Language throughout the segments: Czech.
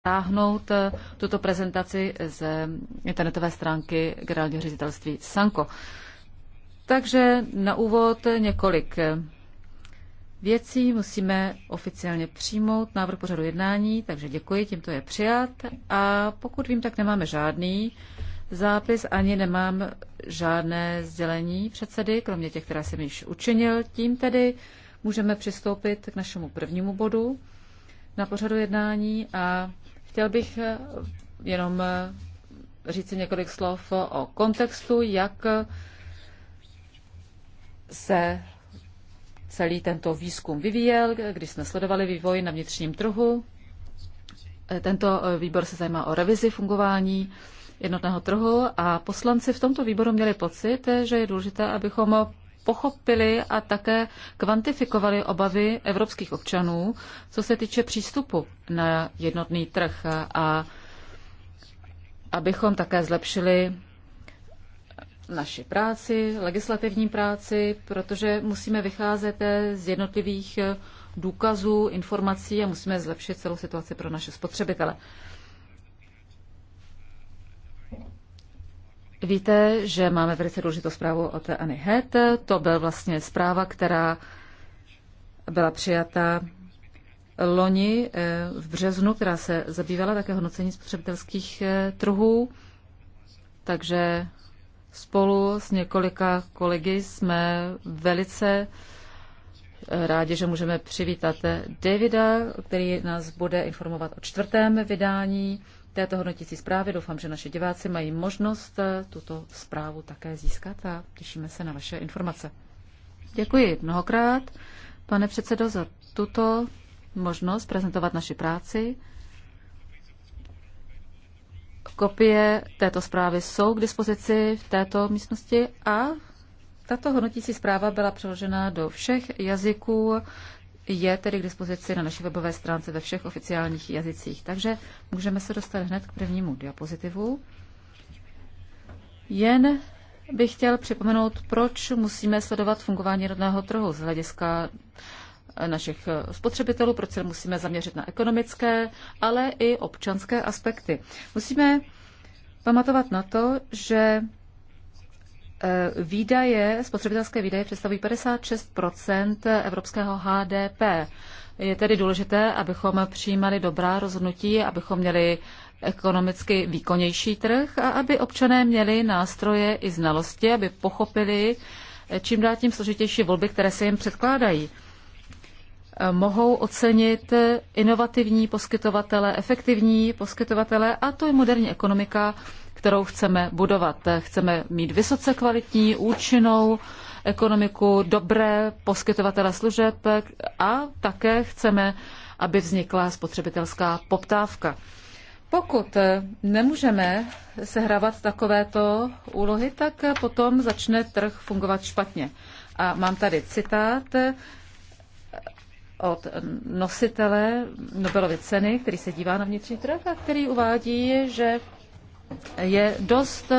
stáhnout eh, tuto prezentaci z internetové stránky generálního ředitelství Sanko. Takže na úvod několik eh, věcí musíme oficiálně přijmout návrh pořadu jednání, takže děkuji, tímto je přijat. A pokud vím, tak nemáme žádný zápis, ani nemám žádné sdělení předsedy, kromě těch, která jsem již učinil. Tím tedy můžeme přistoupit k našemu prvnímu bodu na pořadu jednání a Chtěl bych eh, jenom eh, říct několik slov o kontextu, jak eh, se celý tento výzkum vyvíjel, když jsme sledovali vývoj na vnitřním trhu. Tento výbor se zajímá o revizi fungování jednotného trhu a poslanci v tomto výboru měli pocit, že je důležité, abychom pochopili a také kvantifikovali obavy evropských občanů, co se týče přístupu na jednotný trh a abychom také zlepšili naši práci, legislativní práci, protože musíme vycházet z jednotlivých důkazů, informací a musíme zlepšit celou situaci pro naše spotřebitele. Víte, že máme velice důležitou zprávu od Anny Het. To byl vlastně zpráva, která byla přijata loni eh, v březnu, která se zabývala také hodnocení spotřebitelských eh, trhů. Takže spolu s několika kolegy jsme velice eh, rádi, že můžeme přivítat Davida, který nás bude informovat o čtvrtém vydání této hodnotící zprávy. Doufám, že naše diváci mají možnost eh, tuto zprávu také získat a těšíme se na vaše informace. Děkuji mnohokrát, pane předsedo, za tuto možnost prezentovat naši práci. Kopie této zprávy jsou k dispozici v této místnosti a tato hodnotící zpráva byla přeložena do všech jazyků je tedy k dispozici na naší webové stránce ve všech oficiálních jazycích. Takže můžeme se dostat hned k prvnímu diapozitivu. Jen bych chtěl připomenout, proč musíme sledovat fungování rodného trhu z hlediska našich spotřebitelů, proč se musíme zaměřit na ekonomické, ale i občanské aspekty. Musíme pamatovat na to, že Eh, výdaje, spotřebitelské výdaje představují 56 evropského HDP. Je tedy důležité, abychom přijímali dobrá rozhodnutí, abychom měli ekonomicky výkonnější trh a aby občané měli nástroje i znalosti, aby pochopili eh, čím dál tím složitější volby, které se jim předkládají. Eh, mohou ocenit inovativní poskytovatele, efektivní poskytovatele a to je moderní ekonomika kterou chceme budovat. Chceme mít vysoce kvalitní, účinnou ekonomiku, dobré poskytovatele služeb a také chceme, aby vznikla spotřebitelská poptávka. Pokud nemůžeme sehrávat takovéto úlohy, tak potom začne trh fungovat špatně. A mám tady citát od nositele Nobelovy ceny, který se dívá na vnitřní trh a který uvádí, že je dost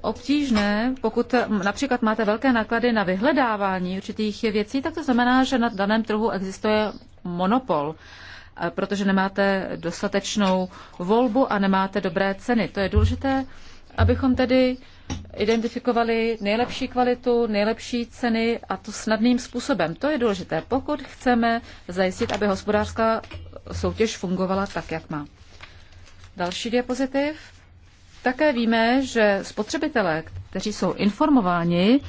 obtížné, pokud například máte velké náklady na vyhledávání určitých věcí, tak to znamená, že na daném trhu existuje monopol, eh, protože nemáte dostatečnou volbu a nemáte dobré ceny. To je důležité, abychom tedy identifikovali nejlepší kvalitu, nejlepší ceny a to snadným způsobem. To je důležité, pokud chceme zajistit, aby hospodářská soutěž fungovala tak, jak má. Další diapozitiv. Také víme, že spotřebitelé, kteří jsou informováni,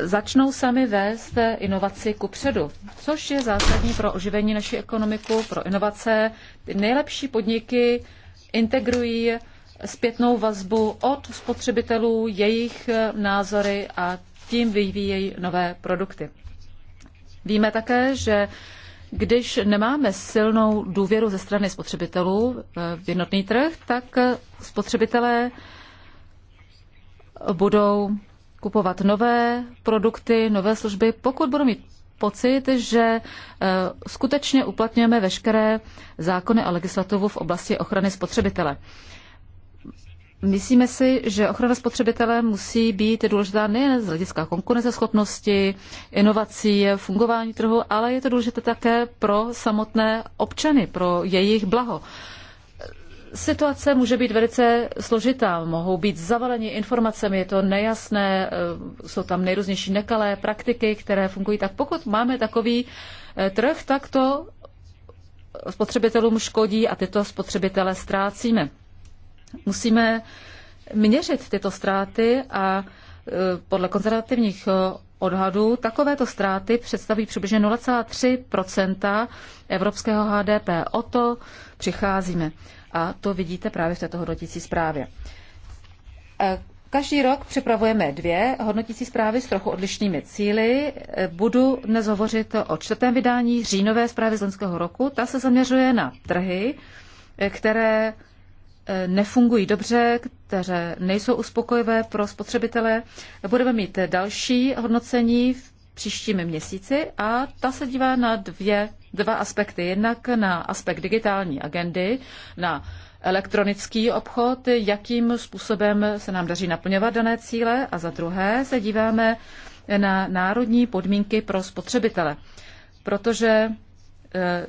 začnou sami vést inovaci ku předu, což je zásadní pro oživení naší ekonomiku, pro inovace. Ty nejlepší podniky integrují zpětnou vazbu od spotřebitelů, jejich názory a tím vyvíjejí nové produkty. Víme také, že když nemáme silnou důvěru ze strany spotřebitelů eh, v jednotný trh, tak eh, spotřebitelé budou kupovat nové produkty, nové služby, pokud budou mít pocit, že eh, skutečně uplatňujeme veškeré zákony a legislativu v oblasti ochrany spotřebitele. Myslíme si, že ochrana spotřebitele musí být důležitá nejen z hlediska konkurenceschopnosti, inovací, fungování trhu, ale je to důležité také pro samotné občany, pro jejich blaho. Situace může být velice složitá, mohou být zavaleni informacemi, je to nejasné, eh, jsou tam nejrůznější nekalé praktiky, které fungují. Tak pokud máme takový eh, trh, tak to spotřebitelům škodí a tyto spotřebitele ztrácíme. Musíme měřit tyto ztráty a e, podle konzervativních e, odhadů takovéto ztráty představují přibližně 0,3 evropského HDP. O to přicházíme. A to vidíte právě v této hodnotící zprávě. E, každý rok připravujeme dvě hodnotící zprávy s trochu odlišnými cíly. Budu dnes hovořit o čtvrtém vydání říjnové zprávy z loňského roku. Ta se zaměřuje na trhy, které nefungují dobře, které nejsou uspokojivé pro spotřebitele. Budeme mít další hodnocení v příštím měsíci a ta se dívá na dvě, dva aspekty. Jednak na aspekt digitální agendy, na elektronický obchod, jakým způsobem se nám daří naplňovat dané cíle a za druhé se díváme na národní podmínky pro spotřebitele, protože eh,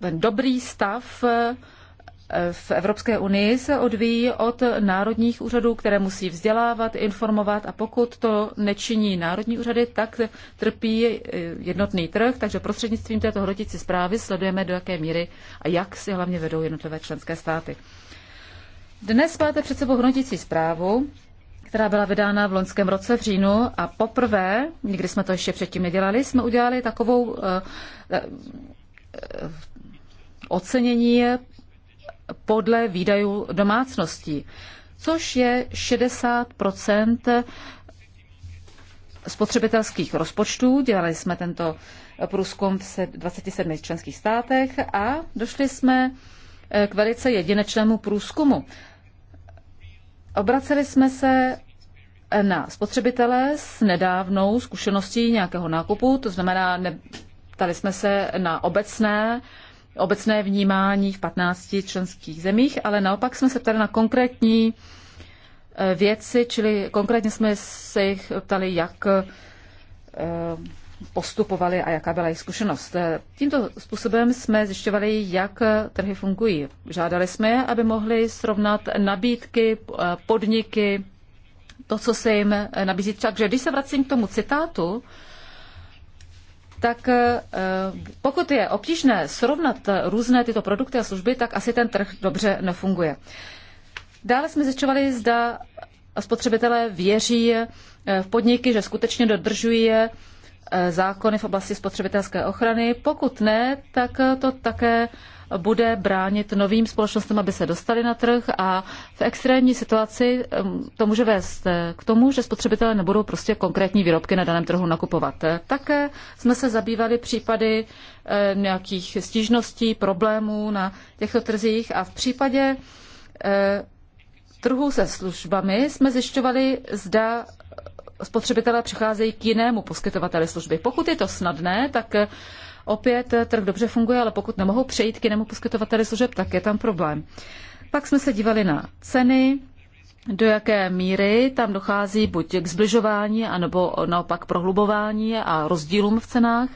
ten dobrý stav v Evropské unii se odvíjí od národních úřadů, které musí vzdělávat, informovat a pokud to nečiní národní úřady, tak trpí eh, jednotný trh, takže prostřednictvím této hrotici zprávy sledujeme, do jaké míry a jak si hlavně vedou jednotlivé členské státy. Dnes máte před sebou hrotící zprávu, která byla vydána v loňském roce v říjnu a poprvé, nikdy jsme to ještě předtím nedělali, jsme udělali takovou uh, uh, ocenění podle výdajů domácností, což je 60 spotřebitelských rozpočtů. Dělali jsme tento průzkum v 27 členských státech a došli jsme eh, k velice jedinečnému průzkumu. Obraceli jsme se eh, na spotřebitele s nedávnou zkušeností nějakého nákupu, to znamená, ptali jsme se na obecné obecné vnímání v 15 členských zemích, ale naopak jsme se ptali na konkrétní eh, věci, čili konkrétně jsme se jich ptali, jak eh, postupovali a jaká byla jejich zkušenost. Eh, tímto způsobem jsme zjišťovali, jak trhy fungují. Žádali jsme je, aby mohli srovnat nabídky, podniky, to, co se jim nabízí. Takže když se vracím k tomu citátu, tak eh, pokud je obtížné srovnat eh, různé tyto produkty a služby, tak asi ten trh dobře nefunguje. Dále jsme zjišťovali, zda spotřebitelé věří eh, v podniky, že skutečně dodržují zákony v oblasti spotřebitelské ochrany. Pokud ne, tak to také bude bránit novým společnostem, aby se dostali na trh a v extrémní situaci to může vést eh, k tomu, že spotřebitelé nebudou prostě konkrétní výrobky na daném trhu nakupovat. Eh, také jsme se zabývali případy eh, nějakých stížností, problémů na těchto trzích a v případě trhu se službami jsme zjišťovali, zda spotřebitelé přicházejí k jinému poskytovateli služby. Pokud je to snadné, tak Opět eh, trh dobře funguje, ale pokud nemohou přejít k jinému poskytovateli služeb, tak je tam problém. Pak jsme se dívali na ceny, do jaké míry tam dochází buď k zbližování, anebo naopak prohlubování a rozdílům v cenách.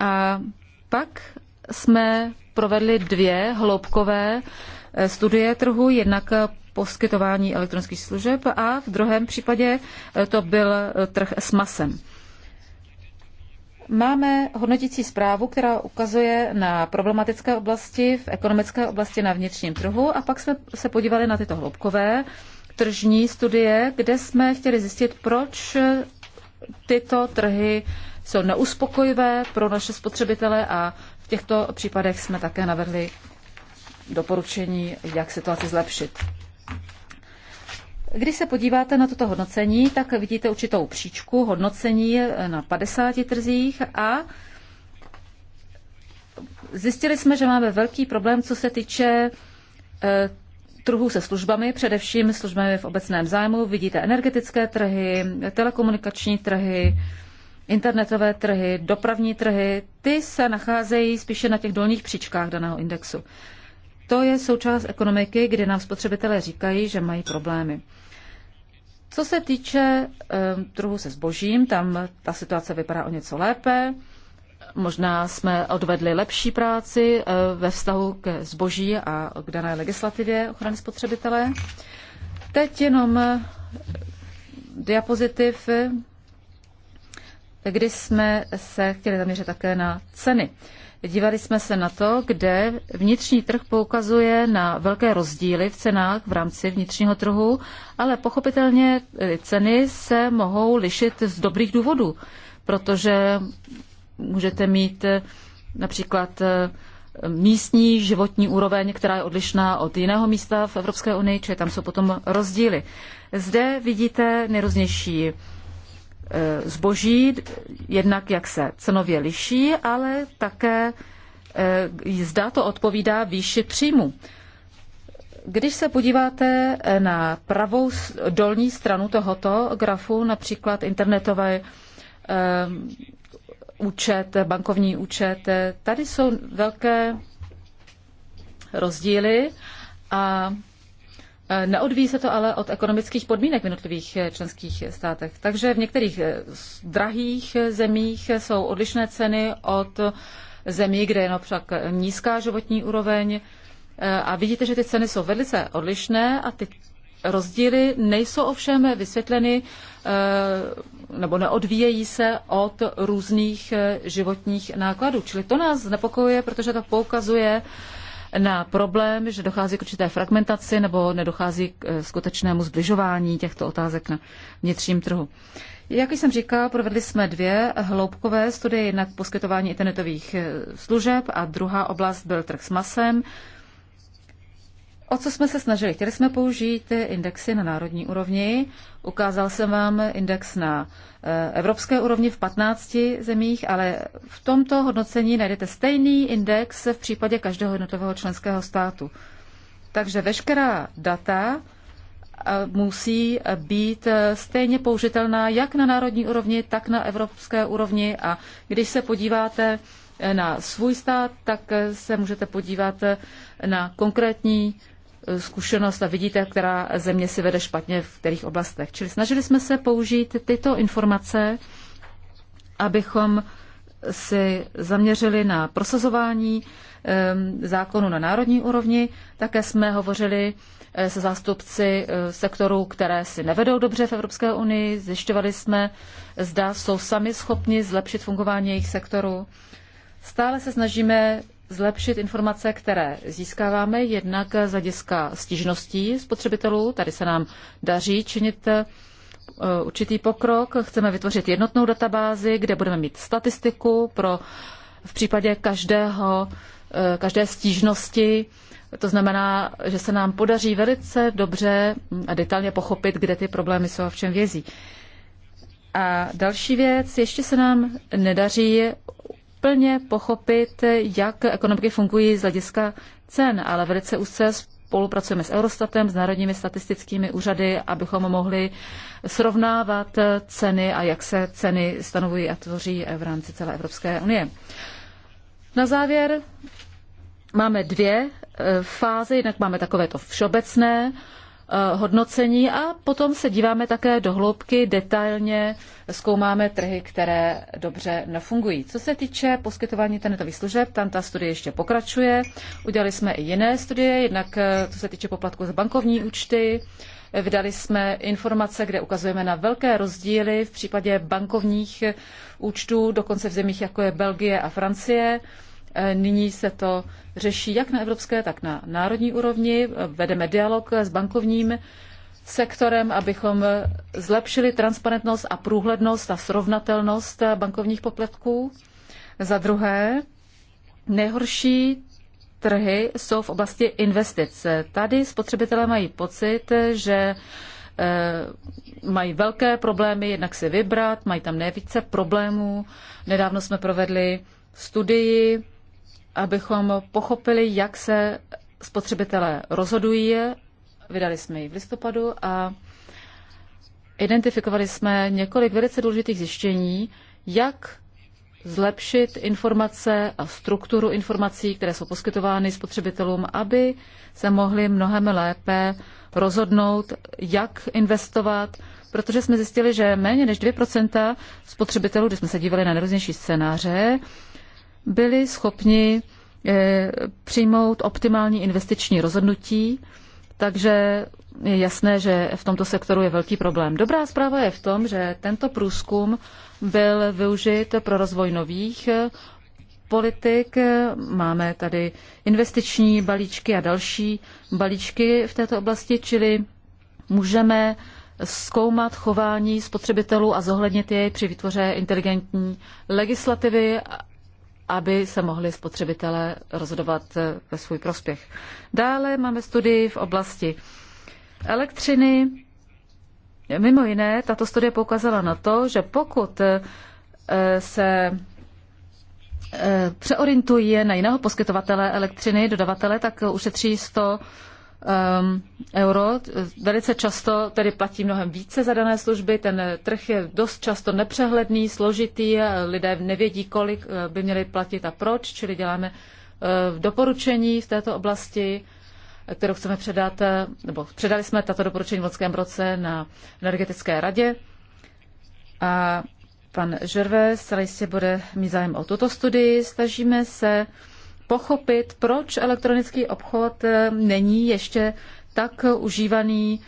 A pak jsme provedli dvě hloubkové eh, studie trhu, jednak poskytování elektronických služeb a v druhém případě eh, to byl trh s masem. Máme hodnotící zprávu, která ukazuje na problematické oblasti v ekonomické oblasti na vnitřním trhu a pak jsme se podívali na tyto hloubkové tržní studie, kde jsme chtěli zjistit, proč tyto trhy jsou neuspokojivé pro naše spotřebitele a v těchto případech jsme také navrhli doporučení, jak situaci zlepšit. Když se podíváte na toto hodnocení, tak vidíte určitou příčku hodnocení na 50 trzích a zjistili jsme, že máme velký problém, co se týče eh, trhů se službami, především službami v obecném zájmu. Vidíte energetické trhy, telekomunikační trhy, internetové trhy, dopravní trhy. Ty se nacházejí spíše na těch dolních příčkách daného indexu. To je součást ekonomiky, kde nám spotřebitelé říkají, že mají problémy. Co se týče trhu eh, se zbožím, tam ta situace vypadá o něco lépe. Možná jsme odvedli lepší práci eh, ve vztahu k zboží a k dané legislativě ochrany spotřebitele. Teď jenom eh, diapozitiv, kdy jsme se chtěli zaměřit také na ceny. Dívali jsme se na to, kde vnitřní trh poukazuje na velké rozdíly v cenách v rámci vnitřního trhu, ale pochopitelně eh, ceny se mohou lišit z dobrých důvodů, protože můžete mít eh, například eh, místní životní úroveň, která je odlišná od jiného místa v Evropské unii, čili tam jsou potom rozdíly. Zde vidíte nejrůznější E, zboží, jednak jak se cenově liší, ale také e, zda to odpovídá výši příjmu. Když se podíváte na pravou dolní stranu tohoto grafu, například internetové e, účet, bankovní účet, tady jsou velké rozdíly a Eh, neodvíjí se to ale od ekonomických podmínek v jednotlivých eh, členských státech. Takže v některých eh, drahých zemích jsou odlišné ceny od zemí, kde je například nízká životní úroveň. A vidíte, že ty ceny jsou velice odlišné a ty rozdíly nejsou ovšem vysvětleny nebo neodvíjejí se od různých životních nákladů. Čili to nás znepokojuje, protože to poukazuje na problém, že dochází k určité fragmentaci nebo nedochází k eh, skutečnému zbližování těchto otázek na vnitřním trhu. Jak jsem říkal, provedli jsme dvě hloubkové studie, jednak poskytování internetových eh, služeb a druhá oblast byl trh s masem. O co jsme se snažili? Chtěli jsme použít indexy na národní úrovni. Ukázal jsem vám index na eh, evropské úrovni v 15 zemích, ale v tomto hodnocení najdete stejný index v případě každého jednotlivého členského státu. Takže veškerá data eh, musí být eh, stejně použitelná jak na národní úrovni, tak na evropské úrovni. A když se podíváte na svůj stát, tak se můžete podívat na konkrétní zkušenost a vidíte, která země si vede špatně v kterých oblastech. Čili snažili jsme se použít tyto informace, abychom si zaměřili na prosazování ehm, zákonu na národní úrovni. Také jsme hovořili eh, se zástupci eh, sektorů, které si nevedou dobře v Evropské unii. Zjišťovali jsme, zda jsou sami schopni zlepšit fungování jejich sektoru. Stále se snažíme zlepšit informace, které získáváme, jednak z hlediska stížností spotřebitelů. Tady se nám daří činit eh, určitý pokrok. Chceme vytvořit jednotnou databázi, kde budeme mít statistiku pro v případě každého, eh, každé stížnosti. To znamená, že se nám podaří velice dobře hm, a detailně pochopit, kde ty problémy jsou a v čem vězí. A další věc, ještě se nám nedaří plně pochopit, jak ekonomiky fungují z hlediska cen, ale velice úzce spolupracujeme s Eurostatem, s národními statistickými úřady, abychom mohli srovnávat ceny a jak se ceny stanovují a tvoří v rámci celé Evropské unie. Na závěr máme dvě eh, fáze, jednak máme takovéto všeobecné Eh, hodnocení a potom se díváme také do hloubky, detailně zkoumáme trhy, které dobře nefungují. Co se týče poskytování internetových služeb, tam ta studie ještě pokračuje. Udělali jsme i jiné studie, jednak eh, co se týče poplatku za bankovní účty, Vydali jsme informace, kde ukazujeme na velké rozdíly v případě bankovních účtů, dokonce v zemích jako je Belgie a Francie. Eh, nyní se to řeší jak na evropské, tak na národní úrovni. Vedeme dialog s bankovním sektorem, abychom zlepšili transparentnost a průhlednost a srovnatelnost bankovních poplatků. Za druhé, nejhorší trhy jsou v oblasti investic. Tady spotřebitelé mají pocit, že eh, mají velké problémy jednak si vybrat, mají tam nejvíce problémů. Nedávno jsme provedli studii abychom pochopili, jak se spotřebitelé rozhodují. Vydali jsme ji v listopadu a identifikovali jsme několik velice důležitých zjištění, jak zlepšit informace a strukturu informací, které jsou poskytovány spotřebitelům, aby se mohli mnohem lépe rozhodnout, jak investovat, protože jsme zjistili, že méně než 2% spotřebitelů, když jsme se dívali na nejrůznější scénáře, byli schopni eh, přijmout optimální investiční rozhodnutí, takže je jasné, že v tomto sektoru je velký problém. Dobrá zpráva je v tom, že tento průzkum byl využit pro rozvoj nových eh, politik. Máme tady investiční balíčky a další balíčky v této oblasti, čili můžeme zkoumat chování spotřebitelů a zohlednit jej při vytvoře inteligentní legislativy aby se mohli spotřebitelé rozhodovat eh, ve svůj prospěch. Dále máme studii v oblasti elektřiny. Mimo jiné, tato studie poukázala na to, že pokud eh, se eh, přeorientuje na jiného poskytovatele elektřiny, dodavatele, tak ušetří 100 um, euro. Velice často tedy platí mnohem více za dané služby. Ten trh je dost často nepřehledný, složitý, lidé nevědí, kolik eh, by měli platit a proč, čili děláme uh, doporučení v této oblasti kterou chceme předat, eh, nebo předali jsme tato doporučení v loňském roce na energetické radě. A pan Žerve zcela jistě bude mít zájem o tuto studii. Snažíme se uh, pochopit, proč elektronický obchod eh, není ještě tak užívaný,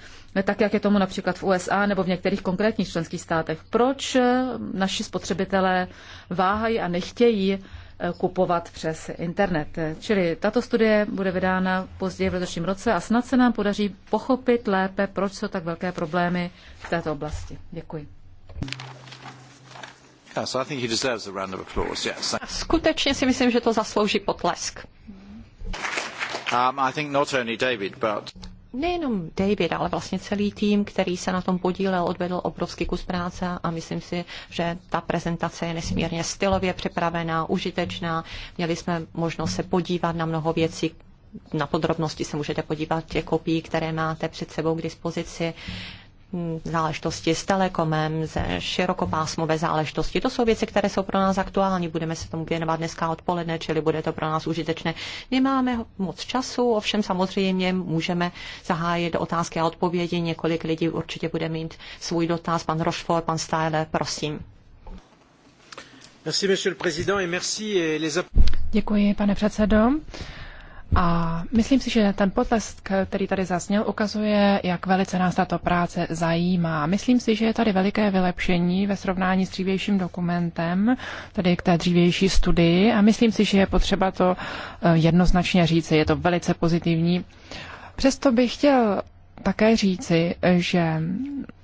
tak jak je tomu například v USA nebo v některých konkrétních členských státech. Proč eh, naši spotřebitelé váhají a nechtějí eh, kupovat přes internet. Čili tato studie bude vydána později v letošním roce a snad se nám podaří pochopit lépe, proč jsou tak velké problémy v této oblasti. Děkuji. Skutečně si myslím, že to zaslouží potlesk. Um, I think not only David, but... Nejenom David, ale vlastně celý tým, který se na tom podílel, odvedl obrovský kus práce a myslím si, že ta prezentace je nesmírně stylově připravená, užitečná. Měli jsme možnost se podívat na mnoho věcí, na podrobnosti se můžete podívat těch kopií, které máte před sebou k dispozici záležitosti s telekomem, ze širokopásmové záležitosti. To jsou věci, které jsou pro nás aktuální. Budeme se tomu věnovat dneska odpoledne, čili bude to pro nás užitečné. Nemáme moc času, ovšem samozřejmě můžeme zahájit otázky a odpovědi. Několik lidí určitě bude mít svůj dotaz. Pan Rochefort, pan Styler, prosím. Děkuji, pane předsedo. A myslím si, že ten potlesk, který tady zasněl, ukazuje, jak velice nás tato práce zajímá. Myslím si, že je tady veliké vylepšení ve srovnání s dřívějším dokumentem, tedy k té dřívější studii. A myslím si, že je potřeba to eh, jednoznačně říci. Je to velice pozitivní. Přesto bych chtěl také říci, eh, že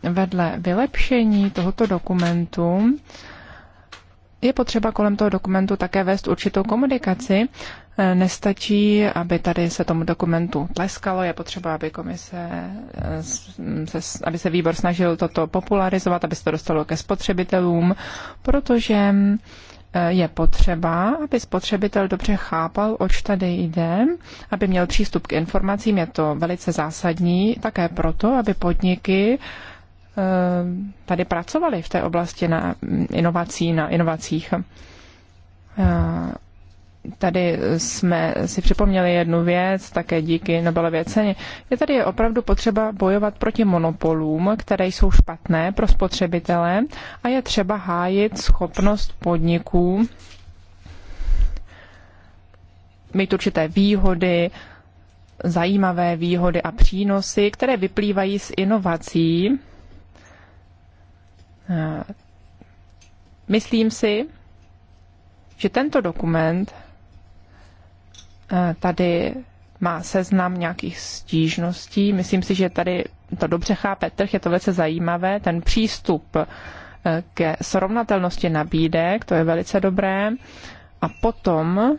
vedle vylepšení tohoto dokumentu je potřeba kolem toho dokumentu také vést určitou komunikaci. E, nestačí, aby tady se tomu dokumentu tleskalo, je potřeba, aby komise, e, se, aby se výbor snažil toto popularizovat, aby se to dostalo ke spotřebitelům, protože e, je potřeba, aby spotřebitel dobře chápal, oč tady jde, aby měl přístup k informacím, je to velice zásadní, také proto, aby podniky uh, Eh, tady pracovali v té oblasti na inovací, na inovacích. Eh, tady jsme si připomněli jednu věc, také díky Nobelově ceně. Je tady opravdu potřeba bojovat proti monopolům, které jsou špatné pro spotřebitele a je třeba hájit schopnost podniků mít určité výhody, zajímavé výhody a přínosy, které vyplývají z inovací, Eh, myslím si, že tento dokument eh, tady má seznam nějakých stížností. Myslím si, že tady to dobře chápe trh, je to velice zajímavé. Ten přístup eh, ke srovnatelnosti nabídek, to je velice dobré. A potom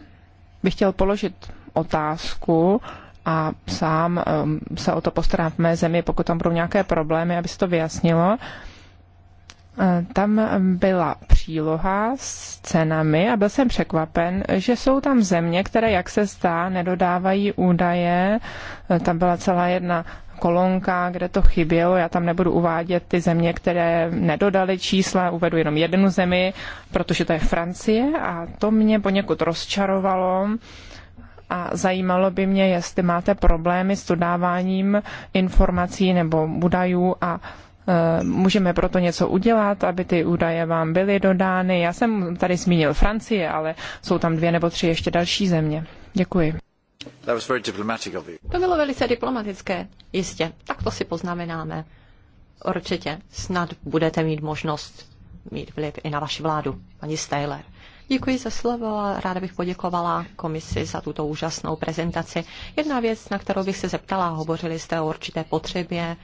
bych chtěl položit otázku a sám ehm, se o to postarám v mé zemi, pokud tam budou nějaké problémy, aby se to vyjasnilo tam byla příloha s cenami a byl jsem překvapen, že jsou tam země, které, jak se zdá, nedodávají údaje. Tam byla celá jedna kolonka, kde to chybělo. Já tam nebudu uvádět ty země, které nedodaly čísla, uvedu jenom jednu zemi, protože to je Francie a to mě poněkud rozčarovalo a zajímalo by mě, jestli máte problémy s dodáváním informací nebo údajů a Eh, můžeme proto něco udělat, aby ty údaje vám byly dodány. Já jsem tady zmínil Francie, ale jsou tam dvě nebo tři ještě další země. Děkuji. To bylo velice diplomatické, jistě. Tak to si poznamenáme. Určitě. Snad budete mít možnost mít vliv i na vaši vládu, paní Steyler. Děkuji za slovo a ráda bych poděkovala komisi za tuto úžasnou prezentaci. Jedna věc, na kterou bych se zeptala, hovořili jste o určité potřebě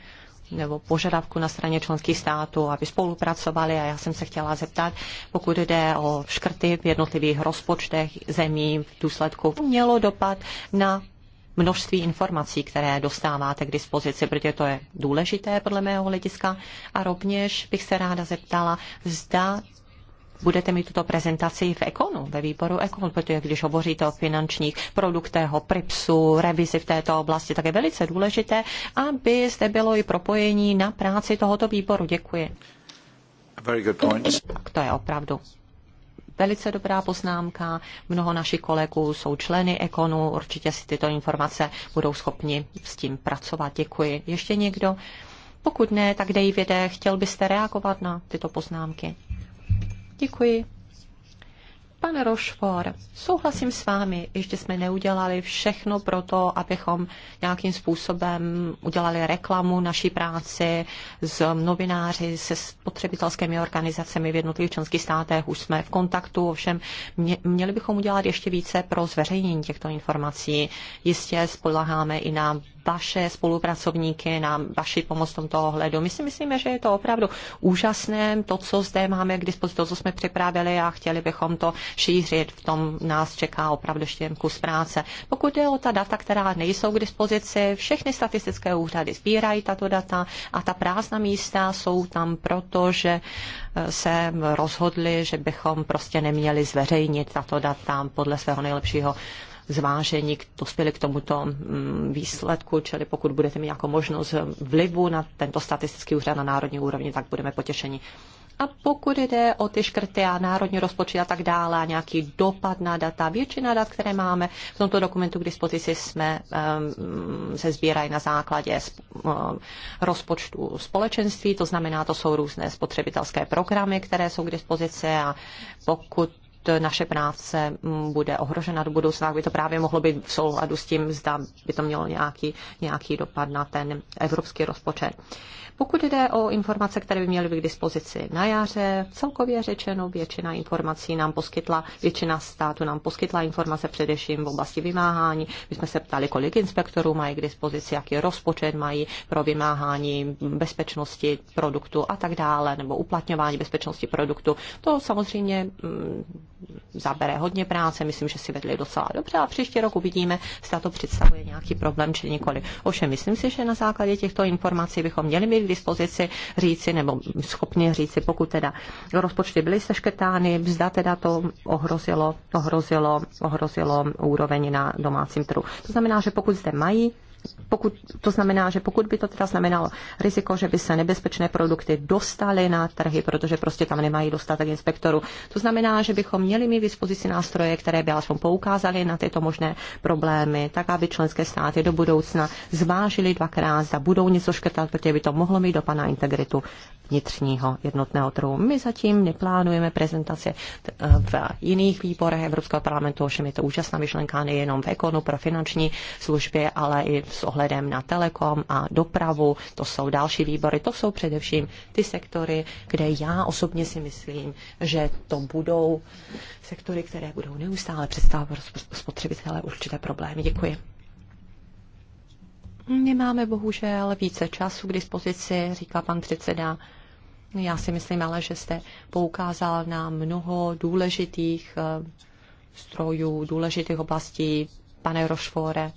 nebo požadavku na straně členských států, aby spolupracovali a já jsem se chtěla zeptat, pokud jde o škrty v jednotlivých rozpočtech zemí v důsledku, mělo dopad na množství informací, které dostáváte k dispozici, protože to je důležité podle mého hlediska. A rovněž bych se ráda zeptala, zda budete mít tuto prezentaci v Ekonu, ve výboru Ekonu, protože když hovoříte o finančních produktech, o PRIPSu, revizi v této oblasti, tak je velice důležité, aby zde bylo i propojení na práci tohoto výboru. Děkuji. Very good point. Tak to je opravdu velice dobrá poznámka. Mnoho našich kolegů jsou členy Ekonu, určitě si tyto informace budou schopni s tím pracovat. Děkuji. Ještě někdo? Pokud ne, tak Davide, chtěl byste reagovat na tyto poznámky? Děkuji. Pane Rošfor, souhlasím s vámi, ještě jsme neudělali všechno pro to, abychom nějakým způsobem udělali reklamu naší práci s novináři, se spotřebitelskými organizacemi v jednotlivých členských státech. Už jsme v kontaktu, ovšem mě, měli bychom udělat ještě více pro zveřejnění těchto informací. Jistě spoleháme i na vaše spolupracovníky, na vaši pomoc v tomto ohledu. My si myslíme, že je to opravdu úžasné, to, co zde máme k dispozici, to, co jsme připravili a chtěli bychom to šířit. V tom nás čeká opravdu ještě kus práce. Pokud je o ta data, která nejsou k dispozici, všechny statistické úřady sbírají tato data a ta prázdná místa jsou tam proto, že eh, se rozhodli, že bychom prostě neměli zveřejnit tato data podle svého nejlepšího zvážení dospěli k tomuto mm, výsledku, čili pokud budete mít jako možnost vlivu na tento statistický úřad na národní úrovni, tak budeme potěšeni. A pokud jde o ty škrty a národní rozpočet a tak dále a nějaký dopad na data, většina dat, které máme v tomto dokumentu k dispozici, jsme, um, se sbírají na základě um, rozpočtu společenství, to znamená, to jsou různé spotřebitelské programy, které jsou k dispozici a pokud naše práce bude ohrožena do budoucna, by to právě mohlo být v souladu s tím, zda by to mělo nějaký, nějaký dopad na ten evropský rozpočet. Pokud jde o informace, které by měly být k dispozici na jaře, celkově řečeno většina informací nám poskytla, většina států nám poskytla informace především v oblasti vymáhání. My jsme se ptali, kolik inspektorů mají k dispozici, jaký rozpočet mají pro vymáhání bezpečnosti produktu a tak dále, nebo uplatňování bezpečnosti produktu. To samozřejmě mm, zabere hodně práce, myslím, že si vedli docela dobře a příští rok uvidíme, zda to představuje nějaký problém či nikoli. Ovšem, myslím si, že na základě těchto informací bychom měli mít k dispozici říci nebo schopně říci, pokud teda rozpočty byly seškrtány, zda teda to ohrozilo, ohrozilo, ohrozilo úroveň na domácím trhu. To znamená, že pokud zde mají pokud, to znamená, že pokud by to teda znamenalo riziko, že by se nebezpečné produkty dostaly na trhy, protože prostě tam nemají dostatek inspektorů, to znamená, že bychom měli mít v dispozici nástroje, které by alespoň poukázaly na tyto možné problémy, tak aby členské státy do budoucna zvážili dvakrát, zda budou něco škrtat, protože by to mohlo mít dopad na integritu vnitřního jednotného trhu. My zatím neplánujeme prezentace v jiných výborech Evropského parlamentu, ovšem je to úžasná myšlenka nejenom v ekonu pro finanční služby, ale i s ohledem na telekom a dopravu, to jsou další výbory, to jsou především ty sektory, kde já osobně si myslím, že to budou sektory, které budou neustále představovat spotřebitele určité problémy. Děkuji. Nemáme bohužel více času k dispozici, říká pan předseda. Já si myslím ale, že jste poukázal na mnoho důležitých eh, strojů, důležitých oblastí, pane Rošfore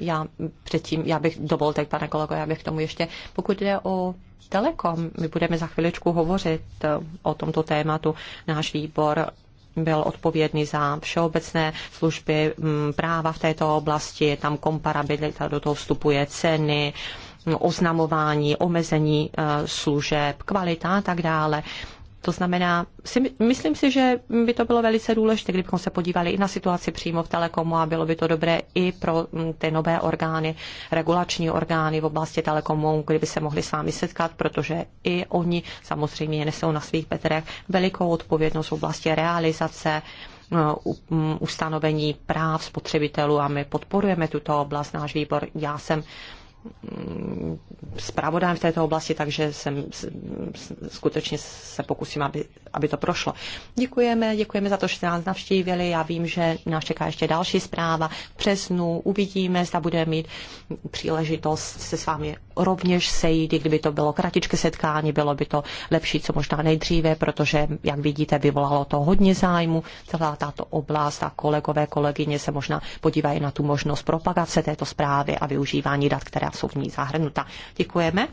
já předtím, já bych, dovolte, pane kolego, já bych k tomu ještě, pokud jde o Telekom, my budeme za chviličku hovořit eh, o tomto tématu. Náš výbor byl odpovědný za všeobecné služby, mm, práva v této oblasti, tam komparabilita, do toho vstupuje ceny, mm, oznamování, omezení eh, služeb, kvalita a tak dále. To znamená, si, myslím si, že by to bylo velice důležité, kdybychom se podívali i na situaci přímo v Telekomu a bylo by to dobré i pro mm, ty nové orgány, regulační orgány v oblasti Telekomu, kdyby se mohli s vámi setkat, protože i oni samozřejmě nesou na svých petrech velikou odpovědnost v oblasti realizace mm, mm, ustanovení práv spotřebitelů a my podporujeme tuto oblast, náš výbor. Já jsem Mm, zpravodajem v této oblasti, takže jsem, skutečně se pokusím, aby, aby to prošlo. Děkujeme, děkujeme za to, že jste nás navštívili. Já vím, že nás čeká ještě další zpráva Přesnu Uvidíme, zda budeme mít příležitost se s vámi rovněž sejít, i kdyby to bylo kratičké setkání, bylo by to lepší, co možná nejdříve, protože, jak vidíte, vyvolalo to hodně zájmu, celá tato oblast a kolegové, kolegyně se možná podívají na tu možnost propagace této zprávy a využívání dat, která jsou v ní zahrnuta. Děkujeme.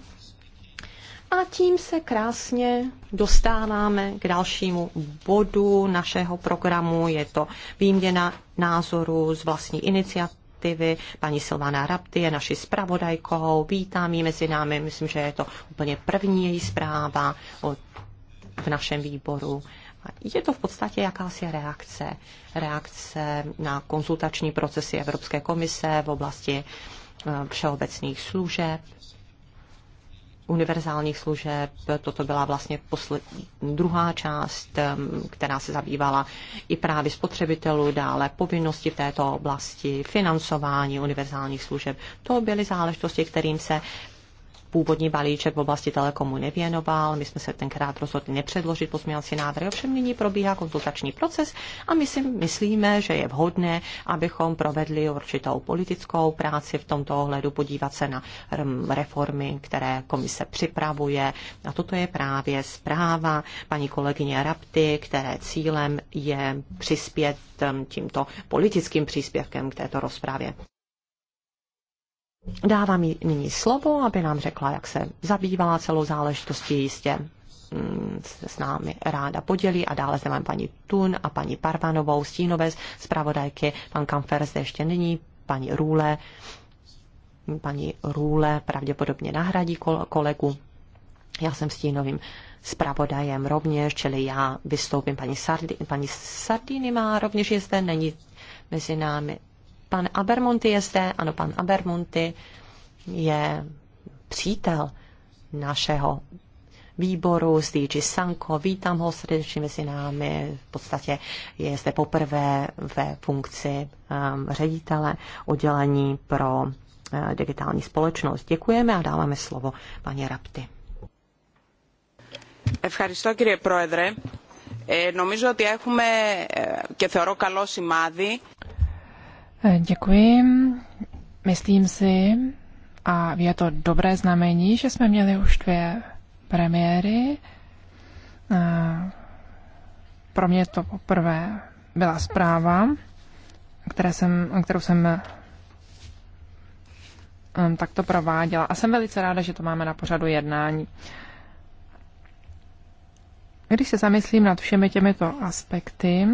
A tím se krásně dostáváme k dalšímu bodu našeho programu. Je to výměna názoru z vlastní iniciativy. Paní Silvana Rapty je naší zpravodajkou. Vítám ji mezi námi. Myslím, že je to úplně první její zpráva v našem výboru. Je to v podstatě jakási reakce. Reakce na konzultační procesy Evropské komise v oblasti uh, Eh, všeobecných služeb, univerzálních služeb. Toto byla vlastně poslední druhá část, eh, která se zabývala i právě spotřebitelů, dále povinnosti v této oblasti, financování univerzálních služeb. To byly záležitosti, kterým se původní balíček v oblasti telekomu nevěnoval. My jsme se tenkrát rozhodli nepředložit pozměňovací návrhy, ovšem nyní probíhá konzultační proces a my si myslíme, že je vhodné, abychom provedli určitou politickou práci v tomto ohledu, podívat se na mm, reformy, které komise připravuje. A toto je právě zpráva paní kolegyně Rapty, které cílem je přispět mm, tímto politickým příspěvkem k této rozprávě. Dávám jí nyní slovo, aby nám řekla, jak se zabývá celou záležitostí jistě mm, se s námi ráda podělí a dále zde mám paní Tun a paní Parvanovou, stínové zpravodajky, pan Kamfer zde ještě není, paní Růle, paní Růle pravděpodobně nahradí kolegu. Já jsem stínovým zpravodajem rovněž, čili já vystoupím paní Sardiny. Paní Sardiny má rovněž je zde, není mezi námi Pan Abermonty je zde, ano, pan Abermonty je přítel našeho výboru z DG Sanko. Vítám ho srdečně mezi námi. V podstatě je zde poprvé ve funkci um, ředitele oddělení pro uh, digitální společnost. Děkujeme a dáváme slovo paní Rapty. Ευχαριστώ κύριε Πρόεδρε. νομίζω ότι έχουμε και θεωρώ καλό σημάδι Děkuji. Myslím si, a je to dobré znamení, že jsme měli už dvě premiéry. Pro mě to poprvé byla zpráva, které jsem, kterou jsem um, takto prováděla. A jsem velice ráda, že to máme na pořadu jednání. Když se zamyslím nad všemi těmito aspekty,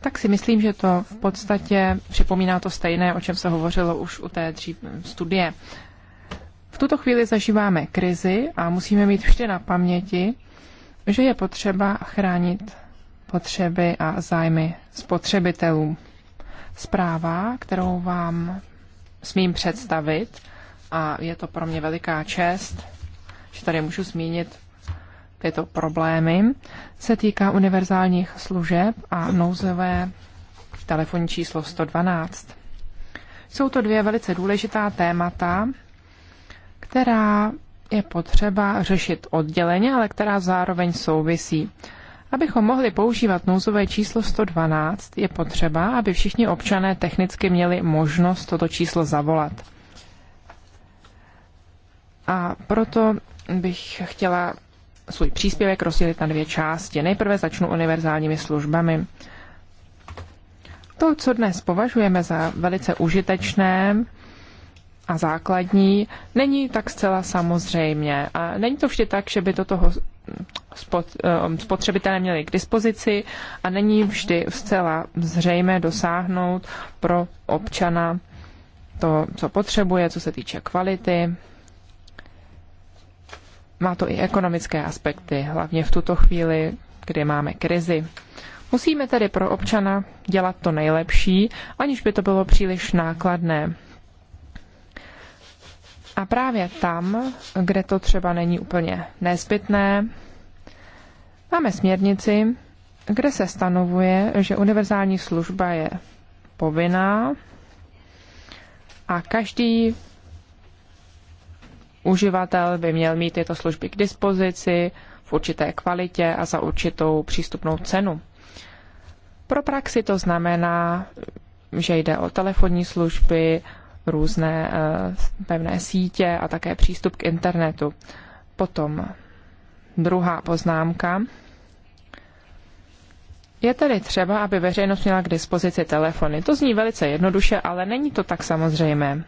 tak si myslím, že to v podstatě připomíná to stejné, o čem se hovořilo už u té dřív studie. V tuto chvíli zažíváme krizi a musíme mít vždy na paměti, že je potřeba chránit potřeby a zájmy spotřebitelů. Zpráva, kterou vám smím představit, a je to pro mě veliká čest, že tady můžu zmínit tyto problémy se týká univerzálních služeb a nouzové telefonní číslo 112. Jsou to dvě velice důležitá témata, která je potřeba řešit odděleně, ale která zároveň souvisí. Abychom mohli používat nouzové číslo 112, je potřeba, aby všichni občané technicky měli možnost toto číslo zavolat. A proto bych chtěla svůj příspěvek rozdělit na dvě části. Nejprve začnu univerzálními službami. To, co dnes považujeme za velice užitečné a základní, není tak zcela samozřejmě. A není to vždy tak, že by to toho um, spotřebitelé měli k dispozici a není vždy zcela zřejmé dosáhnout pro občana to, co potřebuje, co se týče kvality má to i ekonomické aspekty, hlavně v tuto chvíli, kdy máme krizi. Musíme tedy pro občana dělat to nejlepší, aniž by to bylo příliš nákladné. A právě tam, kde to třeba není úplně nezbytné, máme směrnici, kde se stanovuje, že univerzální služba je povinná a každý uživatel by měl mít tyto služby k dispozici v určité kvalitě a za určitou přístupnou cenu. Pro praxi to znamená, že jde o telefonní služby, různé eh, pevné sítě a také přístup k internetu. Potom druhá poznámka. Je tedy třeba, aby veřejnost měla k dispozici telefony. To zní velice jednoduše, ale není to tak samozřejmé.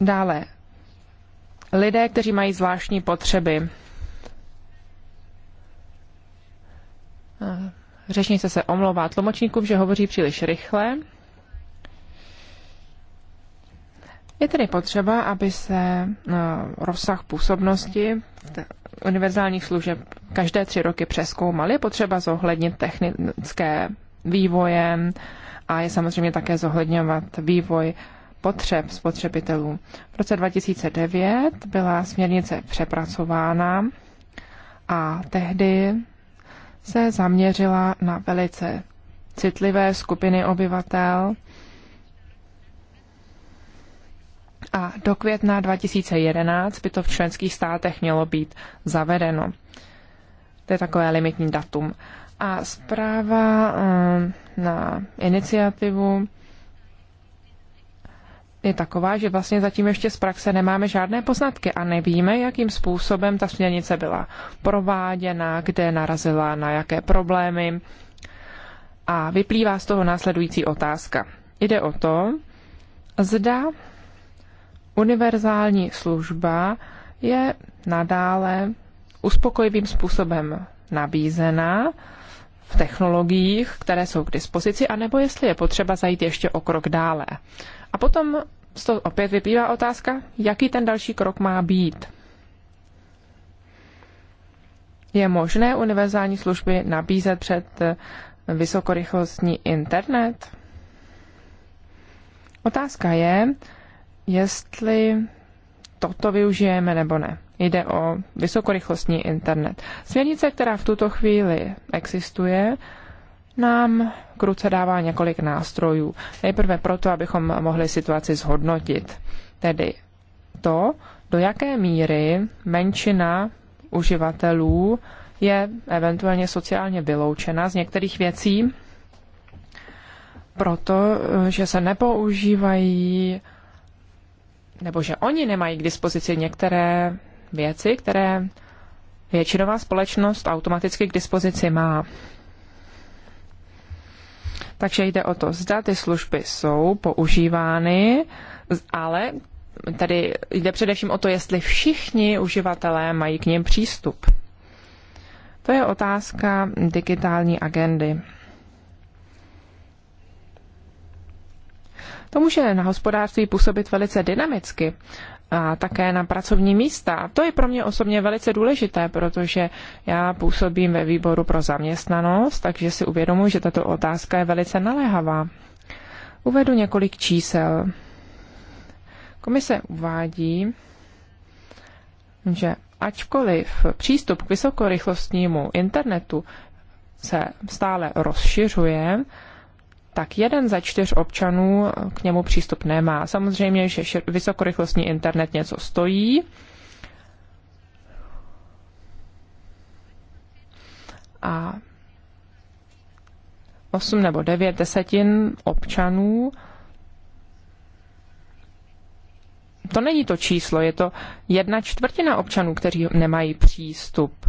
Dále, lidé, kteří mají zvláštní potřeby. Řečnice se omlouvá tlumočníkům, že hovoří příliš rychle. Je tedy potřeba, aby se no, rozsah působnosti univerzálních služeb každé tři roky přeskoumal. Je potřeba zohlednit technické vývoje a je samozřejmě také zohledňovat vývoj potřeb spotřebitelů. V roce 2009 byla směrnice přepracována a tehdy se zaměřila na velice citlivé skupiny obyvatel a do května 2011 by to v členských státech mělo být zavedeno. To je takové limitní datum. A zpráva eh, na iniciativu je taková, že vlastně zatím ještě z praxe nemáme žádné poznatky a nevíme, jakým způsobem ta směrnice byla prováděna, kde narazila na jaké problémy. A vyplývá z toho následující otázka. Jde o to, zda univerzální služba je nadále uspokojivým způsobem nabízená v technologiích, které jsou k dispozici, anebo jestli je potřeba zajít ještě o krok dále. A potom z toho opět vyplývá otázka, jaký ten další krok má být. Je možné univerzální služby nabízet před eh, vysokorychlostní internet? Otázka je, jestli toto využijeme nebo ne. Jde o vysokorychlostní internet. Směrnice, která v tuto chvíli existuje, nám k ruce dává několik nástrojů. Nejprve proto, abychom mohli situaci zhodnotit. Tedy to, do jaké míry menšina uživatelů je eventuálně sociálně vyloučena z některých věcí, protože se nepoužívají nebo že oni nemají k dispozici některé věci, které většinová společnost automaticky k dispozici má. Takže jde o to, zda ty služby jsou používány, ale tady jde především o to, jestli všichni uživatelé mají k něm přístup. To je otázka digitální agendy. To může na hospodářství působit velice dynamicky, a také na pracovní místa. To je pro mě osobně velice důležité, protože já působím ve výboru pro zaměstnanost, takže si uvědomuji, že tato otázka je velice naléhavá. Uvedu několik čísel. Komise uvádí, že ačkoliv přístup k vysokorychlostnímu internetu se stále rozšiřuje, tak jeden ze čtyř občanů eh, k němu přístup nemá. Samozřejmě, že vysokorychlostní internet něco stojí. A 8 nebo 9 desetin občanů to není to číslo, je to jedna čtvrtina občanů, kteří nemají přístup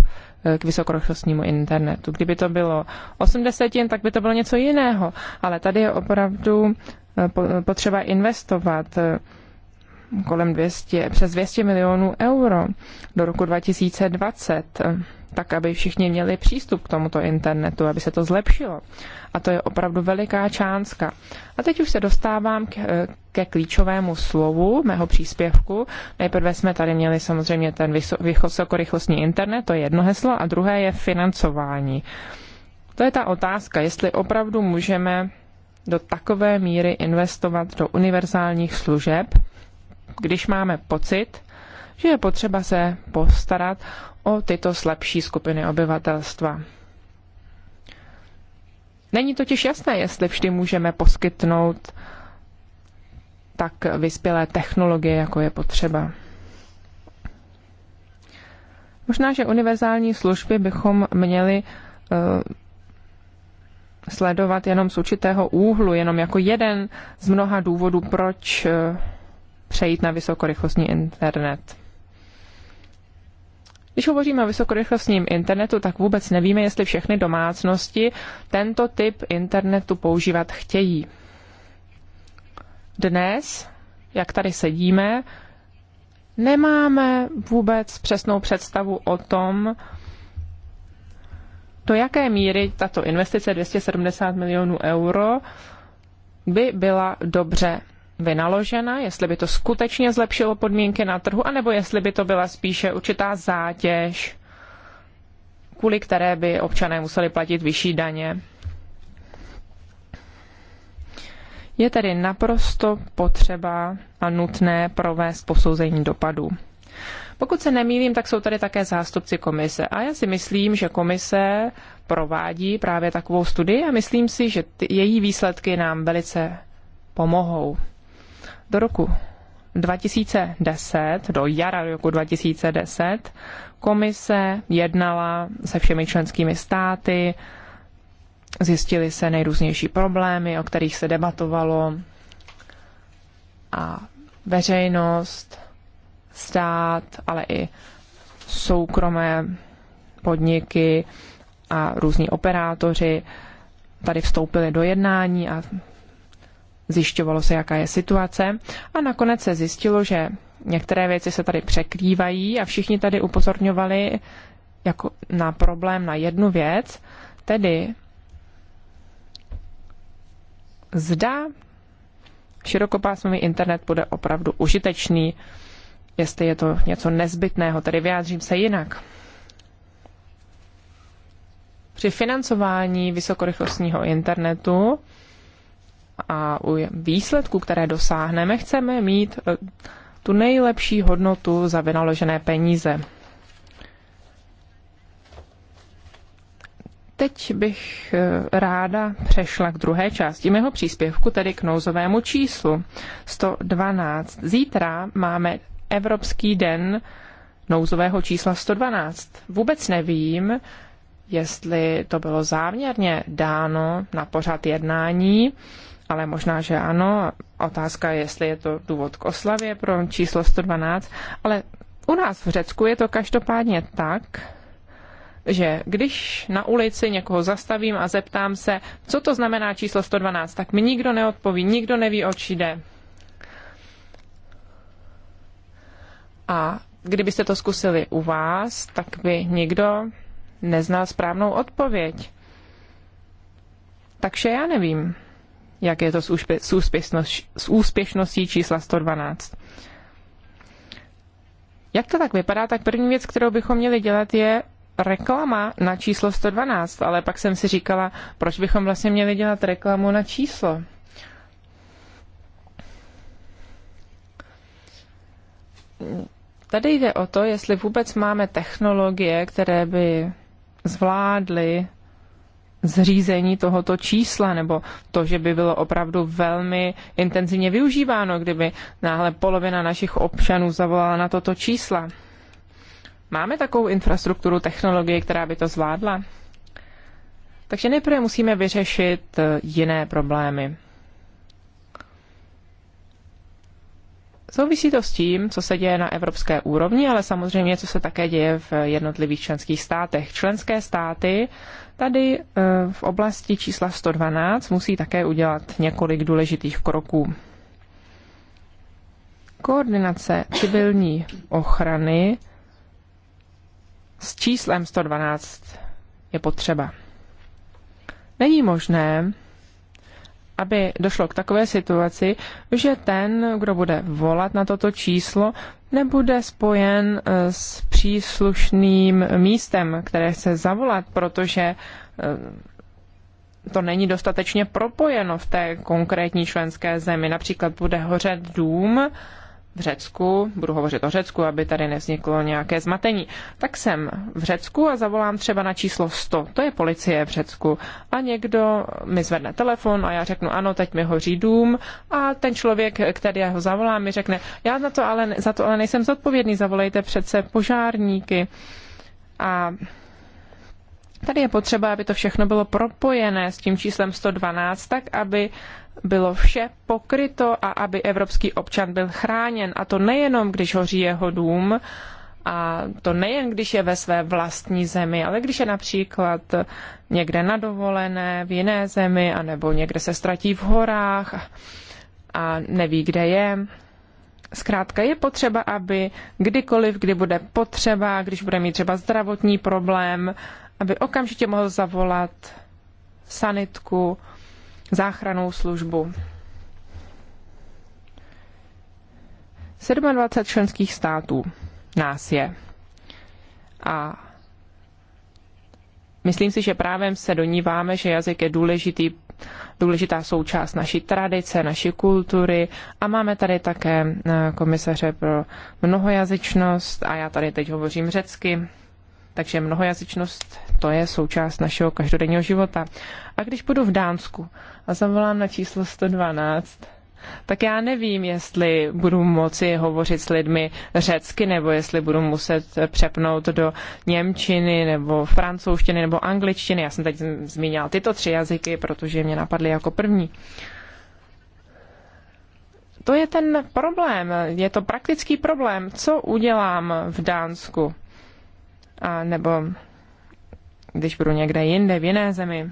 k vysokorychlostnímu internetu. Kdyby to bylo 80, tak by to bylo něco jiného, ale tady je opravdu eh, potřeba investovat eh, kolem 200, přes 200 milionů euro do roku 2020 tak aby všichni měli přístup k tomuto internetu, aby se to zlepšilo. A to je opravdu veliká čánska. A teď už se dostávám k, ke klíčovému slovu mého příspěvku. Nejprve jsme tady měli samozřejmě ten vysokorychlostní internet, to je jedno heslo, a druhé je financování. To je ta otázka, jestli opravdu můžeme do takové míry investovat do univerzálních služeb, když máme pocit, že je potřeba se postarat o tyto slabší skupiny obyvatelstva. Není totiž jasné, jestli vždy můžeme poskytnout tak vyspělé technologie, jako je potřeba. Možná, že univerzální služby bychom měli uh, sledovat jenom z určitého úhlu, jenom jako jeden z mnoha důvodů, proč uh, přejít na vysokorychlostní internet. Když hovoříme o vysokorychlostním internetu, tak vůbec nevíme, jestli všechny domácnosti tento typ internetu používat chtějí. Dnes, jak tady sedíme, nemáme vůbec přesnou představu o tom, do jaké míry tato investice 270 milionů euro by byla dobře vynaložena, jestli by to skutečně zlepšilo podmínky na trhu, anebo jestli by to byla spíše určitá zátěž, kvůli které by občané museli platit vyšší daně. Je tedy naprosto potřeba a nutné provést posouzení dopadů. Pokud se nemýlím, tak jsou tady také zástupci komise. A já si myslím, že komise provádí právě takovou studii a myslím si, že ty, její výsledky nám velice pomohou do roku 2010, do jara roku 2010, komise jednala se všemi členskými státy, zjistily se nejrůznější problémy, o kterých se debatovalo a veřejnost, stát, ale i soukromé podniky a různí operátoři tady vstoupili do jednání a zjišťovalo se, jaká je situace a nakonec se zjistilo, že některé věci se tady překrývají a všichni tady upozorňovali jako na problém na jednu věc, tedy zda širokopásmový internet bude opravdu užitečný, jestli je to něco nezbytného, tedy vyjádřím se jinak. Při financování vysokorychlostního internetu a u výsledků, které dosáhneme, chceme mít eh, tu nejlepší hodnotu za vynaložené peníze. Teď bych eh, ráda přešla k druhé části mého příspěvku, tedy k nouzovému číslu 112. Zítra máme Evropský den nouzového čísla 112. Vůbec nevím, jestli to bylo záměrně dáno na pořad jednání, ale možná, že ano. Otázka je, jestli je to důvod k oslavě pro číslo 112, ale u nás v Řecku je to každopádně tak, že když na ulici někoho zastavím a zeptám se, co to znamená číslo 112, tak mi nikdo neodpoví, nikdo neví, oč jde. A kdybyste to zkusili u vás, tak by nikdo neznal správnou odpověď. Takže já nevím jak je to s, úspěšnost, s úspěšností čísla 112. Jak to tak vypadá, tak první věc, kterou bychom měli dělat, je reklama na číslo 112, ale pak jsem si říkala, proč bychom vlastně měli dělat reklamu na číslo. Tady jde o to, jestli vůbec máme technologie, které by zvládly zřízení tohoto čísla, nebo to, že by bylo opravdu velmi intenzivně využíváno, kdyby náhle polovina našich občanů zavolala na toto čísla. Máme takovou infrastrukturu, technologie, která by to zvládla? Takže nejprve musíme vyřešit eh, jiné problémy. Souvisí to s tím, co se děje na evropské úrovni, ale samozřejmě, co se také děje v jednotlivých členských státech. Členské státy uh, Tady e, v oblasti čísla 112 musí také udělat několik důležitých kroků. Koordinace civilní ochrany s číslem 112 je potřeba. Není možné, aby došlo k takové situaci, že ten, kdo bude volat na toto číslo, nebude spojen eh, s příslušným místem, které chce zavolat, protože eh, to není dostatečně propojeno v té konkrétní členské zemi. Například bude hořet dům, v Řecku, budu hovořit o Řecku, aby tady nevzniklo nějaké zmatení, tak jsem v Řecku a zavolám třeba na číslo 100, to je policie v Řecku, a někdo mi zvedne telefon a já řeknu, ano, teď mi hoří dům a ten člověk, který ho zavolá, mi řekne, já na to ale, za to ale nejsem zodpovědný, zavolejte přece požárníky. A Tady je potřeba, aby to všechno bylo propojené s tím číslem 112, tak aby bylo vše pokryto a aby evropský občan byl chráněn. A to nejenom, když hoří jeho dům, a to nejen, když je ve své vlastní zemi, ale když je například někde na dovolené v jiné zemi, anebo někde se ztratí v horách a neví, kde je. Zkrátka je potřeba, aby kdykoliv, kdy bude potřeba, když bude mít třeba zdravotní problém, aby okamžitě mohl zavolat sanitku, záchranou službu. 27 členských států nás je. A myslím si, že právě se doníváme, že jazyk je důležitý, důležitá součást naší tradice, naší kultury a máme tady také eh, komisaře pro mnohojazyčnost a já tady teď hovořím řecky. Takže mnohojazyčnost to je součást našeho každodenního života. A když budu v Dánsku a zavolám na číslo 112, tak já nevím, jestli budu moci hovořit s lidmi řecky, nebo jestli budu muset přepnout do němčiny, nebo francouzštiny, nebo angličtiny. Já jsem teď zmínila tyto tři jazyky, protože mě napadly jako první. To je ten problém, je to praktický problém. Co udělám v Dánsku? a nebo když budu někde jinde, v jiné zemi.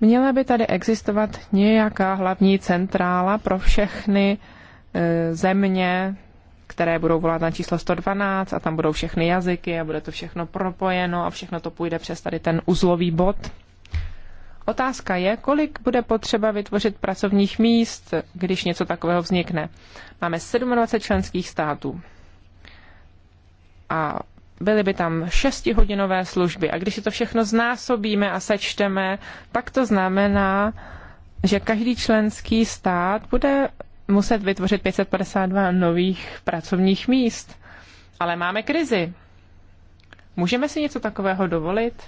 Měla by tady existovat nějaká hlavní centrála pro všechny e, země, které budou volat na číslo 112 a tam budou všechny jazyky a bude to všechno propojeno a všechno to půjde přes tady ten uzlový bod. Otázka je, kolik bude potřeba vytvořit pracovních míst, když něco takového vznikne. Máme 27 členských států a byly by tam šestihodinové služby. A když si to všechno znásobíme a sečteme, pak to znamená, že každý členský stát bude muset vytvořit 552 nových pracovních míst. Ale máme krizi. Můžeme si něco takového dovolit?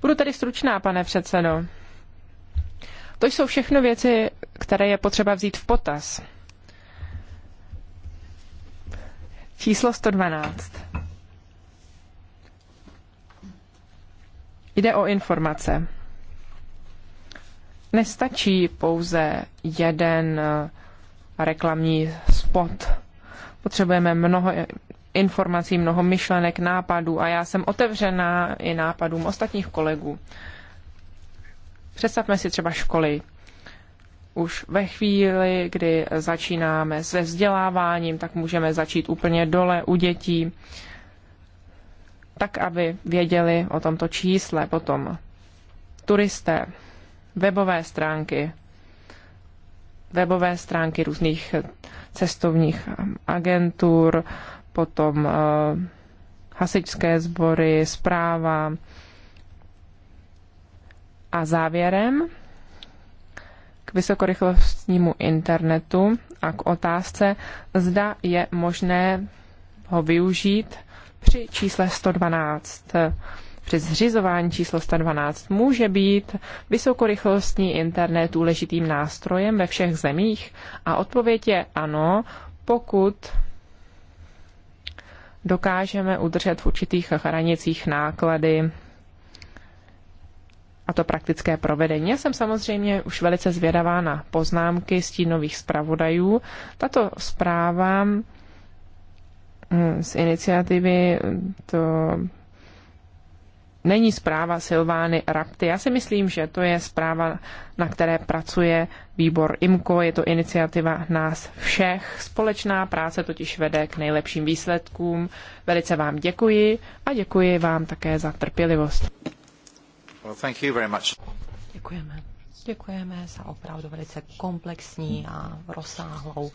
Budu tady stručná, pane předsedo. To jsou všechno věci, které je potřeba vzít v potaz. Číslo 112. Jde o informace. Nestačí pouze jeden eh, reklamní spot. Potřebujeme mnoho eh, informací, mnoho myšlenek, nápadů a já jsem otevřená i nápadům ostatních kolegů. Představme si třeba školy. Už ve chvíli, kdy začínáme se vzděláváním, tak můžeme začít úplně dole u dětí tak aby věděli o tomto čísle potom. Turisté, webové stránky, webové stránky různých cestovních agentur, potom eh, hasičské sbory, zpráva. A závěrem k vysokorychlostnímu internetu a k otázce, zda je možné ho využít při čísle 112. Při zřizování číslo 112 může být vysokorychlostní internet důležitým nástrojem ve všech zemích? A odpověď je ano, pokud dokážeme udržet v určitých hranicích náklady a to praktické provedení. Já jsem samozřejmě už velice zvědavá na poznámky stínových zpravodajů. Tato zpráva Eh, z iniciativy, to není zpráva Silvány Rapty. Já si myslím, že to je zpráva, na které pracuje výbor IMKO, je to iniciativa nás všech. Společná práce totiž vede k nejlepším výsledkům. Velice vám děkuji a děkuji vám také za trpělivost. Well, thank you very much. Děkujeme. Děkujeme za opravdu velice komplexní a rozsáhlou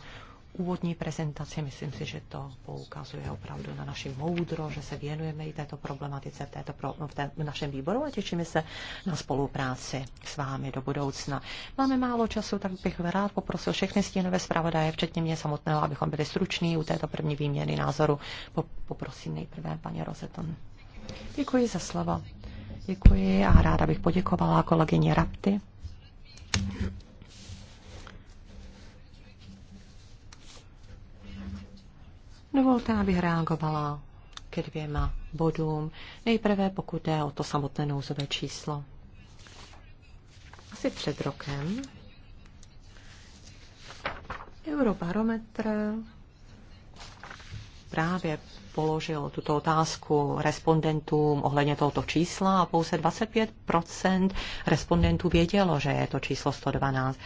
úvodní prezentaci. Myslím si, že to poukazuje opravdu na naši moudro, že se věnujeme i této problematice v, této pro, v, té, v našem výboru a těšíme se na spolupráci s vámi do budoucna. Máme málo času, tak bych rád poprosil všechny stínové zpravodaje, včetně mě samotného, abychom byli struční u této první výměny názoru. Poprosím nejprve paní Rozeton. Děkuji za slovo. Děkuji a ráda bych poděkovala kolegyni Rapty Dovolte, abych reagovala ke dvěma bodům. Nejprve pokud jde o to samotné nouzové číslo. Asi před rokem Eurobarometr právě položil tuto otázku respondentům ohledně tohoto čísla a pouze 25 respondentů vědělo, že je to číslo 112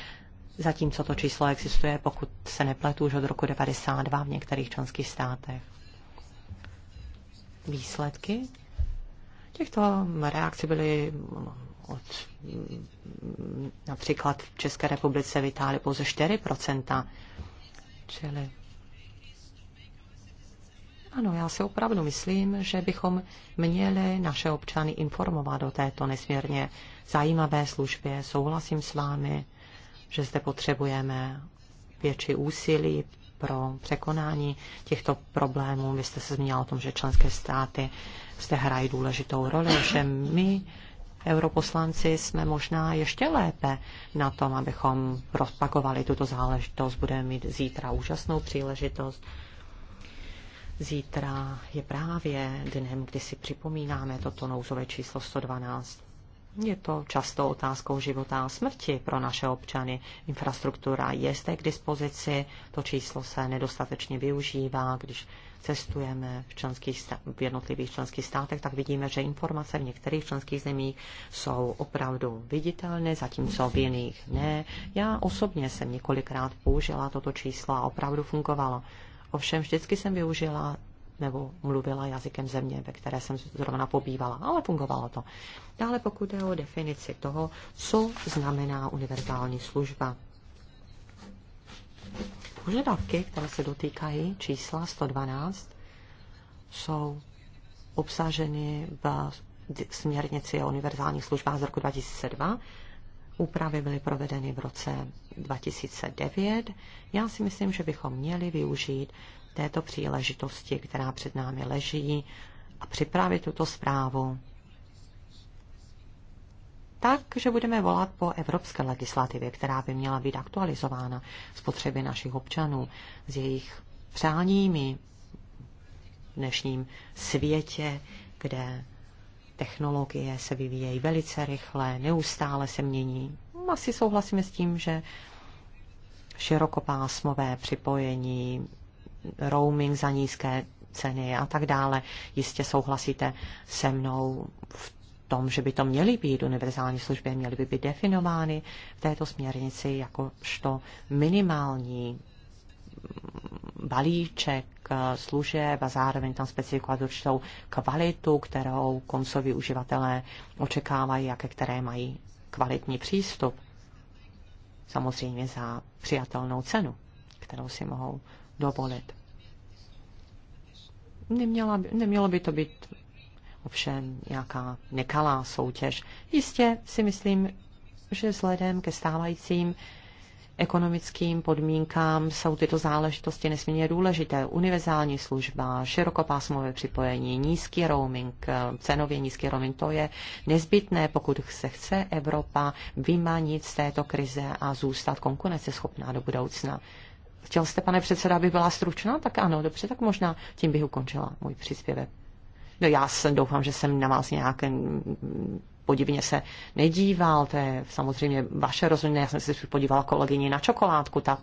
zatímco to číslo existuje, pokud se nepletu, už od roku 92 v některých členských státech. Výsledky těchto reakcí byly no, od například v České republice v Itálii pouze 4%, čili ano, já si opravdu myslím, že bychom měli naše občany informovat o této nesmírně zajímavé službě. Souhlasím s vámi že zde potřebujeme větší úsilí pro překonání těchto problémů. Vy jste se zmínila o tom, že členské státy zde hrají důležitou roli, že my europoslanci jsme možná ještě lépe na tom, abychom rozpakovali tuto záležitost. Budeme mít zítra úžasnou příležitost. Zítra je právě dnem, kdy si připomínáme toto nouzové číslo 112. Je to často otázkou života a smrti pro naše občany. Infrastruktura je zde k dispozici, to číslo se nedostatečně využívá, když cestujeme v, členských, v jednotlivých členských státech, tak vidíme, že informace v některých členských zemích jsou opravdu viditelné, zatímco v jiných ne. Já osobně jsem několikrát použila toto číslo a opravdu fungovalo. Ovšem vždycky jsem využila nebo mluvila jazykem země, ve které jsem zrovna pobývala, ale fungovalo to. Dále pokud jde o definici toho, co znamená univerzální služba. Požadavky, které se dotýkají čísla 112, jsou obsaženy v směrnici o univerzálních službách z roku 2002. Úpravy byly provedeny v roce 2009. Já si myslím, že bychom měli využít této příležitosti, která před námi leží, a připravit tuto zprávu tak, že budeme volat po evropské legislativě, která by měla být aktualizována z potřeby našich občanů, s jejich přáními v dnešním světě, kde technologie se vyvíjejí velice rychle, neustále se mění. Asi souhlasíme s tím, že širokopásmové připojení roaming za nízké ceny a tak dále. Jistě souhlasíte se mnou v tom, že by to měly být univerzální služby, měly by být definovány v této směrnici jakožto minimální balíček eh, služeb a zároveň tam specifikovat určitou kvalitu, kterou koncoví uživatelé očekávají a ke které mají kvalitní přístup. Samozřejmě za přijatelnou cenu, kterou si mohou dovolit. Neměla, by nemělo by to být ovšem nějaká nekalá soutěž. Jistě si myslím, že vzhledem ke stávajícím ekonomickým podmínkám jsou tyto záležitosti nesmírně důležité. Univerzální služba, širokopásmové připojení, nízký roaming, cenově nízký roaming, to je nezbytné, pokud se chce Evropa vymanit z této krize a zůstat konkurenceschopná do budoucna. Chtěl jste, pane předseda, aby byla stručná? Tak ano, dobře, tak možná tím bych ukončila můj příspěvek. No já jsem doufám, že jsem na vás nějak mm, podivně se nedíval, to je samozřejmě vaše rozhodnutí. Já jsem se podívala kolegyni na čokoládku, ta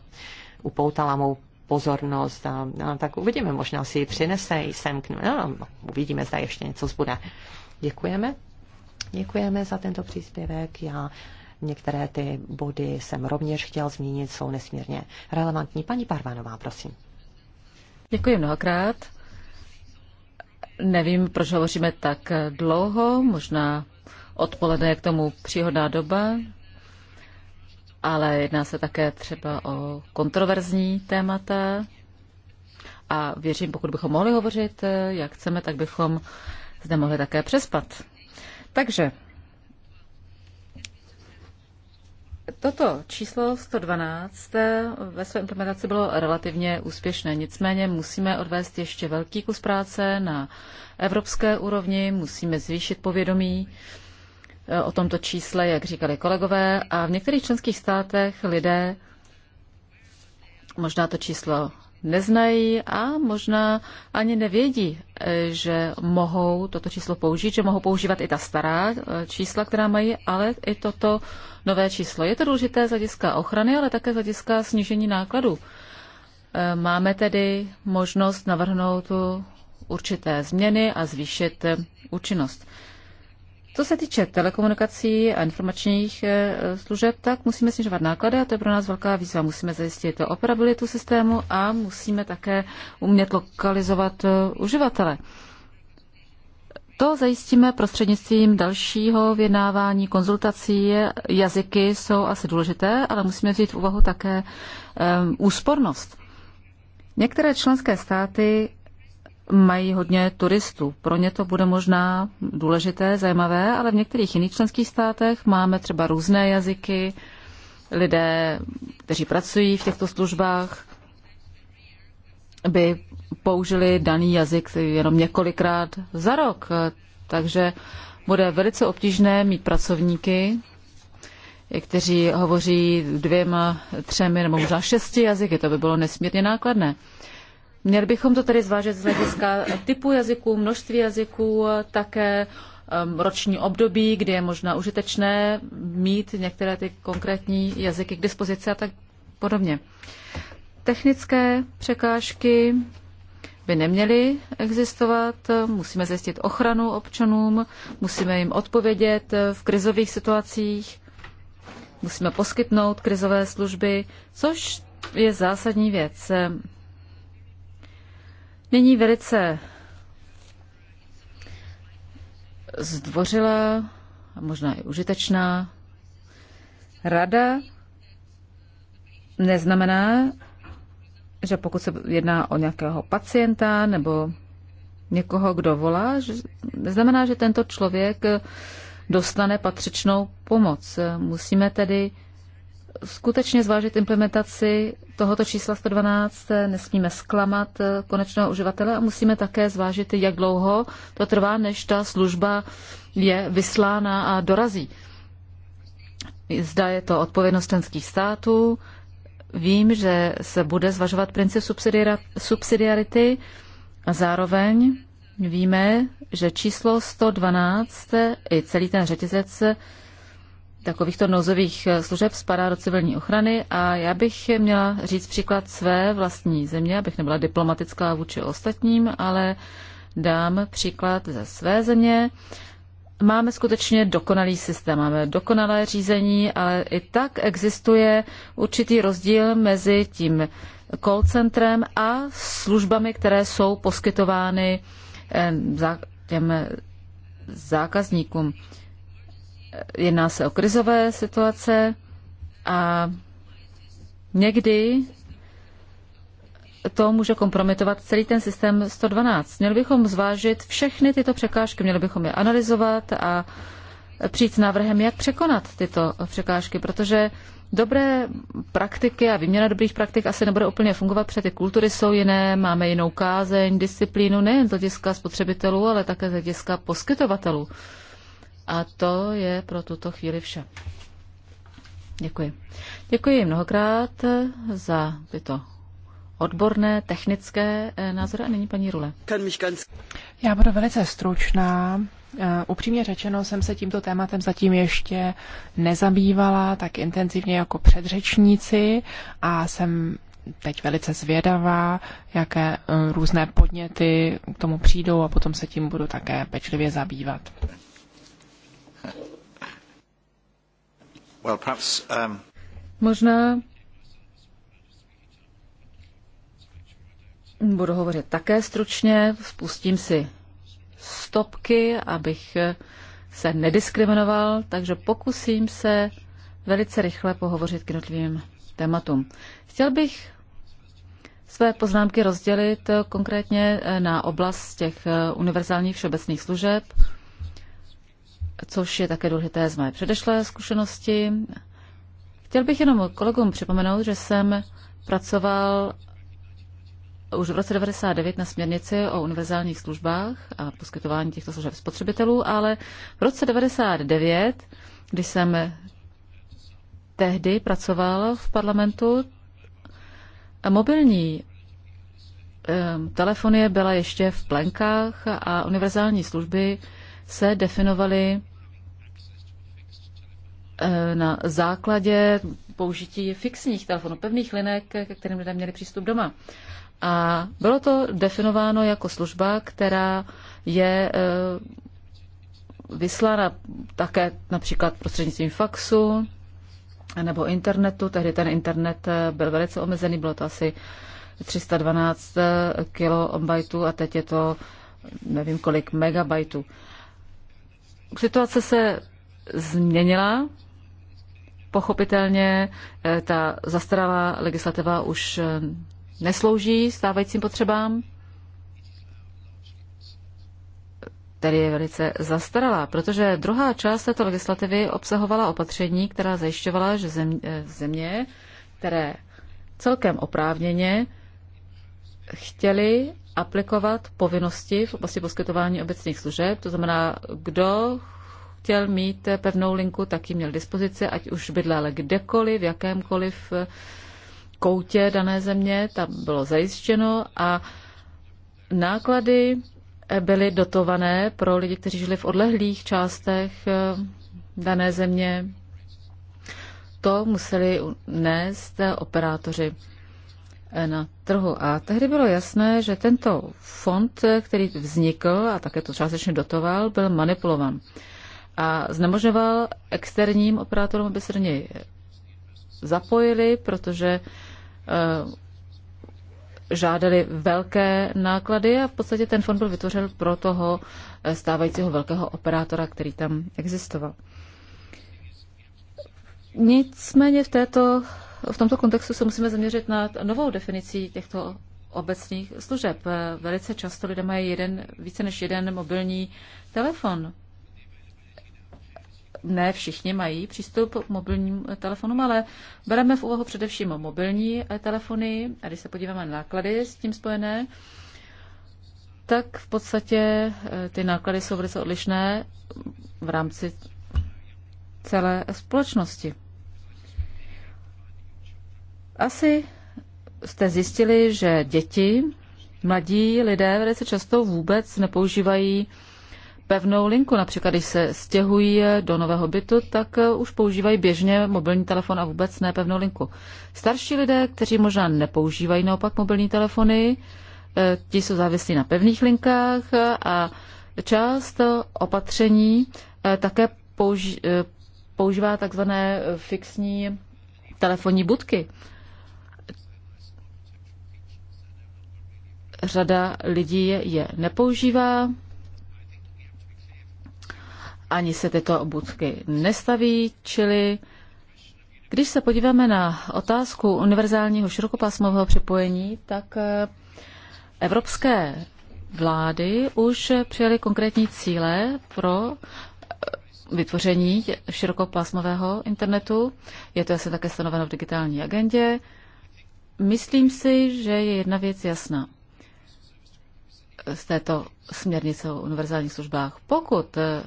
upoutala mou pozornost a, a tak uvidíme, možná si ji přinese i sem k no, uvidíme, zda ještě něco zbude. Děkujeme. Děkujeme za tento příspěvek. Já Některé ty body jsem rovněž chtěl zmínit, jsou nesmírně relevantní. Paní Parvanová, prosím. Děkuji mnohokrát. Nevím, proč hovoříme tak dlouho, možná odpoledne je k tomu příhodná doba, ale jedná se také třeba o kontroverzní témata. A věřím, pokud bychom mohli hovořit, jak chceme, tak bychom zde mohli také přespat. Takže Toto číslo 112 eh, ve své implementaci bylo relativně úspěšné, nicméně musíme odvést ještě velký kus práce na evropské úrovni, musíme zvýšit povědomí eh, o tomto čísle, jak říkali kolegové, a v některých členských státech lidé možná to číslo neznají a možná ani nevědí, eh, že mohou toto číslo použít, že mohou používat i ta stará eh, čísla, která mají, ale i toto nové číslo. Je to důležité z hlediska ochrany, ale také z hlediska snížení nákladů. Eh, máme tedy možnost navrhnout určité změny a zvýšit účinnost. Co se týče telekomunikací a informačních eh, služeb, tak musíme snižovat náklady a to je pro nás velká výzva. Musíme zajistit operabilitu systému a musíme také umět lokalizovat eh, uživatele. To zajistíme prostřednictvím dalšího vyjednávání, konzultací. Jazyky jsou asi důležité, ale musíme vzít v úvahu také um, úspornost. Některé členské státy mají hodně turistů. Pro ně to bude možná důležité, zajímavé, ale v některých jiných členských státech máme třeba různé jazyky, lidé, kteří pracují v těchto službách, by použili daný jazyk jenom několikrát za rok. Takže bude velice obtížné mít pracovníky, kteří hovoří dvěma, třemi nebo možná šesti jazyky. To by bylo nesmírně nákladné. Měli bychom to tedy zvážit z hlediska typu jazyků, množství jazyků, také roční období, kdy je možná užitečné mít některé ty konkrétní jazyky k dispozici a tak podobně. Technické překážky by neměly existovat, musíme zjistit ochranu občanům, musíme jim odpovědět v krizových situacích, musíme poskytnout krizové služby, což je zásadní věc. Nyní velice zdvořilá a možná i užitečná rada neznamená, že pokud se jedná o nějakého pacienta nebo někoho, kdo volá, že, neznamená, že tento člověk dostane patřičnou pomoc. Musíme tedy skutečně zvážit implementaci tohoto čísla 112, nesmíme zklamat konečného uživatele a musíme také zvážit, jak dlouho to trvá, než ta služba je vyslána a dorazí. Zda je to odpovědnost členských států, vím, že se bude zvažovat princip subsidiarity a zároveň víme, že číslo 112 i celý ten řetězec takovýchto nouzových eh, služeb spadá do civilní ochrany a já bych měla říct příklad své vlastní země, abych nebyla diplomatická vůči ostatním, ale dám příklad ze své země. Máme skutečně dokonalý systém, máme dokonalé řízení, ale i tak existuje určitý rozdíl mezi tím call centrem a službami, které jsou poskytovány eh, těm zákazníkům jedná se o krizové situace a někdy to může kompromitovat celý ten systém 112. Měli bychom zvážit všechny tyto překážky, měli bychom je analyzovat a přijít s návrhem, jak překonat tyto překážky, protože dobré praktiky a výměna dobrých praktik asi nebude úplně fungovat, protože ty kultury jsou jiné, máme jinou kázeň, disciplínu, nejen z hlediska spotřebitelů, ale také z hlediska poskytovatelů. A to je pro tuto chvíli vše. Děkuji. Děkuji mnohokrát za tyto odborné, technické eh, názory. A nyní paní Rule. Já budu velice stručná. Eh, upřímně řečeno jsem se tímto tématem zatím ještě nezabývala tak intenzivně jako předřečníci a jsem teď velice zvědavá, jaké eh, různé podněty k tomu přijdou a potom se tím budu také pečlivě zabývat. Um, Možná budu hovořit také stručně, spustím si stopky, abych se nediskriminoval, takže pokusím se velice rychle pohovořit k jednotlivým tématům. Chtěl bych své poznámky rozdělit eh, konkrétně eh, na oblast těch eh, univerzálních všeobecných služeb, což je také důležité z mé předešlé zkušenosti. Chtěl bych jenom kolegům připomenout, že jsem pracoval už v roce 99 na směrnici o univerzálních službách a poskytování těchto služeb spotřebitelů, ale v roce 99, kdy jsem tehdy pracoval v parlamentu, mobilní telefonie byla ještě v plenkách a univerzální služby se definovaly eh, na základě použití fixních telefonů, pevných linek, ke kterým lidé měli přístup doma. A bylo to definováno jako služba, která je eh, vyslána také například prostřednictvím faxu nebo internetu. Tehdy ten internet eh, byl velice omezený, bylo to asi 312 kilobajtů a teď je to nevím kolik megabajtů. Situace se změnila. Pochopitelně eh, ta zastaralá legislativa už eh, neslouží stávajícím potřebám. Tedy je velice zastaralá, protože druhá část této legislativy obsahovala opatření, která zajišťovala, že eh, země, které celkem oprávněně chtěli aplikovat povinnosti v oblasti poskytování obecných služeb. To znamená, kdo chtěl mít pevnou linku, tak ji měl dispozici, ať už bydlel kdekoliv, v jakémkoliv eh, koutě dané země, tam bylo zajištěno a náklady eh, byly dotované pro lidi, kteří žili v odlehlých částech eh, dané země. To museli nést operátoři na trhu. A tehdy bylo jasné, že tento fond, který vznikl a také to částečně dotoval, byl manipulovan a znemožňoval externím operátorům, aby se do něj zapojili, protože eh, žádali velké náklady a v podstatě ten fond byl vytvořen pro toho eh, stávajícího velkého operátora, který tam existoval. Nicméně v této v tomto kontextu se musíme zaměřit na novou definici těchto obecných služeb. Velice často lidé mají jeden, více než jeden mobilní telefon. Ne všichni mají přístup k mobilním telefonům, ale bereme v úvahu především mobilní telefony. A když se podíváme na náklady s tím spojené, tak v podstatě eh, ty náklady jsou velice odlišné v rámci celé společnosti. Asi jste zjistili, že děti, mladí lidé velice často vůbec nepoužívají pevnou linku. Například, když se stěhují do nového bytu, tak eh, už používají běžně mobilní telefon a vůbec ne pevnou linku. Starší lidé, kteří možná nepoužívají naopak mobilní telefony, eh, ti jsou závislí na pevných linkách eh, a část opatření také používá takzvané fixní telefonní budky. řada lidí je nepoužívá, ani se tyto obudky nestaví, čili když se podíváme na otázku univerzálního širokopásmového připojení, tak eh, evropské vlády už přijaly konkrétní cíle pro eh, vytvoření širokopásmového internetu. Je to asi také stanoveno v digitální agendě. Myslím si, že je jedna věc jasná z této směrnice o univerzálních službách. Pokud eh,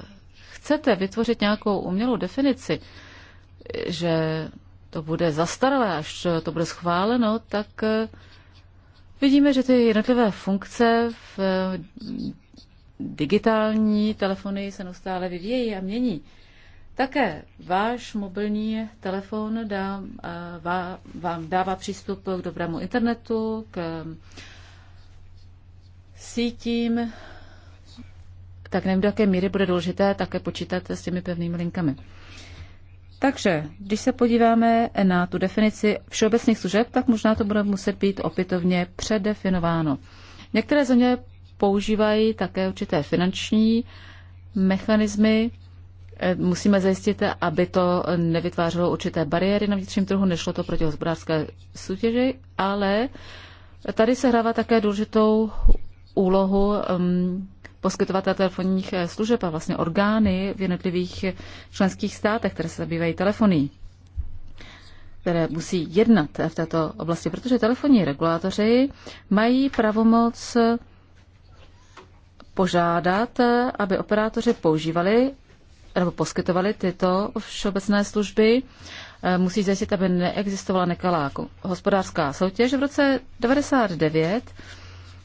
chcete vytvořit nějakou umělou definici, že to bude zastaralé, až to bude schváleno, tak eh, vidíme, že ty jednotlivé funkce v eh, digitální telefonii se neustále vyvíjejí a mění. Také váš mobilní telefon dá, vám dává přístup k dobrému internetu, k sítím, tak nevím, do jaké míry bude důležité také počítat s těmi pevnými linkami. Takže, když se podíváme na tu definici všeobecných služeb, tak možná to bude muset být opětovně předefinováno. Některé země používají také určité finanční mechanismy. Eh, musíme zajistit, aby to nevytvářelo určité bariéry na vnitřním trhu, nešlo to proti hospodářské soutěži, ale tady se hrává také důležitou úlohu um, poskytovatele telefonních eh, služeb a vlastně orgány v jednotlivých členských státech, které se zabývají telefonií které musí jednat v této oblasti, protože telefonní regulátoři mají pravomoc požádat, eh, aby operátoři používali nebo poskytovali tyto všeobecné služby. Eh, musí zajistit, aby neexistovala nekalá hospodářská soutěž. V roce 1999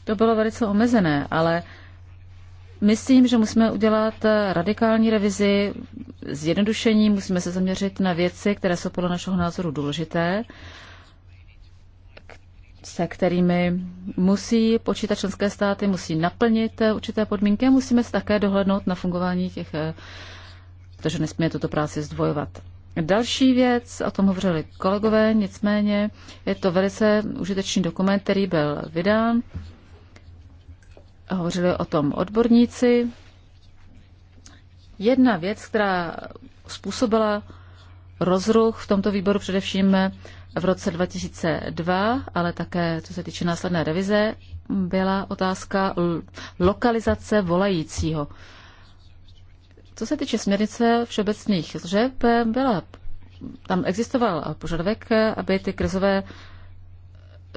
to bylo velice omezené, ale myslím, že musíme udělat eh, radikální revizi, zjednodušení, musíme se zaměřit na věci, které jsou podle našeho názoru důležité, se kterými musí počítat členské státy, musí naplnit eh, určité podmínky a musíme se také dohlednout na fungování těch, eh, protože nesmíme tuto práci zdvojovat. Další věc, o tom hovořili kolegové, nicméně je to velice užitečný dokument, který byl vydán hovořili o tom odborníci. Jedna věc, která způsobila rozruch v tomto výboru především v roce 2002, ale také co se týče následné revize, byla otázka lokalizace volajícího. Co se týče směrnice všeobecných služeb, byla, tam existoval požadavek, aby ty krizové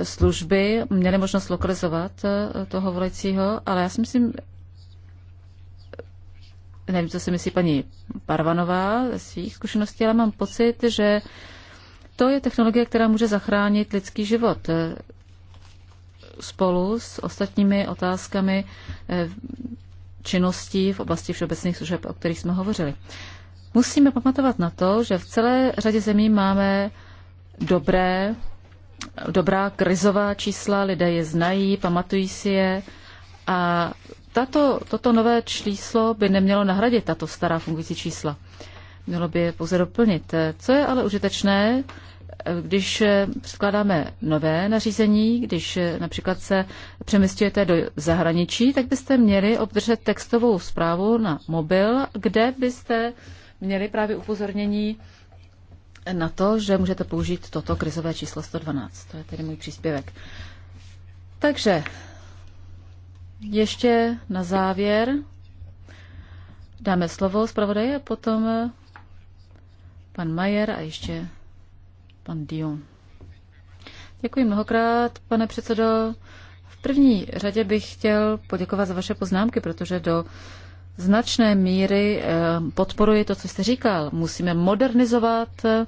služby měly možnost lokalizovat eh, toho volajícího, ale já si myslím, nevím, co si myslí paní Parvanová ze svých zkušeností, ale mám pocit, že to je technologie, která může zachránit lidský život eh, spolu s ostatními otázkami eh, činností v oblasti všeobecných služeb, o kterých jsme hovořili. Musíme pamatovat na to, že v celé řadě zemí máme dobré dobrá krizová čísla, lidé je znají, pamatují si je a tato, toto nové číslo by nemělo nahradit tato stará fungující čísla. Mělo by je pouze doplnit. Co je ale užitečné, když předkládáme nové nařízení, když například se přemysťujete do zahraničí, tak byste měli obdržet textovou zprávu na mobil, kde byste měli právě upozornění na to, že můžete použít toto krizové číslo 112. To je tedy můj příspěvek. Takže ještě na závěr dáme slovo zpravodaje a potom pan Majer a ještě pan Dion. Děkuji mnohokrát, pane předsedo. V první řadě bych chtěl poděkovat za vaše poznámky, protože do značné míry eh, podporuji to, co jste říkal. Musíme modernizovat eh,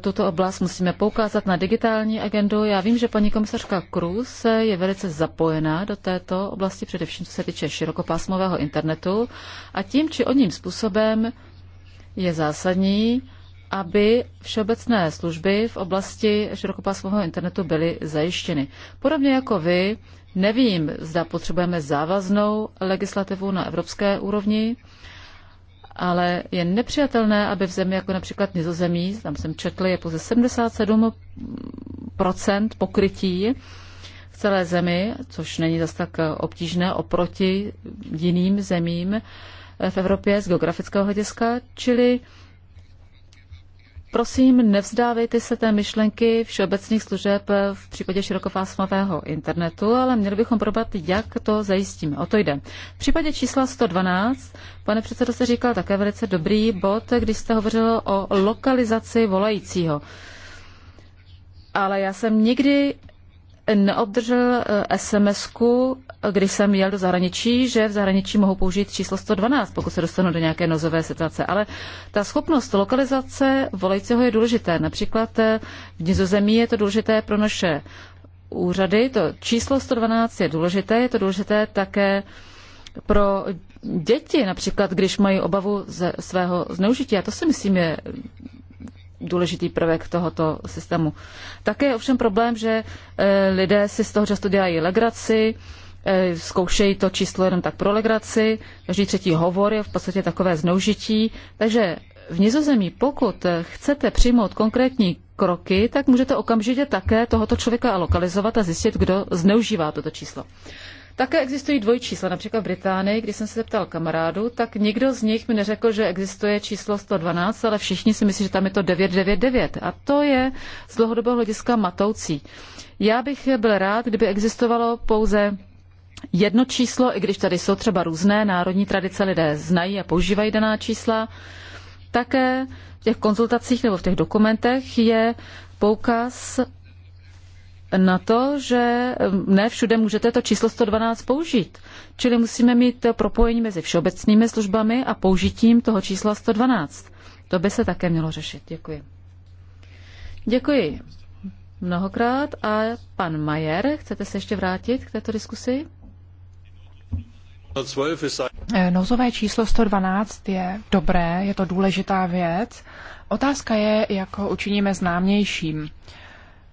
tuto oblast, musíme poukázat na digitální agendu. Já vím, že paní komisařka Cruz je velice zapojená do této oblasti, především co se týče širokopásmového internetu a tím či oním způsobem je zásadní, aby všeobecné služby v oblasti širokopásmového internetu byly zajištěny. Podobně jako vy, nevím, zda potřebujeme závaznou legislativu na evropské úrovni, ale je nepřijatelné, aby v zemi jako například Nizozemí, tam jsem četl, je pouze 77 pokrytí v celé zemi, což není zas tak obtížné oproti jiným zemím v Evropě z geografického hlediska, čili Prosím, nevzdávejte se té myšlenky všeobecných služeb v případě širokopásmového internetu, ale měli bychom probat, jak to zajistíme. O to jde. V případě čísla 112, pane předsedo, se říkal také velice dobrý bod, když jste hovořil o lokalizaci volajícího. Ale já jsem nikdy neobdržel sms eh, když jsem jel do zahraničí, že v zahraničí mohu použít číslo 112, pokud se dostanu do nějaké nozové situace. Ale ta schopnost lokalizace volajícího je důležité. Například eh, v Nizozemí je to důležité pro naše úřady. To číslo 112 je důležité, je to důležité také pro děti, například když mají obavu ze svého zneužití. A to si myslím je důležitý prvek tohoto systému. Také je ovšem problém, že eh, lidé si z toho často dělají legraci, eh, zkoušejí to číslo jenom tak pro legraci, každý třetí hovor je v podstatě takové zneužití, takže v Nizozemí, pokud chcete přijmout konkrétní kroky, tak můžete okamžitě také tohoto člověka lokalizovat a zjistit, kdo zneužívá toto číslo. Také existují dvojčísla, například v Británii, když jsem se zeptal kamarádu, tak nikdo z nich mi neřekl, že existuje číslo 112, ale všichni si myslí, že tam je to 999. A to je z dlouhodobého hlediska matoucí. Já bych byl rád, kdyby existovalo pouze jedno číslo, i když tady jsou třeba různé národní tradice, lidé znají a používají daná čísla. Také v těch konzultacích nebo v těch dokumentech je poukaz na to, že ne všude můžete to číslo 112 použít. Čili musíme mít propojení mezi všeobecnými službami a použitím toho čísla 112. To by se také mělo řešit. Děkuji. Děkuji mnohokrát. A pan Majer, chcete se ještě vrátit k této diskusi? Nouzové číslo 112 je dobré, je to důležitá věc. Otázka je, jak ho učiníme známějším.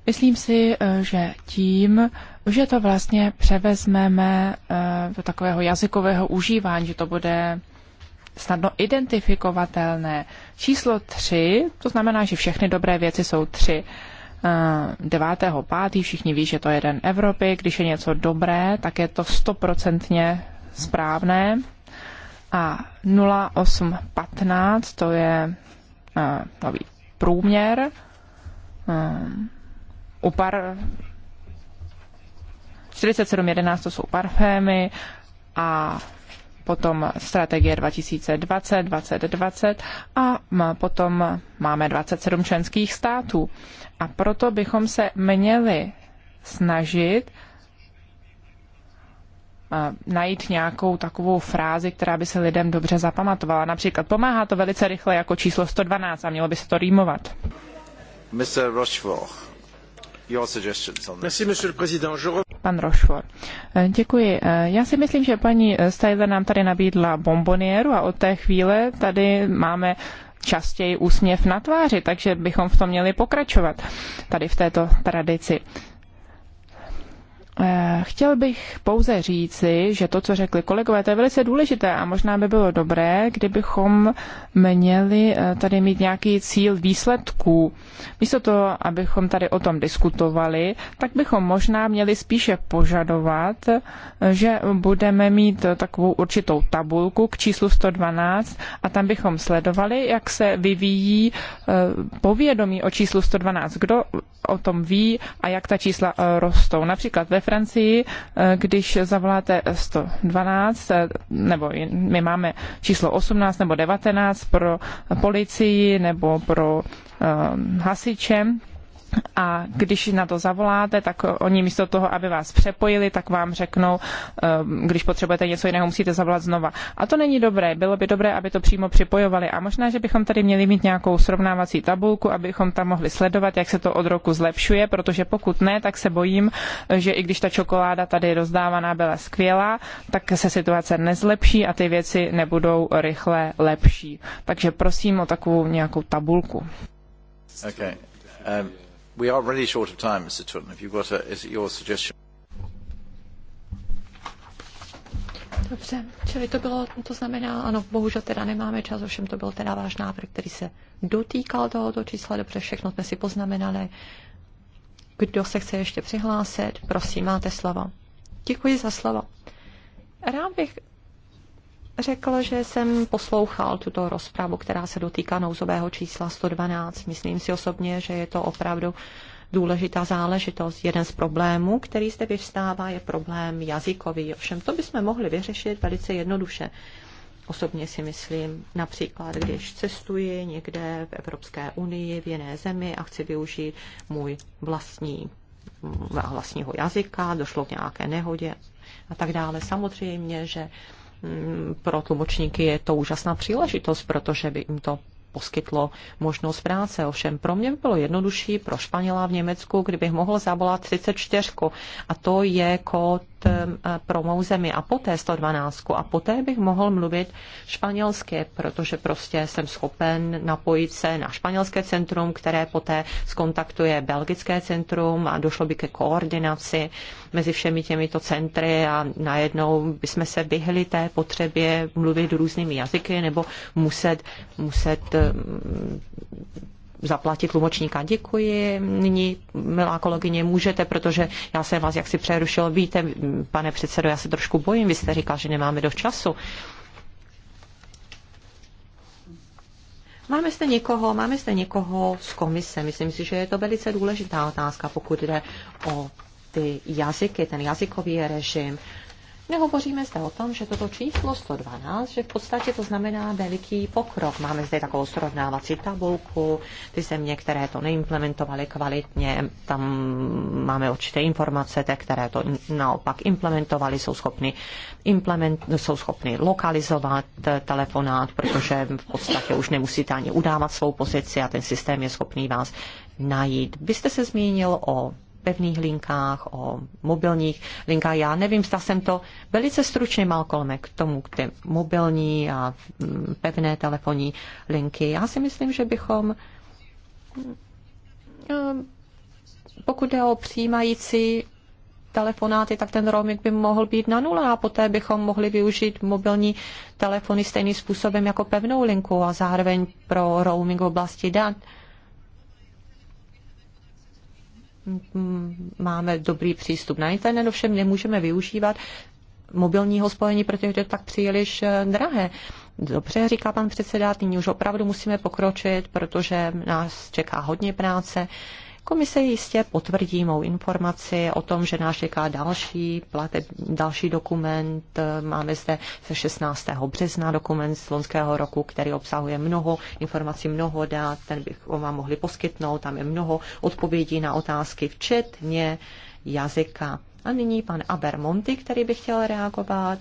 Myslím si, eh, že tím, že to vlastně převezmeme eh, do takového jazykového užívání, že to bude snadno identifikovatelné. Číslo tři, to znamená, že všechny dobré věci jsou eh, Devátého 9.5. všichni ví, že to je den Evropy. Když je něco dobré, tak je to stoprocentně správné. A 08.15 to je nový průměr u par... 47.11 to jsou parfémy a potom strategie 2020, 2020 a potom máme 27 členských států. A proto bychom se měli snažit najít nějakou takovou frázi, která by se lidem dobře zapamatovala. Například pomáhá to velice rychle jako číslo 112 a mělo by se to rýmovat. Mr. Rochefort. Pan eh, Děkuji. Eh, já si myslím, že paní eh, Styler nám tady nabídla bombonieru a od té chvíle tady máme častěji úsměv na tváři, takže bychom v tom měli pokračovat tady v této tradici. Eh, chtěl bych pouze říci, že to, co řekli kolegové, to je velice důležité a možná by bylo dobré, kdybychom měli eh, tady mít nějaký cíl výsledků. Místo toho, abychom tady o tom diskutovali, tak bychom možná měli spíše požadovat, eh, že budeme mít takovou určitou tabulku k číslu 112 a tam bychom sledovali, jak se vyvíjí povědomí o číslu 112, kdo o tom ví a jak ta čísla rostou. Například ve Francii, eh, když zavoláte 112, eh, nebo my máme číslo 18 nebo 19 pro policii nebo pro eh, hasiče, a když na to zavoláte, tak oni místo toho, aby vás přepojili, tak vám řeknou, ehm, když potřebujete něco jiného, musíte zavolat znova. A to není dobré. Bylo by dobré, aby to přímo připojovali. A možná, že bychom tady měli mít nějakou srovnávací tabulku, abychom tam mohli sledovat, jak se to od roku zlepšuje, protože pokud ne, tak se bojím, že i když ta čokoláda tady rozdávaná byla skvělá, tak se situace nezlepší a ty věci nebudou rychle lepší. Takže prosím o takovou nějakou tabulku. Okay. Um we are really short of time, Mr. Tuttle. If you've got a, is it your suggestion? Dobře, čili to bylo, to znamená, ano, bohužel teda nemáme čas, ovšem to byl teda váš návrh, který se dotýkal tohoto čísla, dobře, všechno jsme si poznamenali. Kdo se chce ještě přihlásit, prosím, máte slovo. Děkuji za slovo. Rád bych řekl, že jsem poslouchal tuto rozpravu, která se dotýká nouzového čísla 112. Myslím si osobně, že je to opravdu důležitá záležitost. Jeden z problémů, který zde vyvstává, je problém jazykový. Ovšem to bychom mohli vyřešit velice jednoduše. Osobně si myslím, například, když cestuji někde v Evropské unii, v jiné zemi a chci využít můj vlastní vlastního jazyka, došlo k nějaké nehodě a tak dále. Samozřejmě, že Mm, pro tlumočníky je to úžasná příležitost, protože by jim to poskytlo možnost práce. Ovšem pro mě by bylo jednodušší, pro Španěla v Německu, kdybych mohl zavolat 34 a to je kód Um, pro mou zemi a poté 112 a poté bych mohl mluvit španělsky, protože prostě jsem schopen napojit se na španělské centrum, které poté skontaktuje belgické centrum a došlo by ke koordinaci mezi všemi těmito centry a najednou bychom se vyhli té potřebě mluvit různými jazyky nebo muset, muset um, zaplatit tlumočníka. Děkuji. Nyní, milá kolegyně, můžete, protože já jsem vás jaksi přerušil. Víte, pane předsedo, já se trošku bojím. Vy jste říkal, že nemáme do času. Máme zde někoho, máme zde někoho z komise. Myslím si, že je to velice důležitá otázka, pokud jde o ty jazyky, ten jazykový režim. Nehovoříme zde o tom, že toto číslo 112, že v podstatě to znamená veliký pokrok. Máme zde takovou srovnávací tabulku, ty země, které to neimplementovaly kvalitně, tam máme určité informace, te, které to naopak implementovaly, jsou schopny, implement, jsou schopny lokalizovat telefonát, protože v podstatě už nemusíte ani udávat svou pozici a ten systém je schopný vás najít. Byste se zmínil o pevných linkách, o mobilních linkách. Já nevím, zda jsem to velice stručně mal kolmek k tomu, k té mobilní a pevné telefonní linky. Já si myslím, že bychom eh, pokud jde o přijímající telefonáty, tak ten roaming by mohl být na nule a poté bychom mohli využít mobilní telefony stejným způsobem jako pevnou linku a zároveň pro roaming v oblasti dat máme dobrý přístup na internet, ovšem nemůžeme využívat mobilního spojení, protože to je tak příliš eh, drahé. Dobře, říká pan předseda, nyní už opravdu musíme pokročit, protože nás čeká hodně práce. Komise jistě potvrdí mou informaci o tom, že nás čeká další, plateb, další dokument. Máme zde ze 16. března dokument z loňského roku, který obsahuje mnoho informací, mnoho dát, ten bychom vám mohli poskytnout. Tam je mnoho odpovědí na otázky, včetně jazyka. A nyní pan Abermonty, který by chtěl reagovat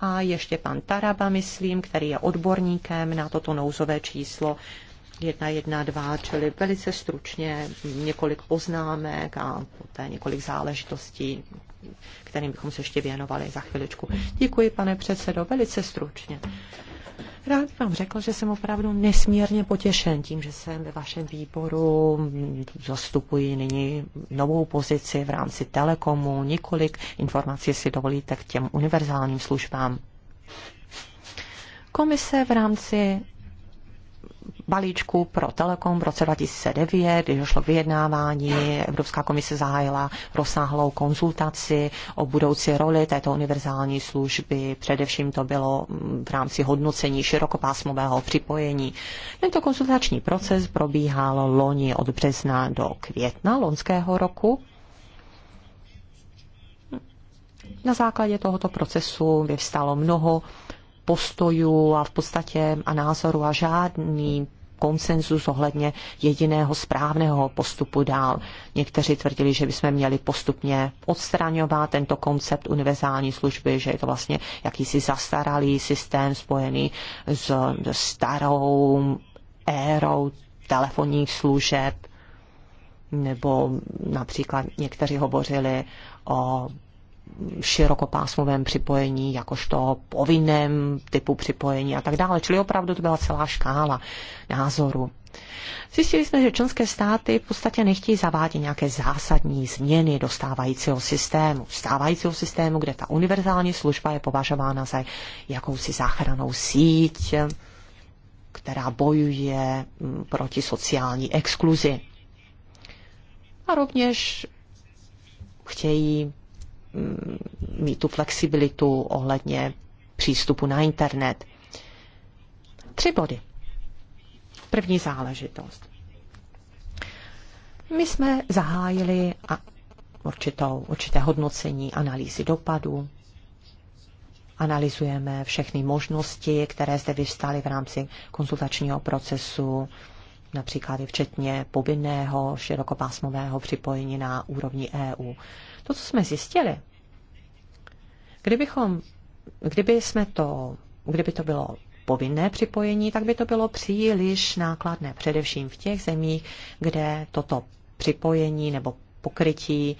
a ještě pan Taraba, myslím, který je odborníkem na toto nouzové číslo 112, čili velice stručně několik poznámek a poté několik záležitostí, kterým bychom se ještě věnovali za chviličku. Děkuji, pane předsedo, velice stručně. Rád bych vám řekl, že jsem opravdu nesmírně potěšen tím, že jsem ve vašem výboru, zastupuji nyní novou pozici v rámci Telekomu, několik informací si dovolíte k těm univerzálním službám. Komise v rámci balíčku pro Telekom v roce 2009, když došlo k vyjednávání, Evropská komise zahájila rozsáhlou konzultaci o budoucí roli této univerzální služby. Především to bylo v rámci hodnocení širokopásmového připojení. Tento konzultační proces probíhal loni od března do května loňského roku. Na základě tohoto procesu vyvstalo mnoho postojů a v podstatě a názoru a žádný konsenzus ohledně jediného správného postupu dál. Někteří tvrdili, že bychom měli postupně odstraňovat tento koncept univerzální služby, že je to vlastně jakýsi zastaralý systém spojený s starou érou telefonních služeb, nebo například někteří hovořili o širokopásmovém připojení, jakožto povinném typu připojení a tak dále. Čili opravdu to byla celá škála názorů. Zjistili jsme, že členské státy v podstatě nechtějí zavádět nějaké zásadní změny do stávajícího systému. Stávajícího systému, kde ta univerzální služba je považována za jakousi záchranou síť, která bojuje mm, proti sociální exkluzi. A rovněž chtějí Mm, mít tu flexibilitu ohledně přístupu na internet. Tři body. První záležitost. My jsme zahájili a určitou, určité hodnocení analýzy dopadu. Analyzujeme všechny možnosti, které zde vystály v rámci konzultačního procesu, například i včetně povinného širokopásmového připojení na úrovni EU. To, co jsme zjistili, kdybychom, kdyby jsme to, kdyby to bylo povinné připojení, tak by to bylo příliš nákladné, především v těch zemích, kde toto připojení nebo pokrytí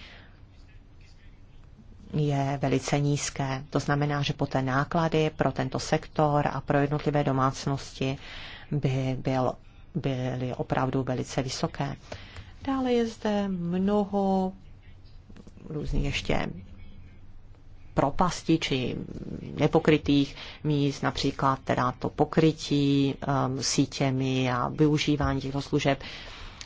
je velice nízké. To znamená, že poté náklady pro tento sektor a pro jednotlivé domácnosti by byl byly opravdu velice vysoké. Dále je zde mnoho různých ještě propasti či nepokrytých míst, například teda to pokrytí um, sítěmi a využívání těchto služeb.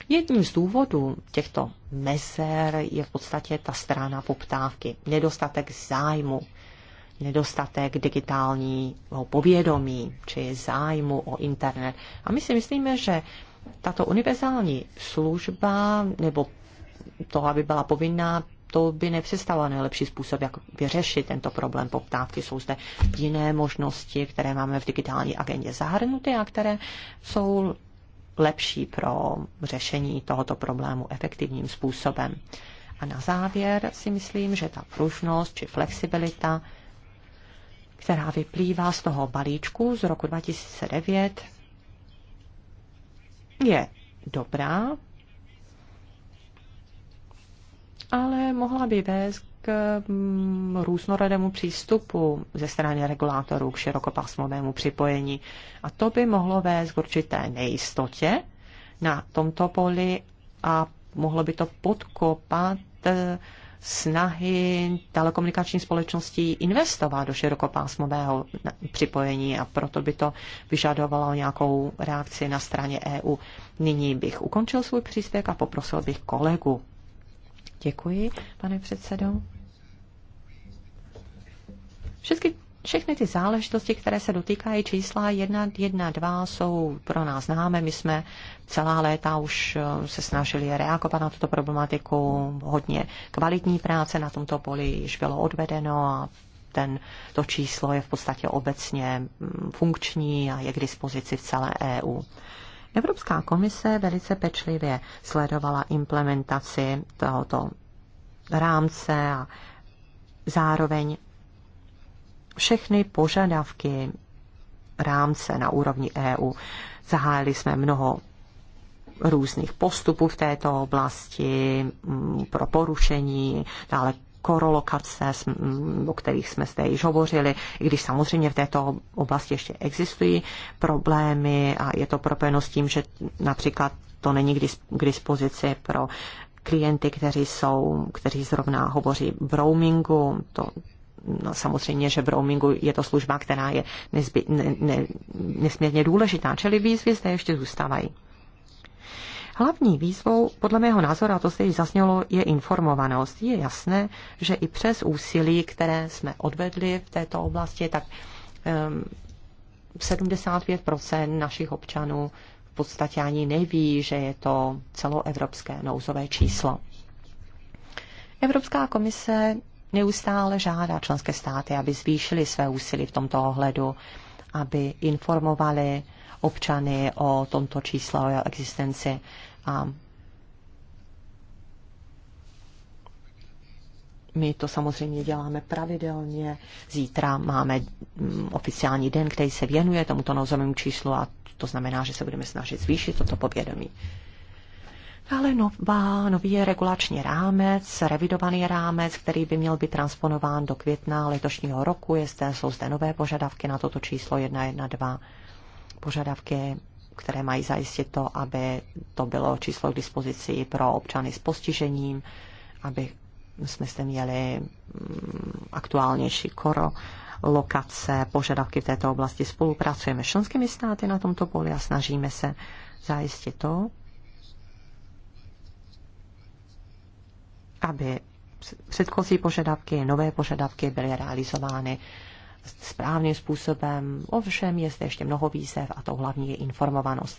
Jedním z důvodů těchto mezer je v podstatě ta strana poptávky, nedostatek zájmu nedostatek digitálního povědomí či zájmu o internet. A my si myslíme, že tato univerzální služba nebo to, aby byla povinná, to by nepředstavovalo nejlepší způsob, jak vyřešit tento problém poptávky. Jsou zde jiné možnosti, které máme v digitální agendě zahrnuty a které jsou lepší pro řešení tohoto problému efektivním způsobem. A na závěr si myslím, že ta pružnost či flexibilita která vyplývá z toho balíčku z roku 2009, je dobrá, ale mohla by vést k mm, různorodému přístupu ze strany regulátorů k širokopásmovému připojení. A to by mohlo vést k určité nejistotě na tomto poli a mohlo by to podkopat eh, snahy telekomunikační společností investovat do širokopásmového připojení a proto by to vyžadovalo nějakou reakci na straně EU. Nyní bych ukončil svůj příspěvek a poprosil bych kolegu. Děkuji, pane předsedo. Všechny všechny ty záležitosti, které se dotýkají čísla 2, jsou pro nás známe. My jsme celá léta už eh, se snažili reagovat na tuto problematiku. Hodně kvalitní práce na tomto poli již bylo odvedeno a ten, to číslo je v podstatě obecně mm, funkční a je k dispozici v celé EU. Evropská komise velice pečlivě sledovala implementaci tohoto rámce a zároveň všechny požadavky rámce na úrovni EU. Zahájili jsme mnoho různých postupů v této oblasti mm, pro porušení, dále korolokace, mm, o kterých jsme zde již hovořili, i když samozřejmě v této oblasti ještě existují problémy a je to propojeno s tím, že například to není k dispozici pro klienty, kteří jsou, kteří zrovna hovoří v roamingu, to no, samozřejmě, že v roamingu je to služba, která je nezby, ne, ne, nesmírně důležitá, čili výzvy zde ještě zůstávají. Hlavní výzvou, podle mého názoru, a to se již zaznělo, je informovanost. Je jasné, že i přes úsilí, které jsme odvedli v této oblasti, tak um, ehm, 75 našich občanů v podstatě ani neví, že je to celoevropské nouzové číslo. Evropská komise neustále žádá členské státy, aby zvýšili své úsilí v tomto ohledu, aby informovali občany o tomto čísle, o jeho existenci a my to samozřejmě děláme pravidelně. Zítra máme mm, oficiální den, který se věnuje tomuto nouzovému číslu a to znamená, že se budeme snažit zvýšit toto povědomí. Ale nová, nový je regulační rámec, revidovaný rámec, který by měl být transponován do května letošního roku. Je zde, jsou zde nové požadavky na toto číslo 112. Požadavky, které mají zajistit to, aby to bylo číslo k dispozici pro občany s postižením, aby jsme zde měli mm, aktuálnější koro lokace, požadavky v této oblasti. Spolupracujeme s členskými státy na tomto poli a snažíme se zajistit to, aby předchozí požadavky, nové požadavky byly realizovány správným způsobem. Ovšem je zde ještě mnoho výzev a to hlavní je informovanost.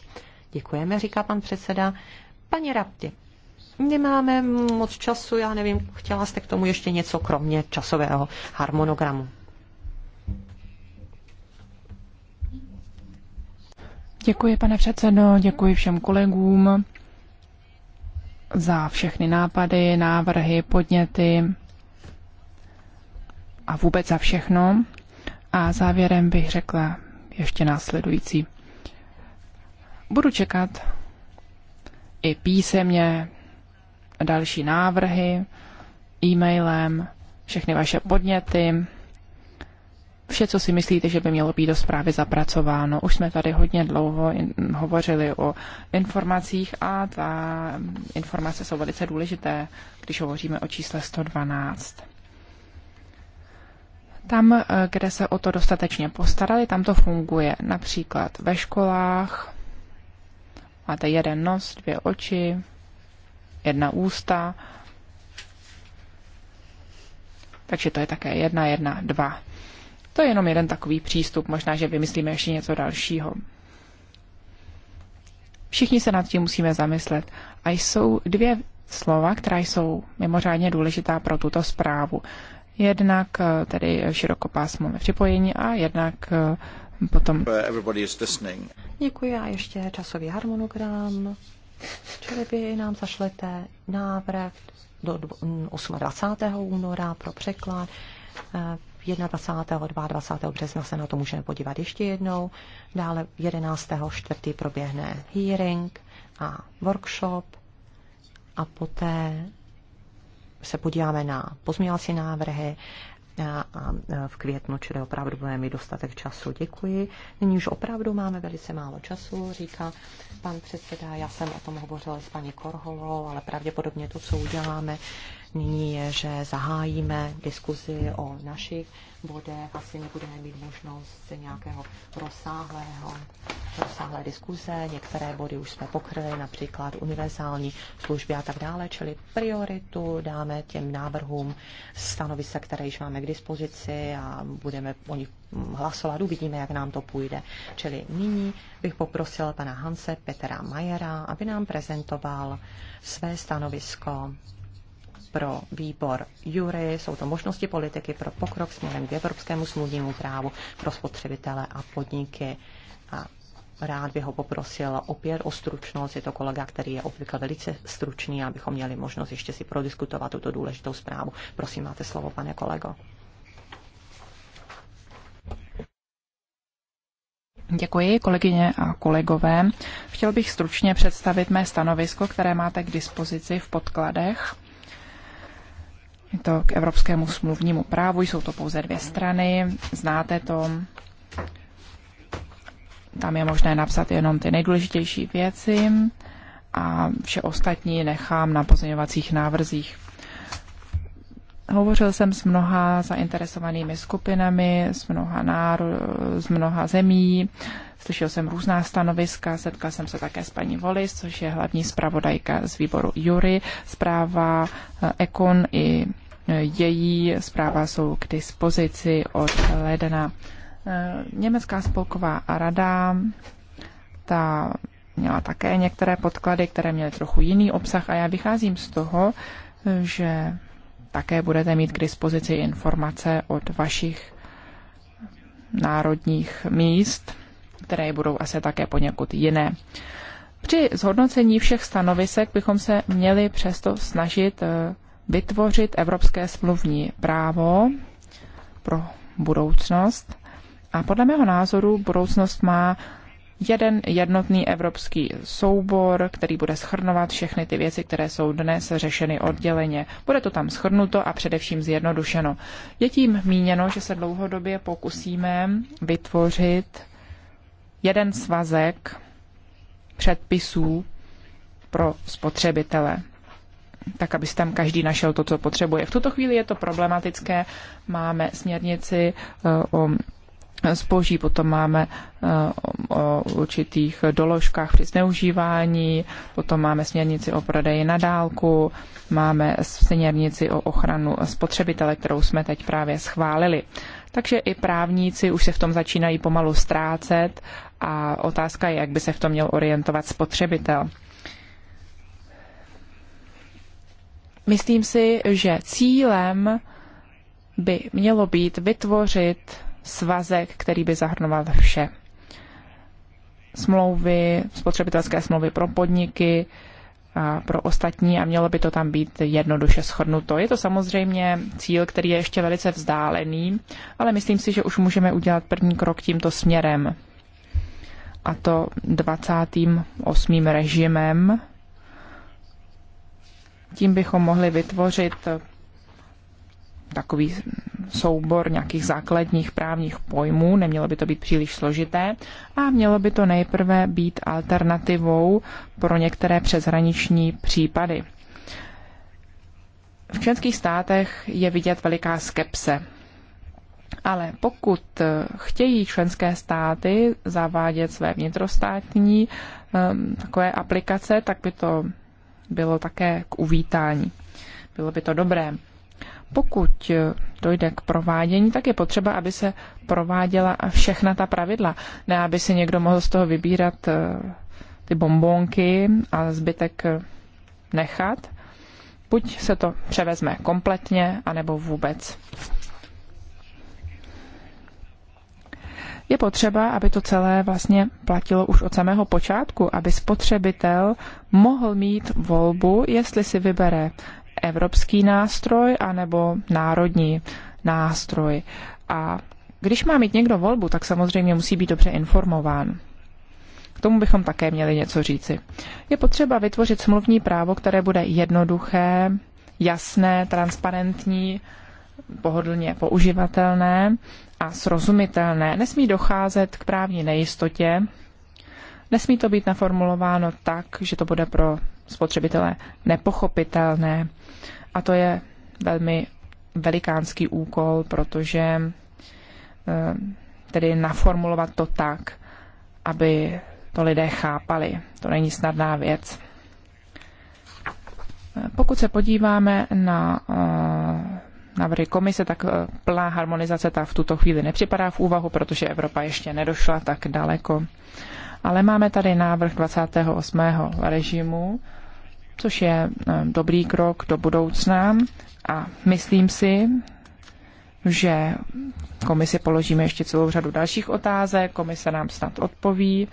Děkujeme, říká pan předseda. Paní Rapti, nemáme moc času, já nevím, chtěla jste k tomu ještě něco kromě časového harmonogramu. Děkuji, pane předsedo, děkuji všem kolegům za všechny nápady, návrhy, podněty a vůbec za všechno. A závěrem bych řekla ještě následující. Budu čekat i písemně další návrhy, e-mailem, všechny vaše podněty vše, co si myslíte, že by mělo být do zprávy zapracováno. Už jsme tady hodně dlouho in, hovořili o informacích a ta informace jsou velice důležité, když hovoříme o čísle 112. Tam, eh, kde se o to dostatečně postarali, tam to funguje. Například ve školách máte jeden nos, dvě oči, jedna ústa. Takže to je také jedna, jedna, dva. To je jenom jeden takový přístup, možná, že vymyslíme ještě něco dalšího. Všichni se nad tím musíme zamyslet. A jsou dvě slova, která jsou mimořádně důležitá pro tuto zprávu. Jednak eh, tedy širokopásmové připojení a jednak eh, potom... Děkuji a ještě časový harmonogram. Čili vy nám zašlete návrh do 28. Mm, února pro překlad. Eh, 21. a 22. března se na to můžeme podívat ještě jednou. Dále 11. 4. proběhne hearing a workshop a poté se podíváme na pozměňovací návrhy a v květnu, čili opravdu budeme mít dostatek času. Děkuji. Nyní už opravdu máme velice málo času, říká pan předseda. Já jsem o tom hovořila s paní Korholou, ale pravděpodobně to, co uděláme, nyní je, že zahájíme diskuzi o našich bodech. Asi nebudeme mít možnost nějakého rozsáhlého, rozsáhlé diskuze. Některé body už jsme pokryli, například univerzální služby a tak dále, čili prioritu dáme těm návrhům stanovisek, které již máme k dispozici a budeme o nich hlasovat, uvidíme, jak nám to půjde. Čili nyní bych poprosil pana Hanse Petra Majera, aby nám prezentoval své stanovisko pro výbor jury, jsou to možnosti politiky pro pokrok směrem k evropskému smluvnímu právu pro spotřebitele a podniky. A rád bych ho poprosil opět o stručnost. Je to kolega, který je obvykle velice stručný, abychom měli možnost ještě si prodiskutovat tuto důležitou zprávu. Prosím, máte slovo, pane kolego. Děkuji, kolegyně a kolegové. Chtěl bych stručně představit mé stanovisko, které máte k dispozici v podkladech. Je to k evropskému smluvnímu právu, jsou to pouze dvě strany, znáte to. Tam je možné napsat jenom ty nejdůležitější věci a vše ostatní nechám na pozměňovacích návrzích. Hovořil jsem s mnoha zainteresovanými skupinami, s mnoha, náro, z mnoha zemí, slyšel jsem různá stanoviska, setkal jsem se také s paní Volis, což je hlavní zpravodajka z výboru Jury. Zpráva Ekon eh, i eh, její zpráva jsou k dispozici od ledna. Eh, Německá spolková rada ta měla také některé podklady, které měly trochu jiný obsah a já vycházím z toho, že také budete mít k dispozici informace od vašich národních míst, které budou asi také poněkud jiné. Při zhodnocení všech stanovisek bychom se měli přesto snažit eh, vytvořit evropské smluvní právo pro budoucnost. A podle mého názoru budoucnost má jeden jednotný evropský soubor, který bude schrnovat všechny ty věci, které jsou dnes řešeny odděleně. Bude to tam schrnuto a především zjednodušeno. Je tím míněno, že se dlouhodobě pokusíme vytvořit jeden svazek předpisů pro spotřebitele tak, aby tam každý našel to, co potřebuje. V tuto chvíli je to problematické. Máme směrnici eh, o zboží, potom máme eh, o určitých doložkách při zneužívání, potom máme směrnici o prodeji na dálku, máme směrnici o ochranu spotřebitele, kterou jsme teď právě schválili. Takže i právníci už se v tom začínají pomalu ztrácet a otázka je, jak by se v tom měl orientovat spotřebitel. Myslím si, že cílem by mělo být vytvořit svazek, který by zahrnoval vše. Smlouvy, spotřebitelské smlouvy pro podniky, a pro ostatní a mělo by to tam být jednoduše shodnuto. Je to samozřejmě cíl, který je ještě velice vzdálený, ale myslím si, že už můžeme udělat první krok tímto směrem. A to 28. režimem. Tím bychom mohli vytvořit takový soubor nějakých základních právních pojmů, nemělo by to být příliš složité a mělo by to nejprve být alternativou pro některé přeshraniční případy. V členských státech je vidět veliká skepse. Ale pokud chtějí členské státy zavádět své vnitrostátní um, takové aplikace, tak by to bylo také k uvítání. Bylo by to dobré. Pokud dojde k provádění, tak je potřeba, aby se prováděla všechna ta pravidla. Ne, aby si někdo mohl z toho vybírat eh, ty bombonky a zbytek eh, nechat. Buď se to převezme kompletně, anebo vůbec. Je potřeba, aby to celé vlastně platilo už od samého počátku, aby spotřebitel mohl mít volbu, jestli si vybere evropský nástroj anebo národní nástroj. A když má mít někdo volbu, tak samozřejmě musí být dobře informován. K tomu bychom také měli něco říci. Je potřeba vytvořit smluvní právo, které bude jednoduché, jasné, transparentní, pohodlně používatelné a srozumitelné. Nesmí docházet k právní nejistotě, nesmí to být naformulováno tak, že to bude pro spotřebitele nepochopitelné. A to je velmi velikánský úkol, protože eh, tedy naformulovat to tak, aby to lidé chápali. To není snadná věc. Eh, pokud se podíváme na eh, návrhy komise, tak plná harmonizace ta v tuto chvíli nepřipadá v úvahu, protože Evropa ještě nedošla tak daleko. Ale máme tady návrh 28. režimu, což je eh, dobrý krok do budoucna a myslím si, že komisi položíme ještě celou řadu dalších otázek, komise nám snad odpoví.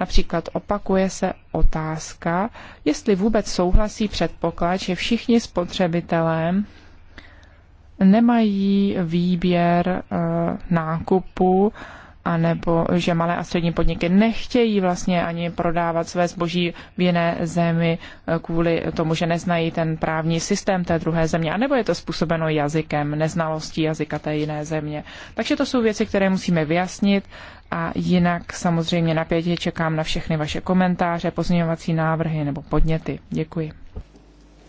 Například opakuje se otázka, jestli vůbec souhlasí předpoklad, že všichni spotřebitelé nemají výběr eh, nákupu anebo že malé a střední podniky nechtějí vlastně ani prodávat své zboží v jiné zemi eh, kvůli tomu, že neznají ten právní systém té druhé země, anebo je to způsobeno jazykem, neznalostí jazyka té jiné země. Takže to jsou věci, které musíme vyjasnit a jinak samozřejmě napětě čekám na všechny vaše komentáře, pozměňovací návrhy nebo podněty. Děkuji.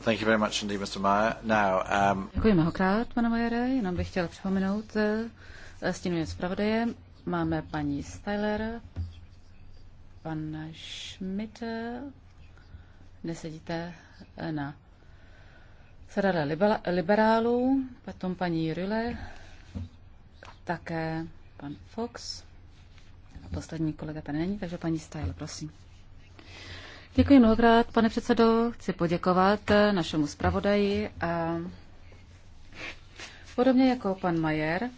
Thank you very much indeed, Mr. Meyer. Now, um... Děkuji mnohokrát, pane Majere, jenom bych chtěl připomenout, eh, tím zpravodajem, Máme paní Steller, pan Schmidt, nesedíte eh, na Sarada liberálů, potom paní Rille, také pan Fox. A poslední kolega tady není, takže paní Style, prosím. Děkuji mnohokrát, pane předsedo. Chci poděkovat eh, našemu zpravodaji a podobně jako pan Majer,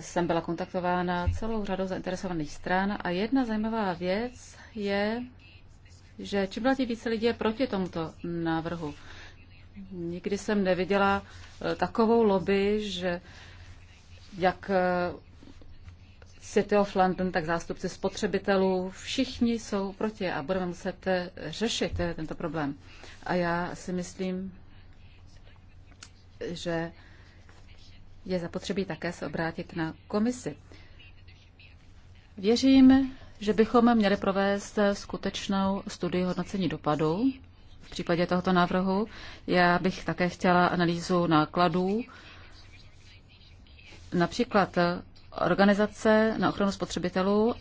jsem eh, byla kontaktována celou řadou zainteresovaných stran a jedna zajímavá věc je, že čím dál tím více lidí je proti tomuto návrhu. Nikdy jsem neviděla eh, takovou lobby, že jak City eh, of London, tak zástupci spotřebitelů, všichni jsou proti a budeme muset řešit tento problém. A já si myslím, že je zapotřebí také se obrátit na komisi. Věřím, že bychom měli provést skutečnou studii hodnocení dopadů v případě tohoto návrhu. Já bych také chtěla analýzu nákladů. Například organizace na ochranu spotřebitelů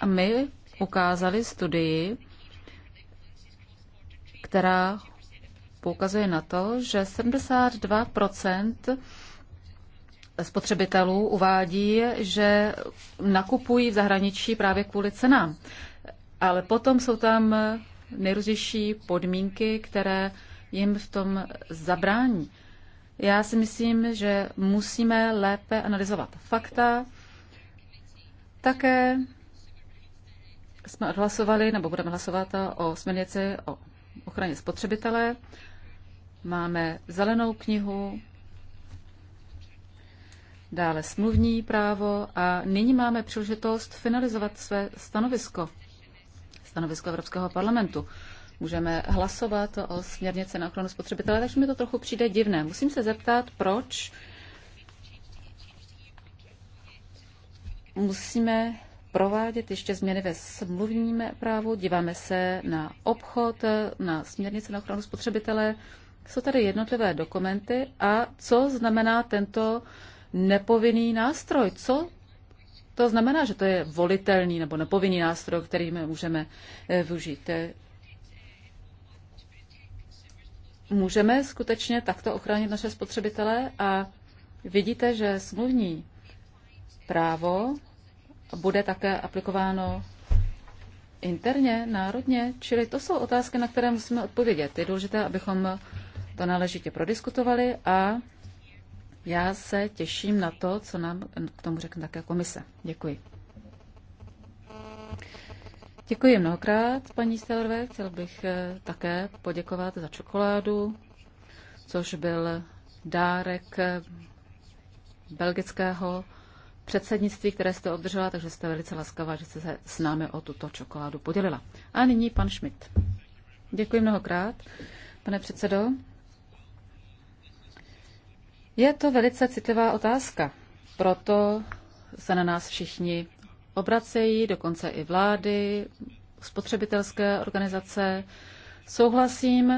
a my ukázali studii, která poukazuje na to, že 72 spotřebitelů uvádí, že nakupují v zahraničí právě kvůli cenám. Ale potom jsou tam nejrůznější podmínky, které jim v tom zabrání. Já si myslím, že musíme lépe analyzovat fakta. Také jsme odhlasovali, nebo budeme hlasovat o směrnici o ochraně spotřebitele. Máme zelenou knihu, dále smluvní právo a nyní máme příležitost finalizovat své stanovisko, stanovisko Evropského parlamentu. Můžeme hlasovat o směrnici na ochranu spotřebitele, takže mi to trochu přijde divné. Musím se zeptat, proč musíme provádět ještě změny ve smluvním právu. Díváme se na obchod, na směrnice na ochranu spotřebitele. Jsou tady jednotlivé dokumenty a co znamená tento nepovinný nástroj. Co to znamená, že to je volitelný nebo nepovinný nástroj, který my můžeme eh, využít? Můžeme skutečně takto ochránit naše spotřebitele a vidíte, že smluvní právo bude také aplikováno interně, národně? Čili to jsou otázky, na které musíme odpovědět. Je důležité, abychom to náležitě prodiskutovali a já se těším na to, co nám k tomu řekne také komise. Děkuji. Děkuji mnohokrát, paní Stelrve. Chtěl bych eh, také poděkovat za čokoládu, což byl dárek eh, belgického předsednictví, které jste obdržela, takže jste velice laskavá, že jste se s námi o tuto čokoládu podělila. A nyní pan Schmidt. Děkuji mnohokrát, pane předsedo. Je to velice citlivá otázka, proto se na nás všichni obracejí, dokonce i vlády, spotřebitelské organizace. Souhlasím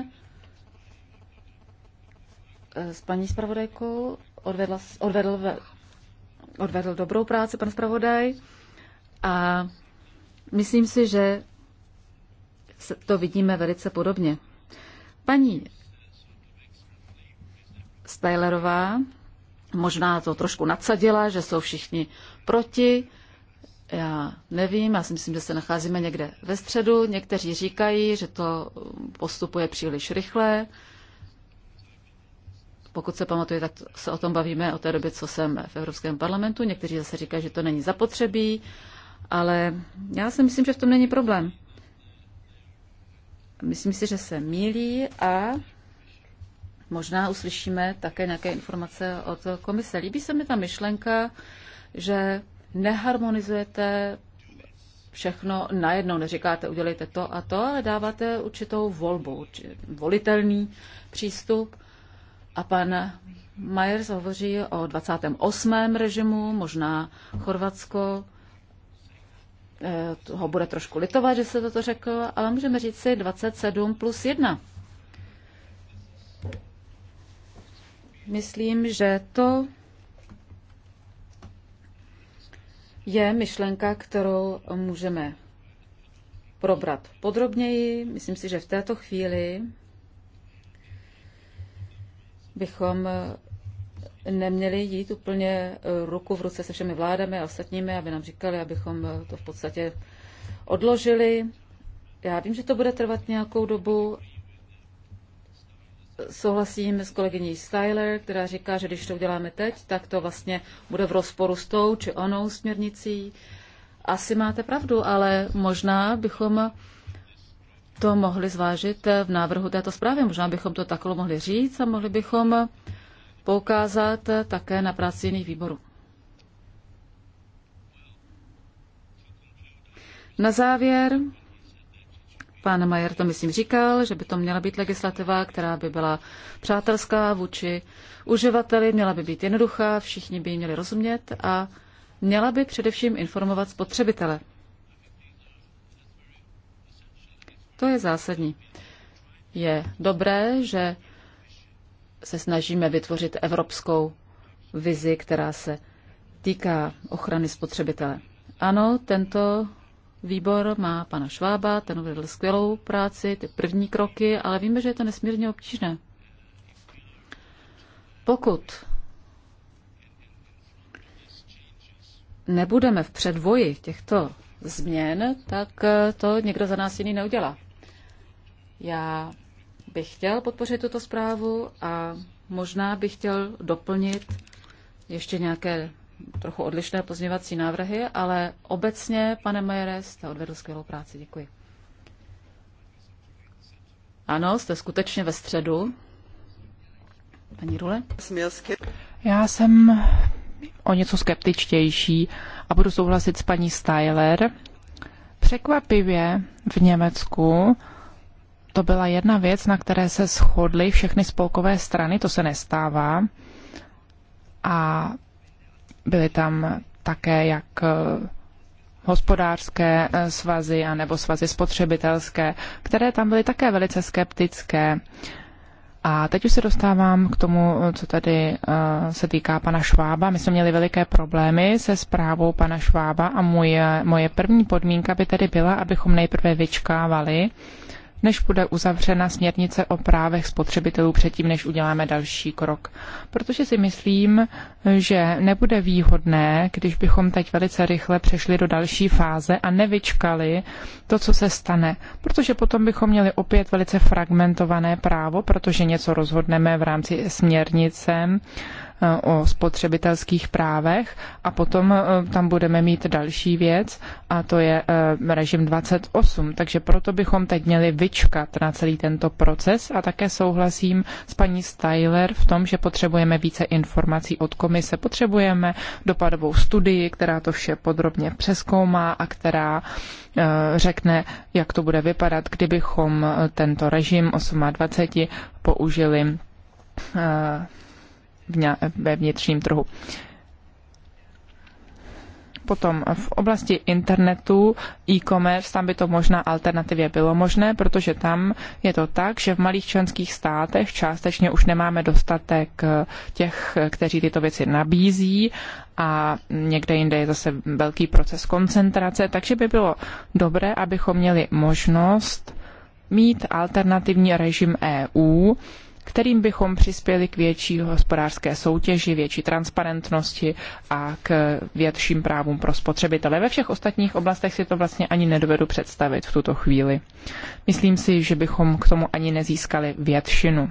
eh, s paní zpravodajkou, odvedl, odvedl, odvedl dobrou práci pan zpravodaj a myslím si, že to vidíme velice podobně. Paní Stylerová možná to trošku nadsadila, že jsou všichni proti. Já nevím, já si myslím, že se nacházíme někde ve středu. Někteří říkají, že to postupuje příliš rychle. Pokud se pamatuje, tak se o tom bavíme o té době, co jsem v Evropském parlamentu. Někteří zase říkají, že to není zapotřebí, ale já si myslím, že v tom není problém. Myslím si, že se mílí a možná uslyšíme také nějaké informace od komise. Líbí se mi ta myšlenka, že neharmonizujete všechno najednou, neříkáte udělejte to a to, ale dáváte určitou volbu, volitelný přístup. A pan Myers hovoří o 28. režimu, možná Chorvatsko eh, ho bude trošku litovat, že se toto řekl, ale můžeme říct si 27 plus 1. Myslím, že to je myšlenka, kterou můžeme probrat podrobněji. Myslím si, že v této chvíli bychom neměli jít úplně ruku v ruce se všemi vládami a ostatními, aby nám říkali, abychom to v podstatě odložili. Já vím, že to bude trvat nějakou dobu, souhlasím s kolegyní Styler, která říká, že když to uděláme teď, tak to vlastně bude v rozporu s tou či onou směrnicí. Asi máte pravdu, ale možná bychom to mohli zvážit v návrhu této zprávy. Možná bychom to takhle mohli říct a mohli bychom poukázat také na práci jiných výborů. Na závěr Pan Majer to, myslím, říkal, že by to měla být legislativa, která by byla přátelská vůči uživateli, měla by být jednoduchá, všichni by ji měli rozumět a měla by především informovat spotřebitele. To je zásadní. Je dobré, že se snažíme vytvořit evropskou vizi, která se týká ochrany spotřebitele. Ano, tento výbor má pana Švába, ten uvedl skvělou práci, ty první kroky, ale víme, že je to nesmírně obtížné. Pokud nebudeme v předvoji těchto změn, tak to někdo za nás jiný neudělá. Já bych chtěl podpořit tuto zprávu a možná bych chtěl doplnit ještě nějaké trochu odlišné pozměvací návrhy, ale obecně, pane Majere, jste odvedl skvělou práci. Děkuji. Ano, jste skutečně ve středu. Paní Rule? Já jsem o něco skeptičtější a budu souhlasit s paní Styler. Překvapivě v Německu to byla jedna věc, na které se shodly všechny spolkové strany, to se nestává. A Byly tam také jak eh, hospodářské eh, svazy a nebo svazy spotřebitelské, které tam byly také velice skeptické. A teď už se dostávám k tomu, eh, co tady uh, se týká pana Švába. My jsme měli veliké problémy se zprávou pana Švába a moje, moje první podmínka by tedy byla, abychom nejprve vyčkávali uh, než bude uzavřena směrnice o právech spotřebitelů předtím, než uděláme další krok. Protože si myslím, že nebude výhodné, když bychom teď velice rychle přešli do další fáze a nevyčkali to, co se stane. Protože potom bychom měli opět velice fragmentované právo, protože něco rozhodneme v rámci směrnice o spotřebitelských právech a potom e, tam budeme mít další věc a to je e, režim 28. Takže proto bychom teď měli vyčkat na celý tento proces a také souhlasím s paní Styler v tom, že potřebujeme více informací od komise. Potřebujeme dopadovou studii, která to vše podrobně přeskoumá a která e, řekne, jak to bude vypadat, kdybychom tento režim 28 použili ve vnitřním trhu. Potom v oblasti internetu, e-commerce, tam by to možná alternativě bylo možné, protože tam je to tak, že v malých členských státech částečně už nemáme dostatek eh, těch, kteří tyto věci nabízí a někde jinde je zase velký proces koncentrace, takže by bylo dobré, abychom měli možnost mít alternativní režim EU, kterým bychom přispěli k větší hospodářské soutěži, větší transparentnosti a k větším právům pro spotřebitele. Ve všech ostatních oblastech si to vlastně ani nedovedu představit v tuto chvíli. Myslím si, že bychom k tomu ani nezískali většinu.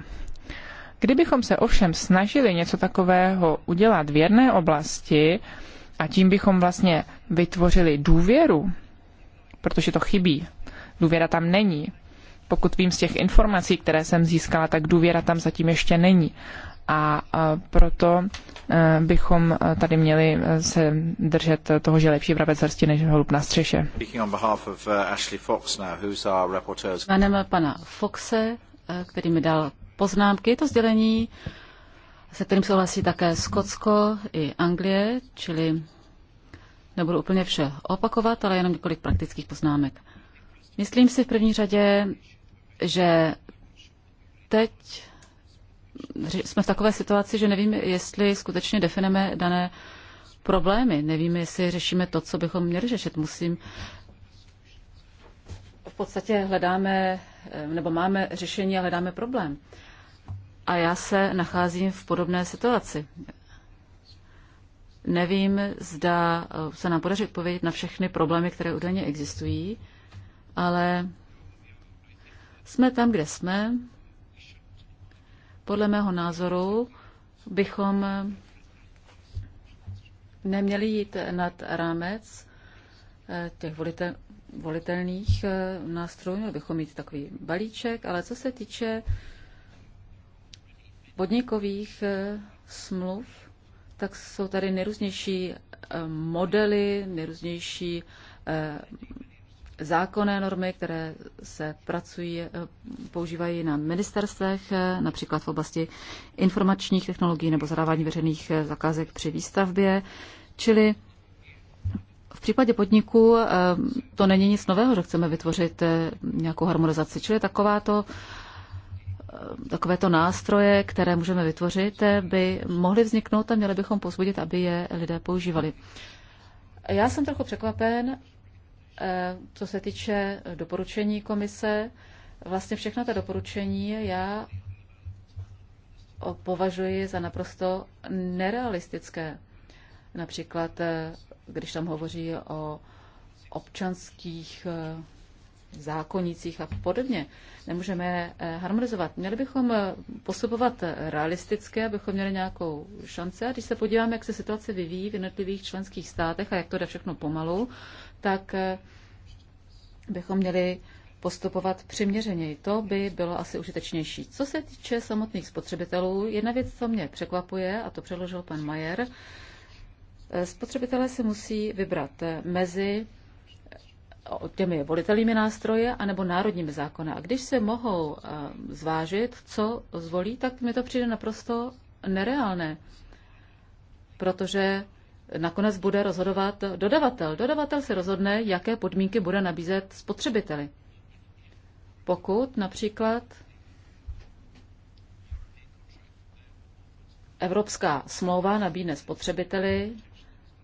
Kdybychom se ovšem snažili něco takového udělat v jedné oblasti a tím bychom vlastně vytvořili důvěru, protože to chybí, důvěra tam není, pokud vím z těch informací, které jsem získala, tak důvěra tam zatím ještě není. A proto e, bychom e, tady měli e, se držet toho, že lepší vrabec hrsti než holub na střeše. Uh, Jménem pana Foxe, který mi dal poznámky, to sdělení, se kterým souhlasí také Skotsko i Anglie, čili nebudu úplně vše opakovat, ale jenom několik praktických poznámek. Myslím si v první řadě, že teď jsme v takové situaci, že nevíme, jestli skutečně definujeme dané problémy. Nevíme, jestli řešíme to, co bychom měli řešit. Musím v podstatě hledáme, eh, nebo máme řešení a hledáme problém. A já se nacházím v podobné situaci. Nevím, zda eh, se nám podaří odpovědět na všechny problémy, které údajně existují, ale jsme tam, kde jsme. Podle mého názoru bychom neměli jít nad rámec eh, těch volite, volitelných eh, nástrojů, měli bychom mít takový balíček, ale co se týče podnikových eh, smluv, tak jsou tady nejrůznější modely, nejrůznější zákonné normy, které se pracují, eh, používají na ministerstvech, eh, například v oblasti informačních technologií nebo zadávání veřejných eh, zakázek při výstavbě. Čili v případě podniku to není nic nového, že chceme vytvořit nějakou harmonizaci, čili takováto takovéto nástroje, které můžeme vytvořit, by mohly vzniknout a měli bychom pozbudit, aby je lidé používali. Já jsem trochu překvapen, Eh, co se týče doporučení komise, vlastně všechna ta doporučení já považuji za naprosto nerealistické. Například, eh, když tam hovoří o občanských eh, zákonicích a podobně. Nemůžeme harmonizovat. Měli bychom postupovat realisticky, abychom měli nějakou šanci. A když se podíváme, jak se situace vyvíjí v jednotlivých členských státech a jak to jde všechno pomalu, tak eh, bychom měli postupovat přiměřeněji. To by bylo asi užitečnější. Co se týče samotných spotřebitelů, jedna věc, co mě překvapuje, a to předložil pan Majer, eh, spotřebitelé se musí vybrat eh, mezi těmi volitelými nástroje anebo národními zákony. A když se mohou zvážit, co zvolí, tak mi to přijde naprosto nereálné, protože nakonec bude rozhodovat dodavatel. Dodavatel se rozhodne, jaké podmínky bude nabízet spotřebiteli. Pokud například Evropská smlouva nabídne spotřebiteli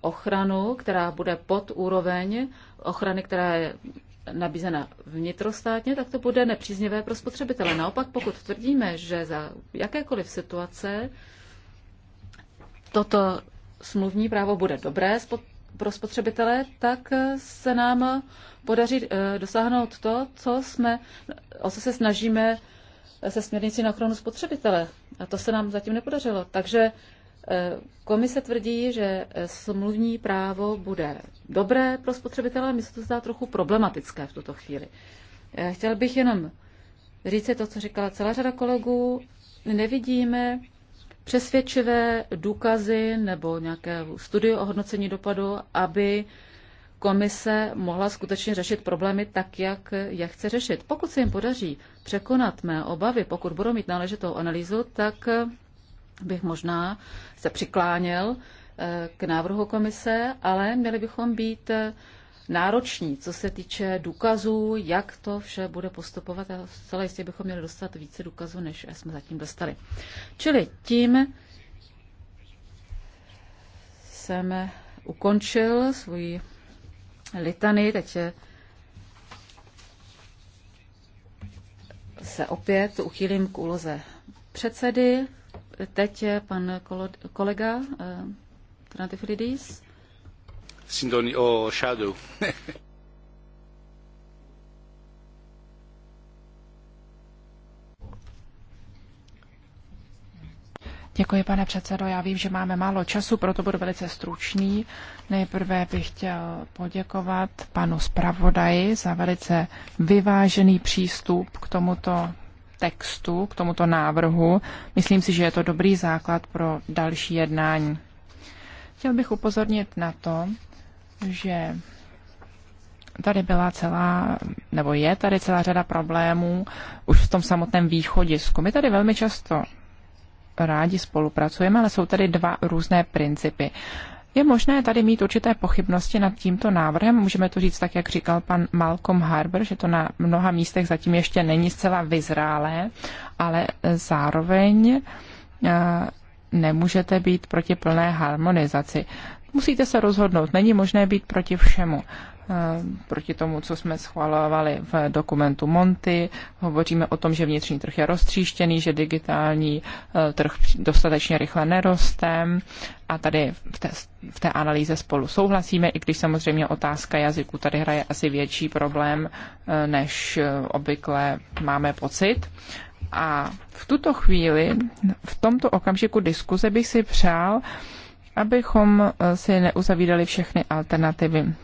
ochranu, která bude pod úroveň ochrany, která je nabízena vnitrostátně, tak to bude nepříznivé pro spotřebitele. Naopak, pokud tvrdíme, že za jakékoliv situace toto smluvní právo bude dobré pro spotřebitele, tak se nám podaří eh, dosáhnout to, co jsme, o co se snažíme se směrnicí na ochranu spotřebitele. A to se nám zatím nepodařilo. Takže eh, komise tvrdí, že eh, smluvní právo bude dobré pro spotřebitele, mi se to zdá trochu problematické v tuto chvíli. Chtěl bych jenom říct to, co říkala celá řada kolegů. Nevidíme přesvědčivé důkazy nebo nějaké studie o hodnocení dopadu, aby komise mohla skutečně řešit problémy tak, jak je chce řešit. Pokud se jim podaří překonat mé obavy, pokud budou mít náležitou analýzu, tak bych možná se přikláněl eh, k návrhu komise, ale měli bychom být eh, Náročný, co se týče důkazů, jak to vše bude postupovat a zcela jistě bychom měli dostat více důkazů, než jsme zatím dostali. Čili tím jsem ukončil svůj litany, teď je se opět uchýlím k úloze předsedy. Teď je pan kolega eh, Trantifridis o Shadow. Děkuji, pane předsedo. Já vím, že máme málo času, proto budu velice stručný. Nejprve bych chtěl poděkovat panu zpravodaji za velice vyvážený přístup k tomuto textu, k tomuto návrhu. Myslím si, že je to dobrý základ pro další jednání. Chtěl bych upozornit na to, že tady byla celá, nebo je tady celá řada problémů už v tom samotném východisku. My tady velmi často rádi spolupracujeme, ale jsou tady dva různé principy. Je možné tady mít určité pochybnosti nad tímto návrhem. Můžeme to říct tak, jak říkal pan Malcolm Harbour, že to na mnoha místech zatím ještě není zcela vyzrálé, ale zároveň eh, nemůžete být proti plné harmonizaci. Musíte se rozhodnout, není možné být proti všemu eh, proti tomu, co jsme schvalovali v dokumentu Monty. Hovoříme o tom, že vnitřní trh je roztříštěný, že digitální eh, trh dostatečně rychle neroste a tady v té, v té analýze spolu souhlasíme, i když samozřejmě otázka jazyku tady hraje asi větší problém, eh, než obvykle máme pocit. A v tuto chvíli, v tomto okamžiku diskuze bych si přál, abychom eh, si neuzavírali všechny alternativy.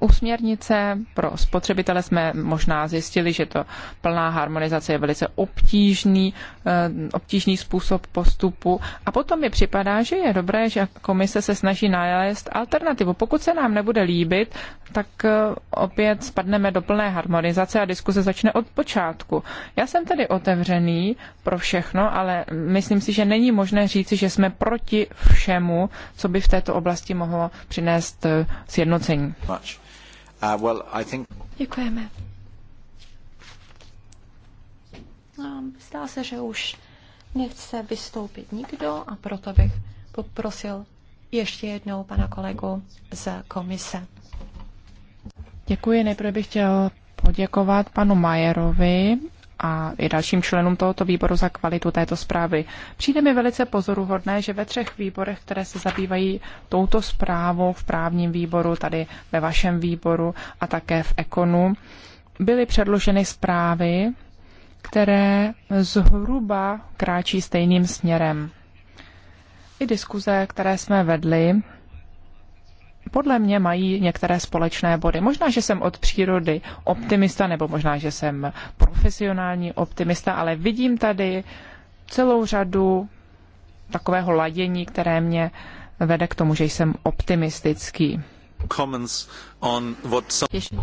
U směrnice pro spotřebitele jsme možná zjistili, že to plná harmonizace je velice obtížný, eh, obtížný způsob postupu. A potom mi připadá, že je dobré, že komise se snaží nalézt alternativu. Pokud se nám nebude líbit, tak eh, opět spadneme do plné harmonizace a diskuse začne od počátku. Já jsem tedy otevřený pro všechno, ale myslím si, že není možné říci, že jsme proti všemu, co by v této oblasti mohlo přinést eh, sjednocení. Much. Uh, Děkujeme. No, zdá se, že už nechce vystoupit nikdo a proto bych poprosil ještě jednou pana kolegu z komise. Děkuji. Nejprve bych chtěl poděkovat panu Majerovi a i dalším členům tohoto výboru za kvalitu této zprávy. Přijde mi velice pozoruhodné, že ve třech výborech, které se zabývají touto zprávou v právním výboru, tady ve vašem výboru a také v Ekonu, byly předloženy zprávy, které zhruba kráčí stejným směrem. I diskuze, které jsme vedli podle mě mají některé společné body. Možná, že jsem od přírody optimista, nebo možná, že jsem profesionální optimista, ale vidím tady celou řadu takového ladění, které mě vede k tomu, že jsem optimistický.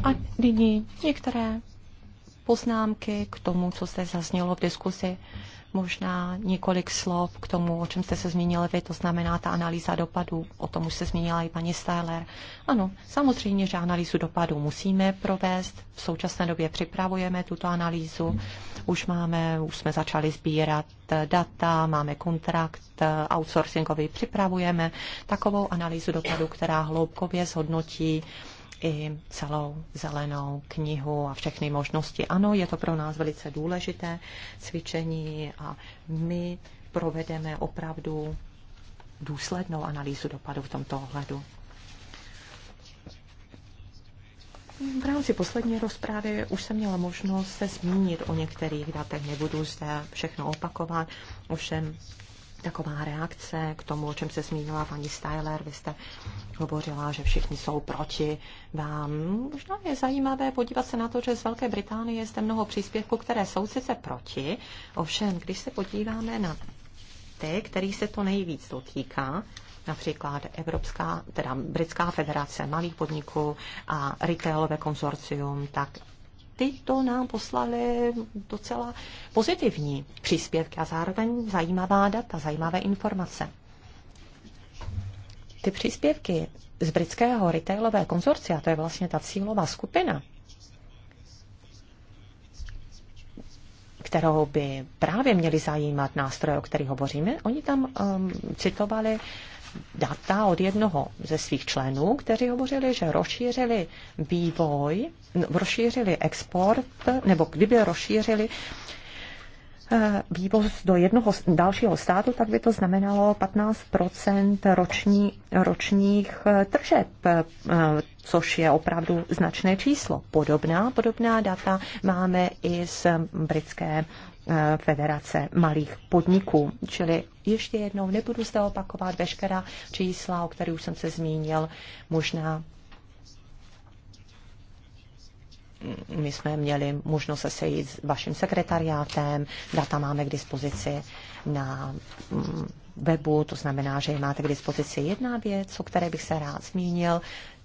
A nyní některé poznámky k tomu, co se zaznělo v diskusi. Možná několik slov k tomu, o čem jste se zmínili vy, to znamená ta analýza dopadů. O tom už se zmínila i paní Styler. Ano, samozřejmě, že analýzu dopadů musíme provést. V současné době připravujeme tuto analýzu. Už máme, už jsme začali sbírat data, máme kontrakt, outsourcingový připravujeme takovou analýzu dopadů, která hloubkově zhodnotí i celou zelenou knihu a všechny možnosti. Ano, je to pro nás velice důležité cvičení a my provedeme opravdu důslednou analýzu dopadu v tomto ohledu. V rámci poslední rozprávy už jsem měla možnost se zmínit o některých datech, nebudu zde všechno opakovat, ovšem taková reakce k tomu, o čem se zmínila paní Styler. Vy jste hovořila, že všichni jsou proti vám. Možná je zajímavé podívat se na to, že z Velké Británie je zde mnoho příspěvků, které jsou sice proti, ovšem, když se podíváme na ty, který se to nejvíc dotýká, například Evropská, teda Britská federace malých podniků a retailové konzorcium, tak ty to nám poslali docela pozitivní příspěvky a zároveň zajímavá data, zajímavé informace. Ty příspěvky z britského retailové konzorcia, to je vlastně ta cílová skupina, kterou by právě měli zajímat nástroje, o kterých hovoříme, oni tam um, citovali data od jednoho ze svých členů, kteří hovořili, že rozšířili vývoj, no, rozšířili export, nebo kdyby rozšířili eh, vývoz do jednoho dalšího státu, tak by to znamenalo 15 roční, ročních eh, tržeb, eh, což je opravdu značné číslo. Podobná, podobná data máme i z britské Eh, Federace malých podniků. Čili ještě jednou nebudu zde opakovat veškerá čísla, o kterých už jsem se zmínil. Možná my jsme měli možnost se sejít s vaším sekretariátem, data máme k dispozici na mm, webu, to znamená, že je máte k dispozici jedna věc, o které bych se rád zmínil,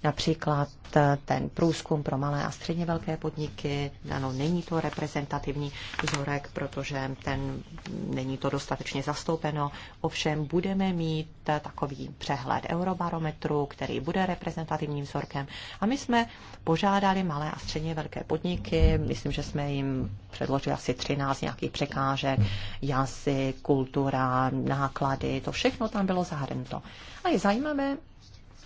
Například eh, ten průzkum pro malé a středně velké podniky, ano, není to reprezentativní vzorek, protože ten, není to dostatečně zastoupeno. Ovšem budeme mít eh, takový přehled eurobarometru, který bude reprezentativním vzorkem. A my jsme požádali malé a středně velké podniky, myslím, že jsme jim předložili asi 13 nějakých překážek, jazyk, kultura, náklady, to všechno tam bylo zahrnuto. A je zajímavé,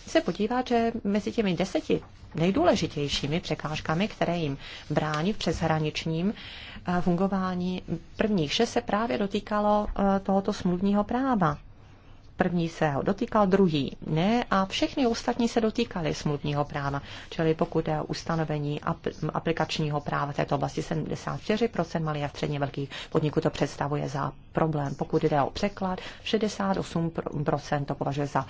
se podívat, že mezi těmi deseti nejdůležitějšími překážkami, které jim brání v přeshraničním eh, fungování, prvních šest se právě dotýkalo eh, tohoto smluvního práva. První se ho dotýkal, druhý ne a všechny ostatní se dotýkaly smluvního práva. Čili pokud je ustanovení aplikačního práva této oblasti 74% malých a středně velkých podniků to představuje za problém. Pokud jde o překlad, 68% to považuje za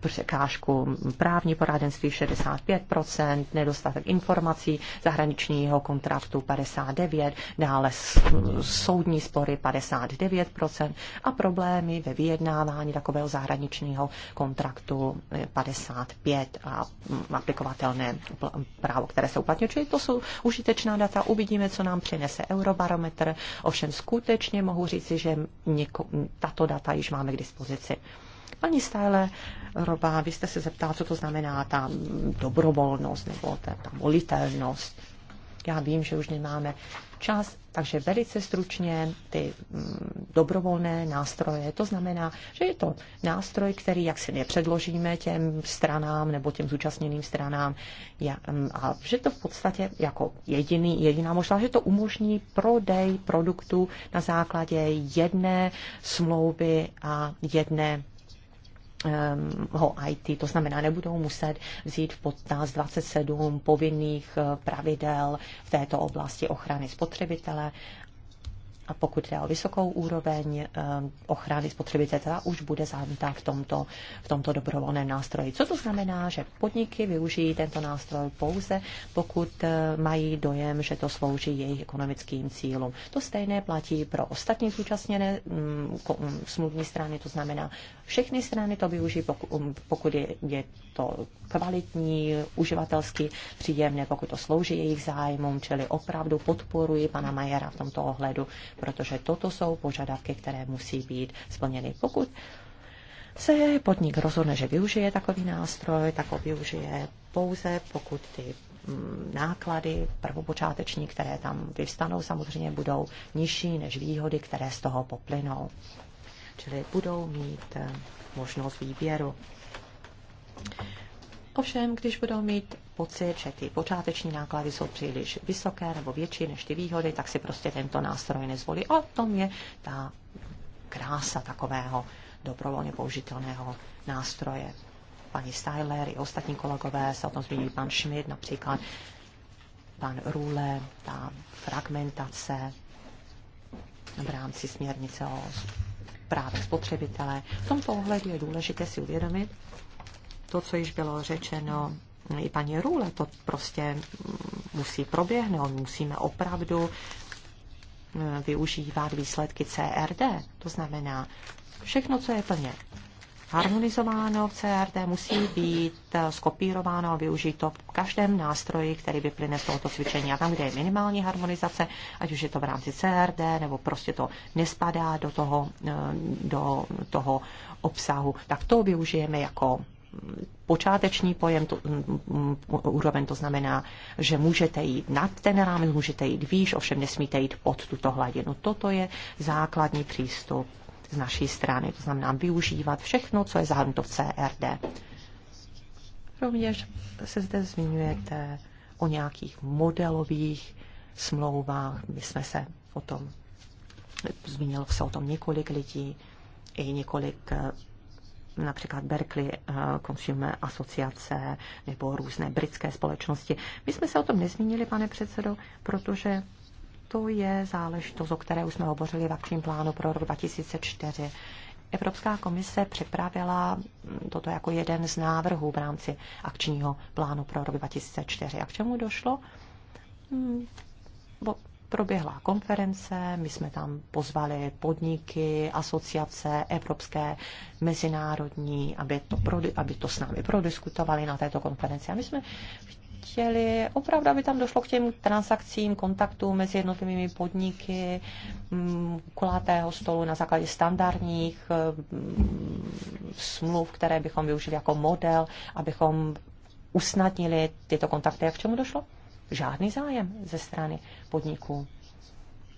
překážku právní poradenství 65%, nedostatek informací, zahraničního kontraktu 59%, dále soudní spory 59% a problémy ve vyjednávání takového zahraničního kontraktu 55% a mm, aplikovatelné právo, které se uplatňuje. Čili to jsou užitečná data, uvidíme, co nám přinese Eurobarometr. Ovšem skutečně mohu říci, že něko- tato data již máme k dispozici. Paní Stále Roba, vy jste se zeptala, co to znamená ta dobrovolnost nebo ta, ta volitelnost. Já vím, že už nemáme čas, takže velice stručně ty mm, dobrovolné nástroje. To znamená, že je to nástroj, který jak si nepředložíme těm stranám nebo těm zúčastněným stranám mm, a že to v podstatě jako jediný, jediná možná, že to umožní prodej produktu na základě jedné smlouvy a jedné Ehm, ho IT, to znamená, nebudou muset vzít v potaz 27 povinných eh, pravidel v této oblasti ochrany spotřebitele a pokud jde o vysokou úroveň eh, ochrany spotřebitele, už bude zahrnutá v tomto, v tomto dobrovolném nástroji. Co to znamená, že podniky využijí tento nástroj pouze, pokud eh, mají dojem, že to slouží jejich ekonomickým cílům. To stejné platí pro ostatní zúčastněné mm, mm, smluvní strany, to znamená, všechny strany to využijí, mm, pokud je to kvalitní, uživatelsky příjemné, pokud to slouží jejich zájmům, čili opravdu podporuji pana Majera v tomto ohledu protože toto jsou požadavky, které musí být splněny. Pokud se podnik rozhodne, že využije takový nástroj, tak ho využije pouze, pokud ty mm, náklady prvopočáteční, které tam vyvstanou, samozřejmě budou nižší než výhody, které z toho poplynou. Čili budou mít eh, možnost výběru. Ovšem, když budou mít pocit, že ty počáteční náklady jsou příliš vysoké nebo větší než ty výhody, tak si prostě tento nástroj nezvolí. A v tom je ta krása takového dobrovolně použitelného nástroje. Paní Styler i ostatní kolegové se o tom zmíní, pan Schmidt například, pan Rule, ta fragmentace v rámci směrnice o právě spotřebitele. V tomto ohledu je důležité si uvědomit to, co již bylo řečeno i paní Růle, to prostě musí proběhnout. Musíme opravdu eh, využívat výsledky CRD. To znamená, všechno, co je plně harmonizováno v CRD, musí být eh, skopírováno a využito v každém nástroji, který vyplyne z tohoto cvičení. A tam, kde je minimální harmonizace, ať už je to v rámci CRD, nebo prostě to nespadá do toho, eh, do toho obsahu, tak to využijeme jako počáteční pojem, to, mm, mm, úroveň, to znamená, že můžete jít nad ten rámec, můžete jít výš, ovšem nesmíte jít pod tuto hladinu. Toto je základní přístup z naší strany, to znamená využívat všechno, co je zahrnuto v CRD. Rovněž se zde zmiňujete o nějakých modelových smlouvách. My jsme se o tom, zmínilo se o tom několik lidí, i několik například Berkeley eh, Consumer Asociace nebo různé britské společnosti. My jsme se o tom nezmínili, pane předsedo, protože to je záležitost, o které už jsme hovořili v akčním plánu pro rok 2004. Evropská komise připravila toto jako jeden z návrhů v rámci akčního plánu pro rok 2004. A k čemu došlo? Hmm, proběhla konference, my jsme tam pozvali podniky, asociace evropské, mezinárodní, aby to, aby to s námi prodiskutovali na této konferenci. A my jsme chtěli opravdu, aby tam došlo k těm transakcím, kontaktům mezi jednotlivými podniky, mm, kulatého stolu na základě standardních mm, smluv, které bychom využili jako model, abychom usnadnili tyto kontakty. A k čemu došlo? žádný zájem ze strany podniků.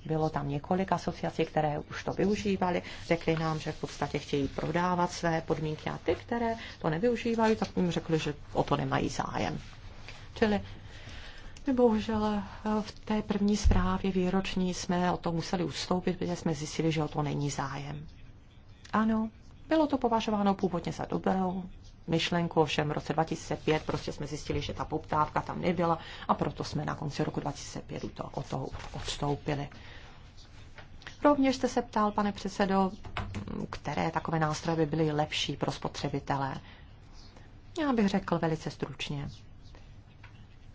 Bylo tam několik asociací, které už to využívaly, řekli nám, že v podstatě chtějí prodávat své podmínky a ty, které to nevyužívají, tak jim řekli, že o to nemají zájem. Čili my bohužel v té první zprávě výroční jsme o to museli ustoupit, protože jsme zjistili, že o to není zájem. Ano, bylo to považováno původně za dobrou myšlenku, ovšem v roce 2005 prostě jsme zjistili, že ta poptávka tam nebyla a proto jsme na konci roku 2005 to, od toho odstoupili. Rovněž jste se ptal, pane předsedo, které takové nástroje by byly lepší pro spotřebitele. Já bych řekl velice stručně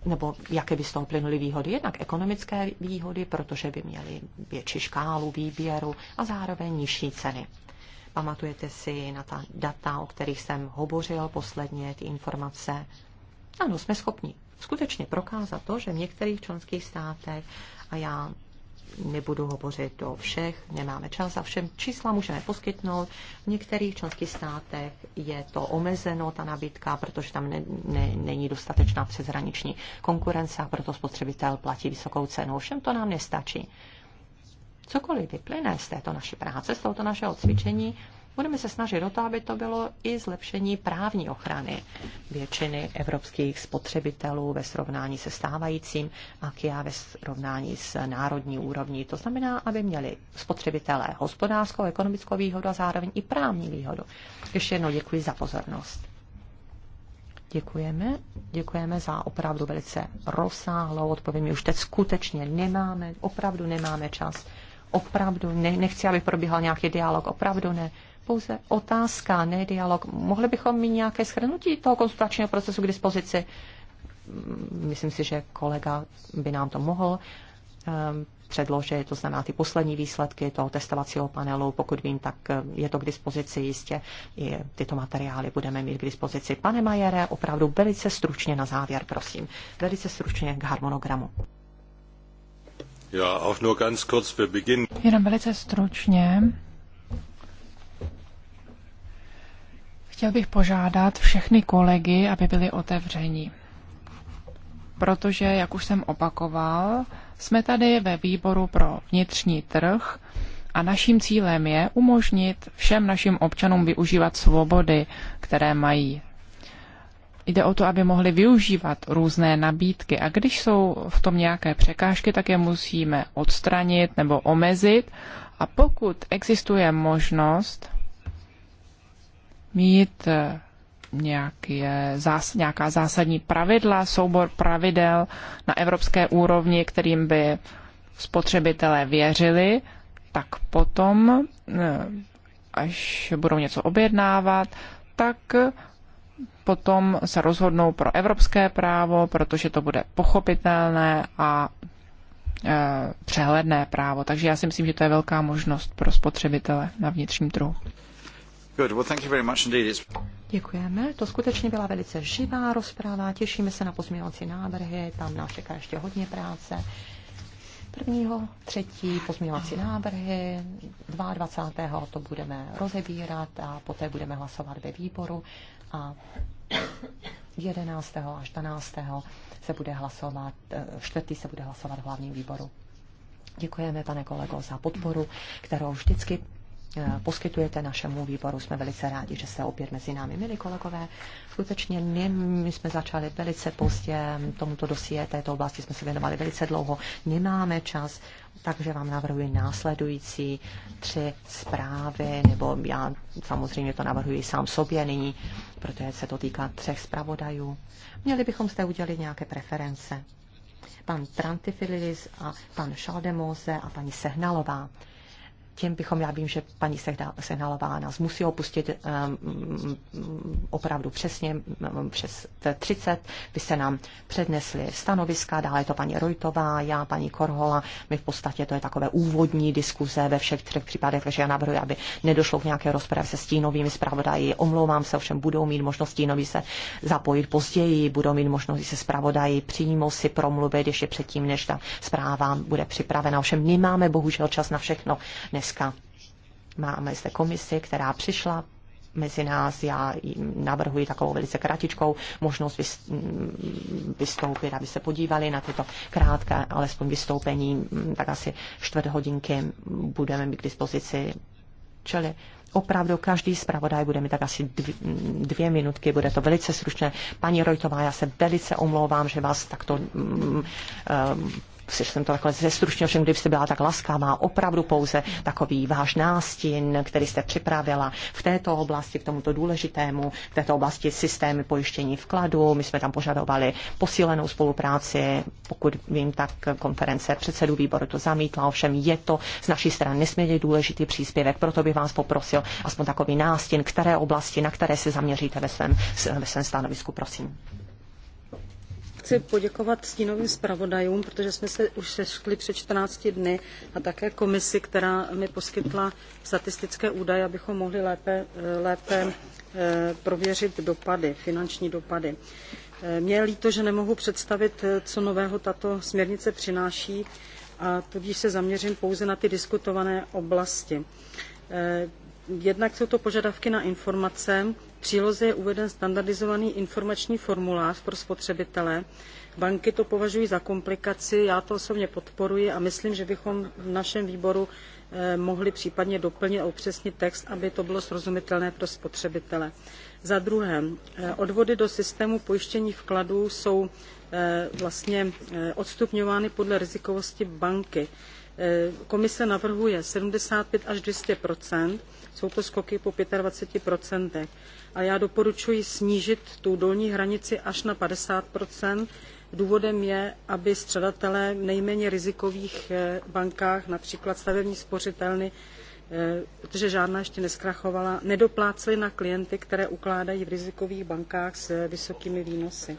nebo jaké by z toho plynuly výhody. Jednak ekonomické výhody, protože by měly větší škálu výběru a zároveň nižší ceny. Pamatujete si na ta data, o kterých jsem hovořil posledně, ty informace? Ano, jsme schopni skutečně prokázat to, že v některých členských státech, a já nebudu hovořit o všech, nemáme čas, a všem čísla můžeme poskytnout. V některých členských státech je to omezeno, ta nabídka, protože tam ne, ne, není dostatečná přezraniční konkurence a proto spotřebitel platí vysokou cenu. Všem to nám nestačí cokoliv vyplyne z této naší práce, z tohoto našeho cvičení, budeme se snažit o to, aby to bylo i zlepšení právní ochrany většiny evropských spotřebitelů ve srovnání se stávajícím AKIA ve srovnání s národní úrovní. To znamená, aby měli spotřebitelé hospodářskou, ekonomickou výhodu a zároveň i právní výhodu. Ještě jednou děkuji za pozornost. Děkujeme. Děkujeme za opravdu velice rozsáhlou odpověď. My už teď skutečně nemáme, opravdu nemáme čas. Opravdu ne, nechci, aby probíhal nějaký dialog, opravdu ne. Pouze otázka, ne dialog. Mohli bychom mít nějaké shrnutí toho konsultačního procesu k dispozici? Mm, myslím si, že kolega by nám to mohl um, předložit, to znamená ty poslední výsledky toho testovacího panelu. Pokud vím, tak eh, je to k dispozici jistě. I tyto materiály budeme mít k dispozici. Pane Majere, opravdu velice stručně na závěr, prosím. Velice stručně k harmonogramu. Já Jenom velice stručně. Chtěl bych požádat všechny kolegy, aby byli otevřeni, Protože, jak už jsem opakoval, jsme tady ve výboru pro vnitřní trh a naším cílem je umožnit všem našim občanům využívat svobody, které mají jde o to, aby mohli využívat různé nabídky a když jsou v tom nějaké překážky, tak je musíme odstranit nebo omezit a pokud existuje možnost mít eh, nějaké, eh, zás, nějaká zásadní pravidla, soubor pravidel na evropské úrovni, kterým by spotřebitelé věřili, tak potom, eh, až budou něco objednávat, tak potom se rozhodnou pro evropské právo, protože to bude pochopitelné a e, přehledné právo. Takže já si myslím, že to je velká možnost pro spotřebitele na vnitřním trhu. Děkujeme. To skutečně byla velice živá rozpráva. Těšíme se na pozměňovací návrhy. Tam nás čeká ještě hodně práce. Prvního, třetí pozměňovací návrhy. 22. to budeme rozebírat a poté budeme hlasovat ve výboru a 11. a 14. se bude hlasovat, e, čtvrtý se bude hlasovat v hlavním výboru. Děkujeme, pane kolego, za podporu, kterou vždycky Eh, poskytujete našemu výboru. Jsme velice rádi, že jste opět mezi námi, milí kolegové. Skutečně my, my jsme začali velice pozdě, tomuto dosie této oblasti jsme se věnovali velice dlouho. Nemáme čas, takže vám navrhuji následující tři zprávy, nebo já samozřejmě to navrhuji sám sobě nyní, protože se to týká třech zpravodajů. Měli bychom zde udělit nějaké preference. Pan Trantifilis a pan Šaldemose a paní Sehnalová těm bychom, já vím, že paní Sehnalová nás musí opustit um, opravdu přesně um, přes 30. Vy se nám přednesli stanoviska, dále je to paní Rojtová, já, paní Korhola. My v podstatě to je takové úvodní diskuze ve všech třech případech, takže já navrhuji, aby nedošlo k nějaké rozpravě se stínovými zpravodaji. Omlouvám se, ovšem budou mít možnost stínovi se zapojit později, budou mít možnost se zpravodaji přímo si promluvit ještě předtím, než ta zpráva bude připravena. Ovšem nemáme bohužel čas na všechno dnes Ruska. Máme zde komisi, která přišla mezi nás. Já navrhuji takovou velice kratičkou možnost vystoupit, aby se podívali na tyto krátké, alespoň vystoupení, tak asi čtvrt hodinky budeme mít k dispozici. Čili opravdu každý zpravodaj bude mít tak asi dvě, dvě minutky, bude to velice stručné. Paní Rojtová, já se velice omlouvám, že vás takto um, um, jsem to takhle zestručnil, všem, kdybyste byla tak laskavá, opravdu pouze takový váš nástin, který jste připravila v této oblasti, k tomuto důležitému, v této oblasti systémy pojištění vkladu. My jsme tam požadovali posílenou spolupráci, pokud vím, tak konference předsedů výboru to zamítla, ovšem je to z naší strany nesmírně důležitý příspěvek, proto bych vás poprosil aspoň takový nástin, které oblasti, na které se zaměříte ve svém, ve svém stanovisku, prosím chci poděkovat stínovým zpravodajům, protože jsme se už sešli před 14 dny a také komisi, která mi poskytla statistické údaje, abychom mohli lépe, eh, lépe eh, prověřit dopady, finanční dopady. Eh, Mně je líto, že nemohu představit, co nového tato směrnice přináší a tudíž se zaměřím pouze na ty diskutované oblasti Jednak jsou to požadavky na informace. V příloze je uveden standardizovaný informační formulář pro spotřebitele. Banky to považují za komplikaci, já to osobně podporuji a myslím, že bychom v našem výboru eh, mohli případně doplnit a upřesnit text, aby to bylo srozumitelné pro spotřebitele. Za druhé, eh, odvody do systému pojištění vkladů jsou eh, vlastně odstupňovány podle rizikovosti banky komise navrhuje seventy five až two hundred jsou to skoky po 25%. A já doporučuji snížit tu dolní hranici až na 50%. Důvodem je, aby střadatelé v nejméně rizikových eh, bankách, například stavební spořitelny, eh, protože žádná ještě neskrachovala, nedopláceli na klienty, které ukládají v rizikových bankách s vysokými výnosy.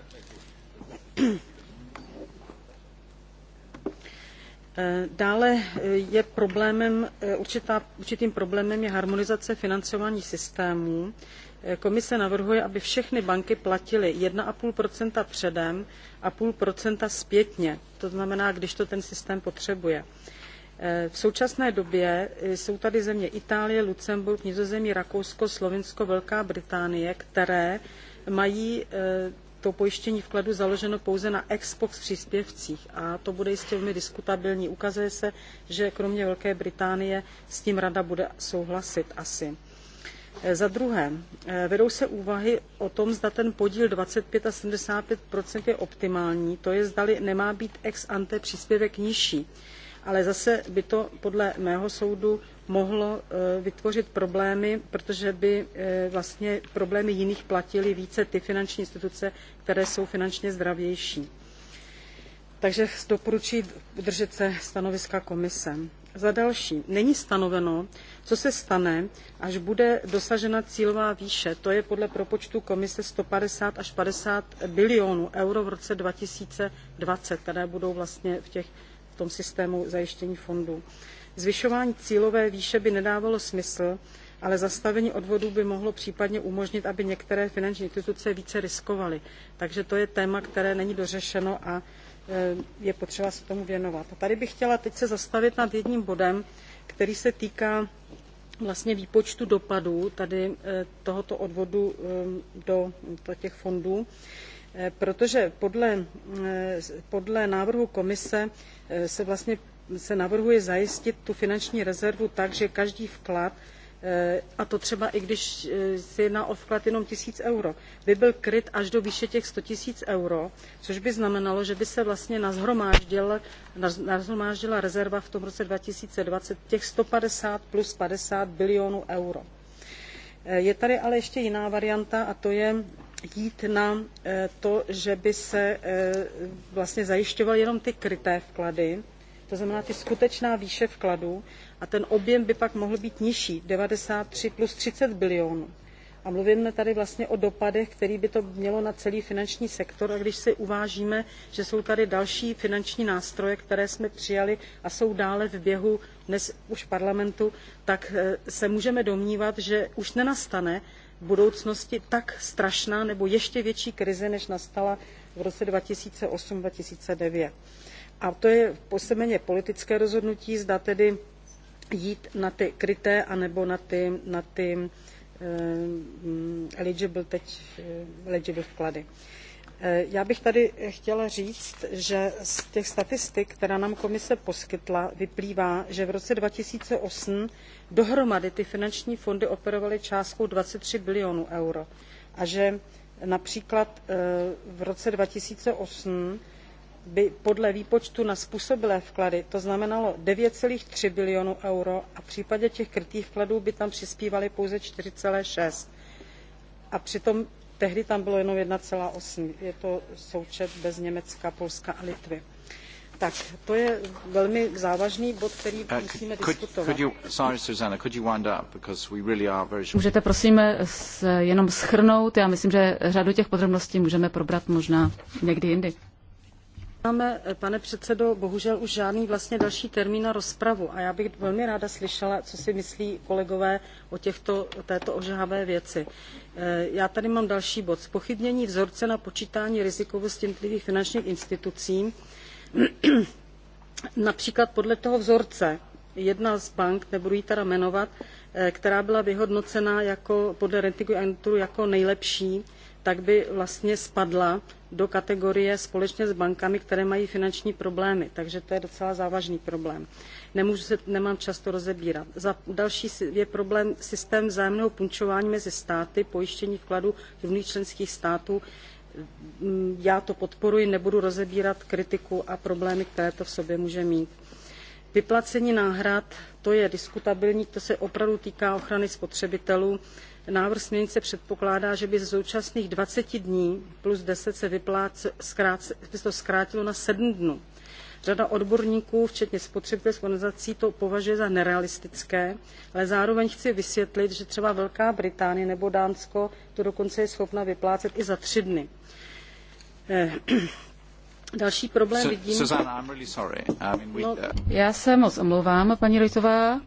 Eh, dále eh, je problémem, eh, určitá, určitým problémem je harmonizace financování systémů. Komise navrhuje, aby všechny banky platily 1,5 předem a půl procenta zpětně, to znamená, když to ten systém potřebuje. V současné době jsou tady země Itálie, Lucemburk, Nizozemí, Rakousko, Slovinsko, Velká Británie, které mají to pojištění vkladu založeno pouze na ex post příspěvcích a to bude jistě velmi diskutabilní. ukazuje se že kromě velké británie s tím rada bude souhlasit asi. Eh, za druhé eh, vedou se úvahy o tom zda ten podíl twenty five a seventy five je optimální to je zdali nemá být ex ante příspěvek nižší ale zase by to podle mého soudu mohlo eh, vytvořit problémy, protože by eh, vlastně problémy jiných platily více ty finanční instituce, které jsou finančně zdravější. Takže doporučuji držet se stanoviska komise. Za další, není stanoveno, co se stane, až bude dosažena cílová výše. To je podle propočtu komise 150 až 50 bilionů euro v roce 2020, které budou vlastně v těch v tom systému zajištění fondů. Zvyšování cílové výše by nedávalo smysl, ale zastavení odvodů by mohlo případně umožnit, aby některé finanční instituce více riskovaly. Takže to je téma, které není dořešeno a eh, je potřeba se tomu věnovat. A tady bych chtěla teď se zastavit nad jedním bodem, který se týká vlastně výpočtu dopadů tady eh, tohoto odvodu eh, do těch fondů. Eh, protože podle, eh, podle návrhu komise eh, se vlastně se navrhuje zajistit tu finanční rezervu tak že každý vklad a to třeba i když se jedná o vklad jenom tisíc eur by byl kryt až do výše těch 100 tisíc eur což by znamenalo že by se vlastně nashromáždila rezerva v tom roce two thousand and twenty těch 150 plus 50 bilionů eur. Eh, je tady ale ještě jiná varianta a to je jít na eh, to že by se eh, vlastně zajišťovaly jenom ty kryté vklady to znamená ta skutečná výše vkladů a ten objem by pak mohl být nižší ninety three plus thirty bilionů a mluvíme tady vlastně o dopadech které by to mělo na celý finanční sektor a když si uvážíme že jsou tady další finanční nástroje které jsme přijali a jsou dále v běhu dnes už v parlamentu tak eh, se můžeme domnívat že už nenastane v budoucnosti tak strašná nebo ještě větší krize než nastala v roce two thousand and eight two thousand and nine a to je víceméně politické rozhodnutí zda tedy jít na ty kryté anebo na ty, na ty Eh, eligible, teď eh, eligible vklady. Eh, já bych tady chtěla říct, že z těch statistik, která nám komise poskytla, vyplývá, že v roce 2008 dohromady ty finanční fondy operovaly částkou 23 bilionů euro a že například v roce 2008 by podle výpočtu na způsobilé vklady to znamenalo nine three bilionu eur a v případě těch krytých vkladů by tam přispívaly pouze four six a přitom tehdy tam bylo jenom. one eight je to součet bez německa polska a litvy. tak to je velmi závažný bod který uh, musíme diskutovat. můžete prosím jenom schrnout já myslím že řadu těch podrobností můžeme probrat možná někdy jindy. Máme, pane předsedo, bohužel už žádný vlastně další termín na rozpravu a já bych velmi ráda slyšela, co si myslí kolegové o těchto, této ožahavé věci. Eh, já tady mám další bod. Spochybnění vzorce na počítání rizikovosti jednotlivých finančních institucí. Například podle toho vzorce jedna z bank, nebudu ji teda jmenovat, eh, která byla vyhodnocena jako, podle ratingu agentury jako nejlepší, tak by vlastně spadla do kategorie společně s bankami, které mají finanční problémy, takže to je docela závažný problém. Nemůžu se, nemám často rozebírat. Za další je problém systém vzájemného půjčování mezi státy, pojištění vkladů různých členských států. Mm, já to podporuji, nebudu rozebírat kritiku a problémy, které to v sobě může mít. Vyplacení náhrad, to je diskutabilní, to se opravdu týká ochrany spotřebitelů návrh směrnice předpokládá že by ze současných 20 dní plus ten se vypláce, by to zkrátilo na sedm dnů. řada odborníků včetně spotřebitelských organizací to považuje za nerealistické ale zároveň chci vysvětlit že třeba velká británie nebo dánsko to dokonce je schopna vyplácet i za tři dny. Eh, další problém vidím... Susanna, really I mean, no, uh, já se moc omlouvám, paní Rojtová.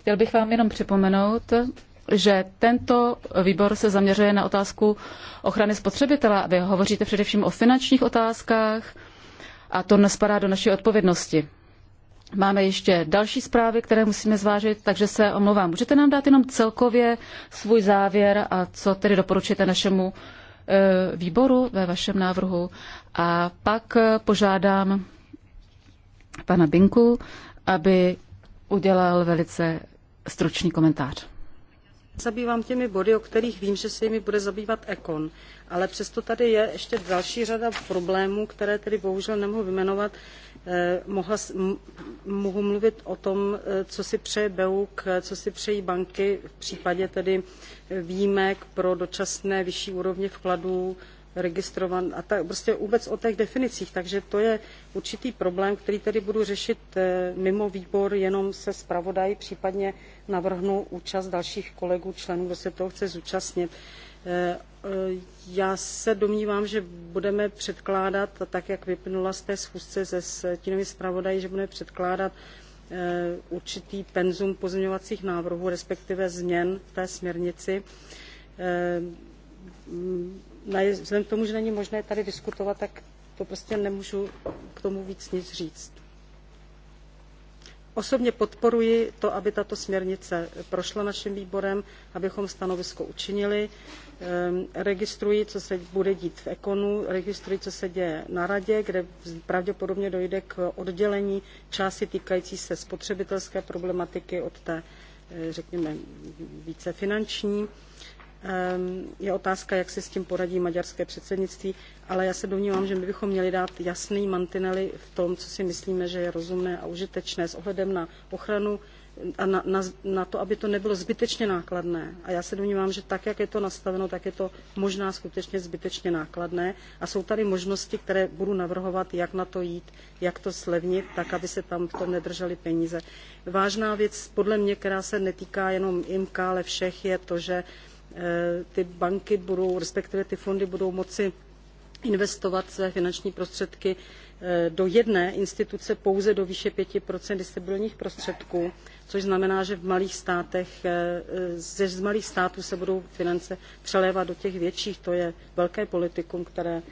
Chtěl bych vám jenom připomenout, že tento výbor se zaměřuje na otázku ochrany spotřebitela. Vy hovoříte především o finančních otázkách a to nespadá do naší odpovědnosti. Máme ještě další zprávy, které musíme zvážit, takže se omlouvám. Můžete nám dát jenom celkově svůj závěr a co tedy doporučíte našemu e, výboru ve vašem návrhu. A pak požádám pana Binku, aby udělal velice stručný komentář zabývám těmi body, o kterých vím, že se jimi bude zabývat Ekon, ale přesto tady je ještě další řada problémů, které tedy bohužel nemohu vyjmenovat. Eh, mohla, mohu mluvit o tom, eh, co si přeje BEUK, co si přejí banky v případě tedy eh, výjimek pro dočasné vyšší úrovně vkladů, registrovan a tak prostě vůbec o těch definicích. Takže to je určitý problém, který tedy budu řešit eh, mimo výbor, jenom se zpravodají, případně navrhnu účast dalších kolegů, členů, kdo se toho chce zúčastnit. Eh, eh, já se domnívám, že budeme předkládat, tak jak vyplynula z té schůzce se stínovým zpravodají, že budeme předkládat určitý penzum pozměňovacích návrhů, respektive změn v té směrnici vzhledem k tomu, že není možné tady diskutovat, tak to prostě nemůžu k tomu víc nic říct. Osobně podporuji to, aby tato směrnice prošla naším výborem, abychom stanovisko učinili. Ehm, registruji, co se bude dít v Ekonu, registruji, co se děje na radě, kde pravděpodobně dojde k oddělení části týkající se spotřebitelské problematiky od té, eh, řekněme, více finanční. Ehm, je otázka, jak si s tím poradí maďarské předsednictví, ale já se domnívám, že my bychom měli dát jasný mantinely v tom, co si myslíme, že je rozumné a užitečné s ohledem na ochranu a na, na, na to, aby to nebylo zbytečně nákladné. A já se domnívám, že tak, jak je to nastaveno, tak je to možná skutečně zbytečně nákladné. A jsou tady možnosti, které budu navrhovat, jak na to jít, jak to slevnit, tak, aby se tam v tom nedržely peníze. Vážná věc, podle mě, která se netýká jenom IMK, ale všech, je to, že Eh, ty banky budou, respektive ty fondy budou moci investovat své finanční prostředky eh, do jedné instituce pouze do výše 5 distribuovaných prostředků, což znamená, že v malých státech, eh, ze z malých států se budou finance přelévat do těch větších. To je velké politikum, které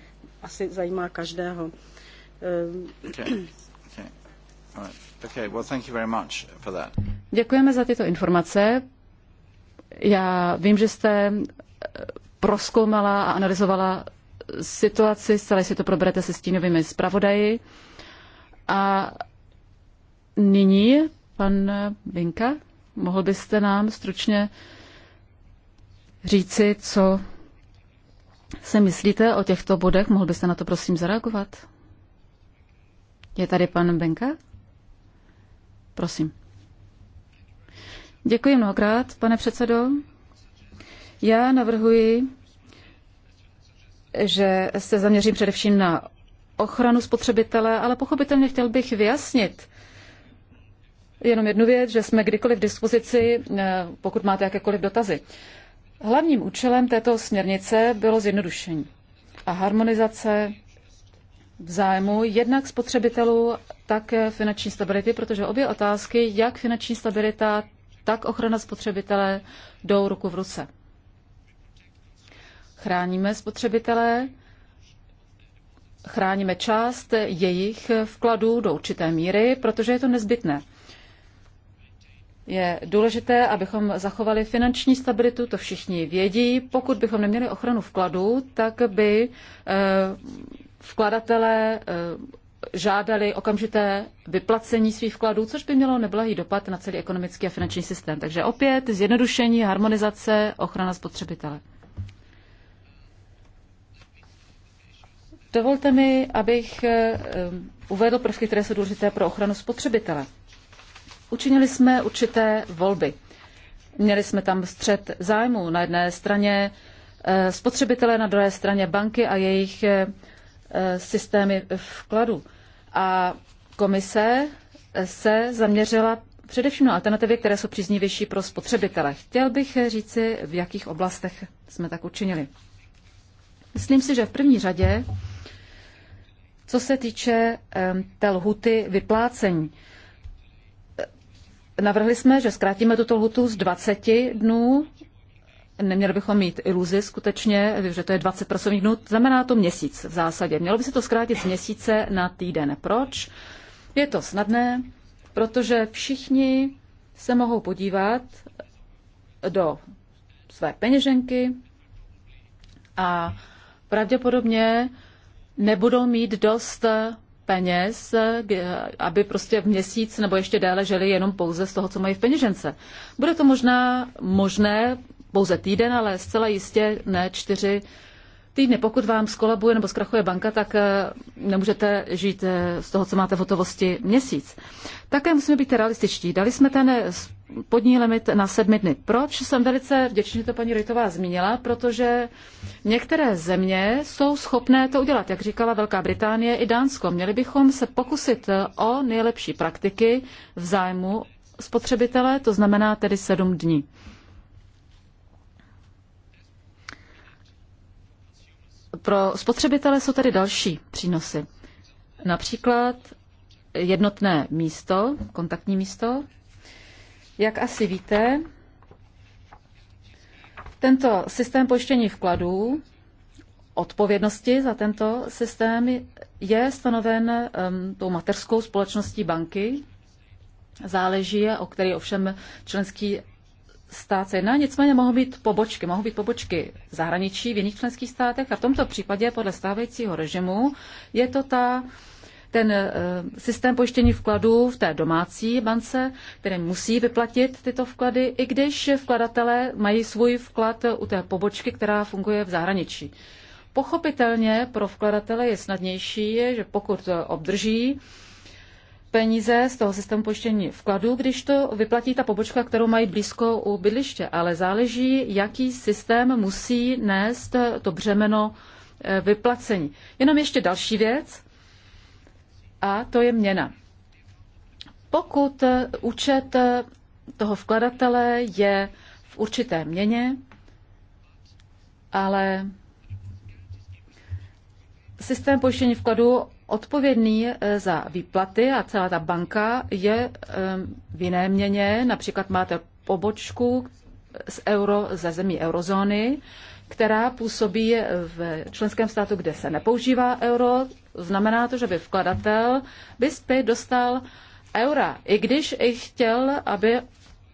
asi zajímá každého. Okay. Okay. Okay. Well, Děkujeme za tyto informace. Já vím, že jste eh, proskoumala a analyzovala situaci, zcela si to proberete se stínovými zpravodaji. A nyní, pan Vinka, mohl byste nám stručně říci, co se myslíte o těchto bodech? Mohl byste na to prosím zareagovat? Je tady pan Benka? Prosím. Děkuji mnohokrát, pane předsedo. Já navrhuji, že se zaměřím především na ochranu spotřebitele, ale pochopitelně chtěl bych vyjasnit jenom jednu věc, že jsme kdykoliv v dispozici, eh, pokud máte jakékoliv dotazy. Hlavním účelem této směrnice bylo zjednodušení a harmonizace v zájmu jednak spotřebitelů, tak finanční stability, protože obě otázky, jak finanční stabilita, tak ochrana spotřebitele jdou ruku v ruce. Chráníme spotřebitele, chráníme část jejich vkladů do určité míry, protože je to nezbytné. Je důležité, abychom zachovali finanční stabilitu, to všichni vědí. Pokud bychom neměli ochranu vkladů, tak by eh, vkladatelé eh, žádali okamžité vyplacení svých vkladů, což by mělo neblahý dopad na celý ekonomický a finanční systém. Takže opět zjednodušení, harmonizace, ochrana spotřebitele. Dovolte mi, abych eh, eh, uvedl prvky, které jsou důležité pro ochranu spotřebitele. Učinili jsme určité volby. Měli jsme tam střed zájmu. Na jedné straně eh, spotřebitelé, na druhé straně banky a jejich Eh, systémy vkladu. A komise se zaměřila především na alternativy, které jsou příznivější pro spotřebitele. Chtěl bych říci, v jakých oblastech jsme tak učinili. Myslím si, že v první řadě, co se týče té lhuty vyplácení, eh, navrhli jsme, že zkrátíme tuto lhutu z 20 dnů neměli bychom mít iluzi skutečně, že to je 20 pracovních dnů, znamená to měsíc v zásadě. Mělo by se to zkrátit z měsíce na týden. Proč? Je to snadné, protože všichni se mohou podívat do své peněženky a pravděpodobně nebudou mít dost peněz, aby prostě v měsíc nebo ještě déle žili jenom pouze z toho, co mají v peněžence. Bude to možná možné pouze týden, ale zcela jistě ne čtyři týdny. Pokud vám skolabuje nebo zkrachuje banka, tak eh, nemůžete žít eh, z toho, co máte v hotovosti měsíc. Také musíme být realističtí. Dali jsme ten eh, podní limit na sedmi dny. Proč? Jsem velice vděčný, že to paní Rojtová zmínila, protože některé země jsou schopné to udělat, jak říkala Velká Británie i Dánsko. Měli bychom se pokusit o nejlepší praktiky v zájmu spotřebitele, to znamená tedy sedm dní. Pro spotřebitele jsou tady další přínosy. Například jednotné místo, kontaktní místo. Jak asi víte, tento systém pojištění vkladů, odpovědnosti za tento systém je stanoven um, tou materskou společností banky. Záleží, o který ovšem členský stát se jedná, nicméně mohou být pobočky. Mohou být pobočky v zahraničí, v jiných členských státech a v tomto případě podle stávajícího režimu je to ta ten eh, systém pojištění vkladů v té domácí bance, které musí vyplatit tyto vklady, i když vkladatelé mají svůj vklad u té pobočky, která funguje v zahraničí. Pochopitelně pro vkladatele je snadnější, že pokud obdrží peníze z toho systému pojištění vkladu, když to vyplatí ta pobočka, kterou mají blízko u bydliště. Ale záleží, jaký systém musí nést to břemeno eh, vyplacení. Jenom ještě další věc, a to je měna. Pokud eh, účet eh, toho vkladatele je v určité měně, ale systém pojištění vkladu odpovědný eh, za výplaty a celá ta banka je eh, v jiné měně. Například máte pobočku z euro, ze zemí eurozóny, která působí v členském státu, kde se nepoužívá euro. Znamená to, že by vkladatel by zpět dostal eura, i když i chtěl, aby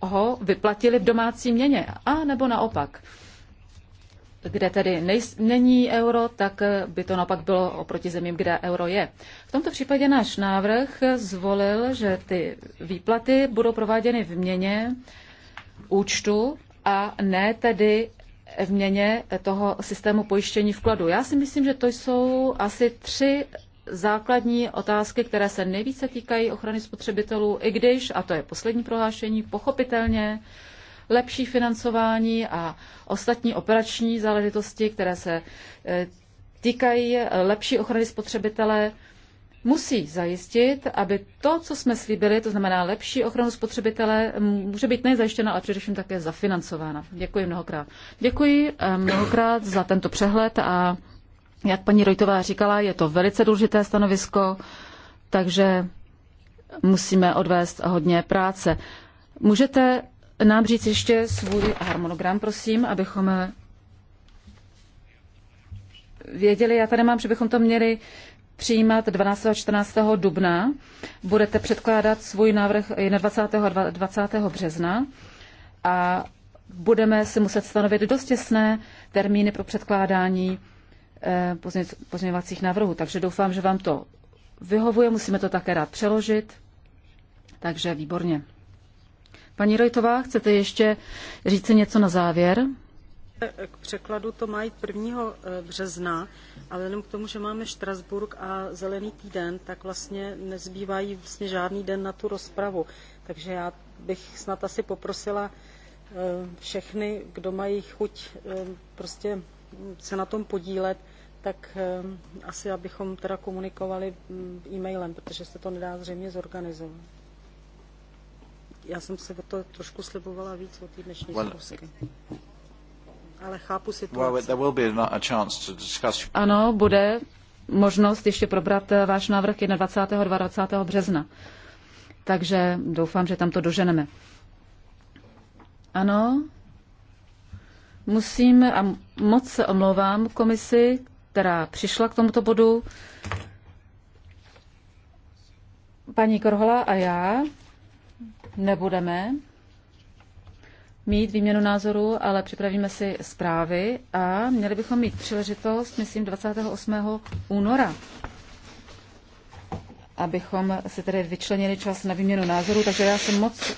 ho vyplatili v domácí měně, a nebo naopak kde tedy není euro, tak by to naopak bylo oproti zemím, kde euro je. V tomto případě náš návrh zvolil, že ty výplaty budou prováděny v měně účtu a ne tedy v měně toho systému pojištění vkladu. Já si myslím, že to jsou asi tři základní otázky, které se nejvíce týkají ochrany spotřebitelů, i když, a to je poslední prohlášení, pochopitelně, lepší financování a ostatní operační záležitosti, které se eh, týkají lepší ochrany spotřebitele, musí zajistit, aby to, co jsme slíbili, to znamená lepší ochranu spotřebitele, může být nejzajištěna, ale především také zafinancována. Děkuji mnohokrát. Děkuji eh, mnohokrát za tento přehled a jak paní Rojtová říkala, je to velice důležité stanovisko, takže musíme odvést hodně práce. Můžete nám říct ještě svůj harmonogram, prosím, abychom věděli. Já tady mám, že bychom to měli přijímat 12. a 14. dubna. Budete předkládat svůj návrh 21. a 20. března a budeme si muset stanovit dost těsné termíny pro předkládání eh, pozměňovacích návrhů. Takže doufám, že vám to vyhovuje. Musíme to také rád přeložit. Takže výborně. Paní Rojtová, chcete ještě říct něco na závěr? K překladu to má jít 1. Eh, března, ale jenom k tomu, že máme Štrasburg a zelený týden, tak vlastně nezbývají vlastně žádný den na tu rozpravu. Takže já bych snad asi poprosila eh, všechny, kdo mají chuť eh, prostě se na tom podílet, tak asi abychom teda komunikovali mm, e-mailem, protože se to nedá zřejmě zorganizovat já jsem se o to trošku slibovala víc o té dnešní well, zkusky. Ale chápu situaci. Well, there will be a chance to discuss... Ano, bude možnost ještě probrat eh, váš návrh 21. 22. března. Takže doufám, že tam to doženeme. Ano, musím a moc se omlouvám komisi, která přišla k tomuto bodu. Paní Korhola a já nebudeme mít výměnu názorů, ale připravíme si zprávy a měli bychom mít příležitost, myslím, 28. února, abychom si tedy vyčlenili čas na výměnu názorů. Takže já se moc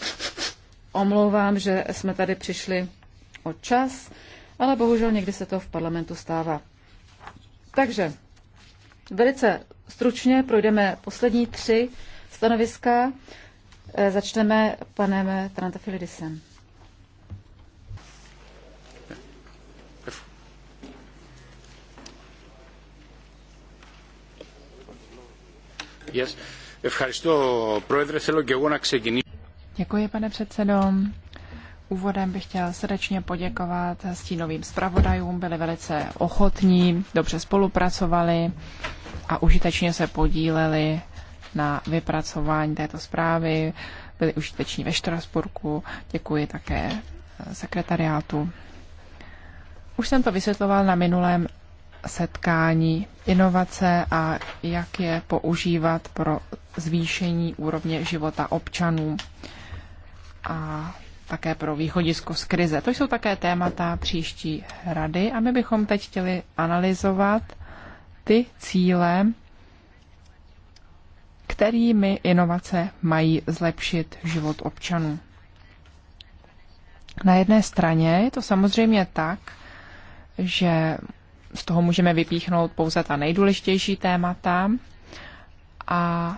omlouvám, že jsme tady přišli o čas, ale bohužel někdy se to v parlamentu stává. Takže velice stručně projdeme poslední tři stanoviska. Eh, začneme panem Trantafilidisem. Děkuji, pane předsedo. Úvodem bych chtěl srdečně poděkovat stínovým zpravodajům, byli velice ochotní, dobře spolupracovali a užitečně se podíleli na vypracování této zprávy, byli užiteční ve Štrasburku. Děkuji také eh, sekretariátu. Už jsem to vysvětloval na minulém setkání inovace a jak je používat pro zvýšení úrovně života občanů a také pro východisko z krize. To jsou také témata příští rady a my bychom teď chtěli analyzovat ty cíle, kterými inovace mají zlepšit život občanů. Na jedné straně je to samozřejmě tak, že z toho můžeme vypíchnout pouze ta nejdůležitější témata a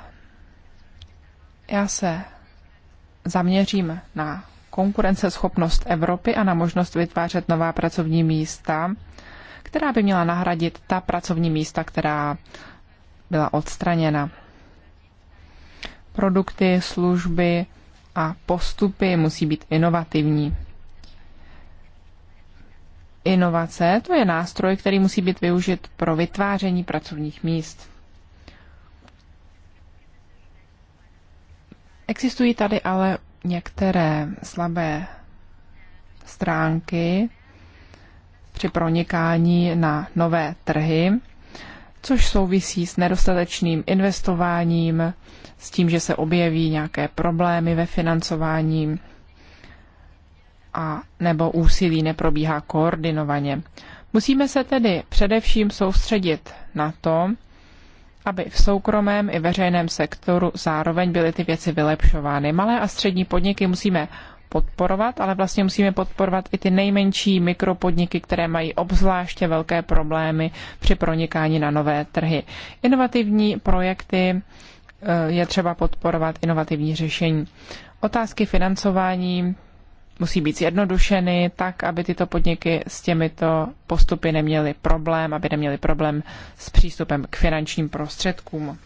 já se zaměřím na konkurenceschopnost Evropy a na možnost vytvářet nová pracovní místa, která by měla nahradit ta pracovní místa, která byla odstraněna. Produkty, služby a postupy musí být inovativní. Inovace to je nástroj, který musí být využit pro vytváření pracovních míst. Existují tady ale některé slabé stránky při pronikání na nové trhy což souvisí s nedostatečným investováním, s tím, že se objeví nějaké problémy ve financování a nebo úsilí neprobíhá koordinovaně. Musíme se tedy především soustředit na to, aby v soukromém i veřejném sektoru zároveň byly ty věci vylepšovány. Malé a střední podniky musíme podporovat, ale vlastně musíme podporovat i ty nejmenší mikropodniky, které mají obzvláště velké problémy při pronikání na nové trhy. Inovativní projekty e, je třeba podporovat inovativní řešení. Otázky financování musí být zjednodušeny tak, aby tyto podniky s těmito postupy neměly problém, aby neměly problém s přístupem k finančním prostředkům.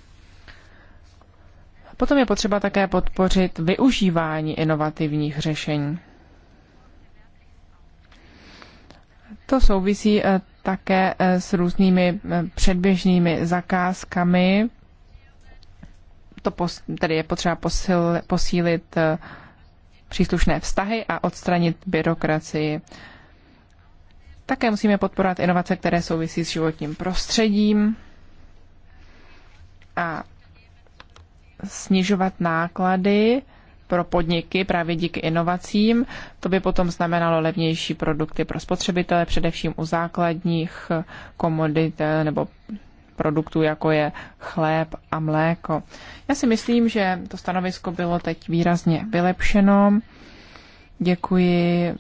Potom je potřeba také podpořit využívání inovativních řešení. To souvisí eh, také eh, s různými eh, předběžnými zakázkami. To pos, tedy je potřeba posil, posílit příslušné vztahy a odstranit byrokracii. Také musíme podporovat inovace, které souvisí s životním prostředím a snižovat náklady pro podniky právě díky inovacím. To by potom znamenalo levnější produkty pro spotřebitele, především u základních komodit eh, nebo produktů, jako je chléb a mléko. Já si myslím, že to stanovisko bylo teď výrazně vylepšeno. Děkuji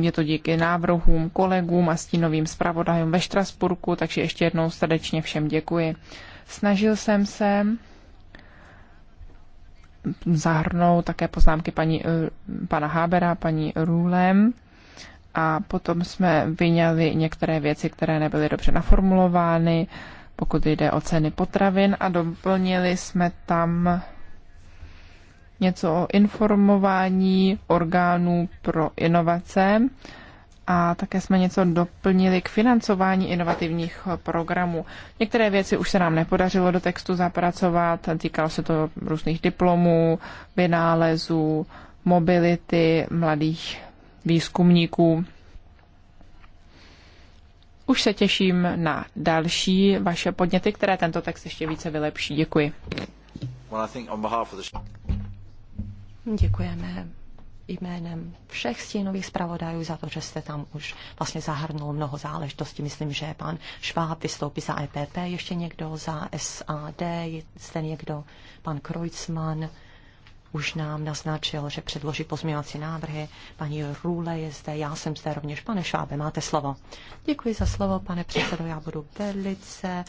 je to díky návrhům, kolegům a stínovým zpravodajům ve Štrasburku, takže ještě jednou srdečně všem děkuji. Snažil jsem se zahrnou také poznámky paní, eh, pana Hábera, paní Růlem. A potom jsme vyňali některé věci, které nebyly dobře naformulovány, pokud jde o ceny potravin a doplnili jsme tam něco o informování orgánů pro inovace a také jsme něco doplnili k financování inovativních programů. Některé věci už se nám nepodařilo do textu zapracovat, týkalo se to různých diplomů, vynálezů, mobility mladých výzkumníků. Už se těším na další vaše podněty, které tento text ještě více vylepší. Děkuji. Děkujeme jménem všech stínových zpravodajů za to, že jste tam už vlastně zahrnul mnoho záležitostí. Myslím, že pan Šváb vystoupí za EPP, ještě někdo za SAD, jste někdo, pan Kreutzmann už nám naznačil, že předloží pozměňovací návrhy. Paní Růle je zde, já jsem zde rovněž. Pane Švábe, máte slovo. Děkuji za slovo, pane předsedo, já budu velice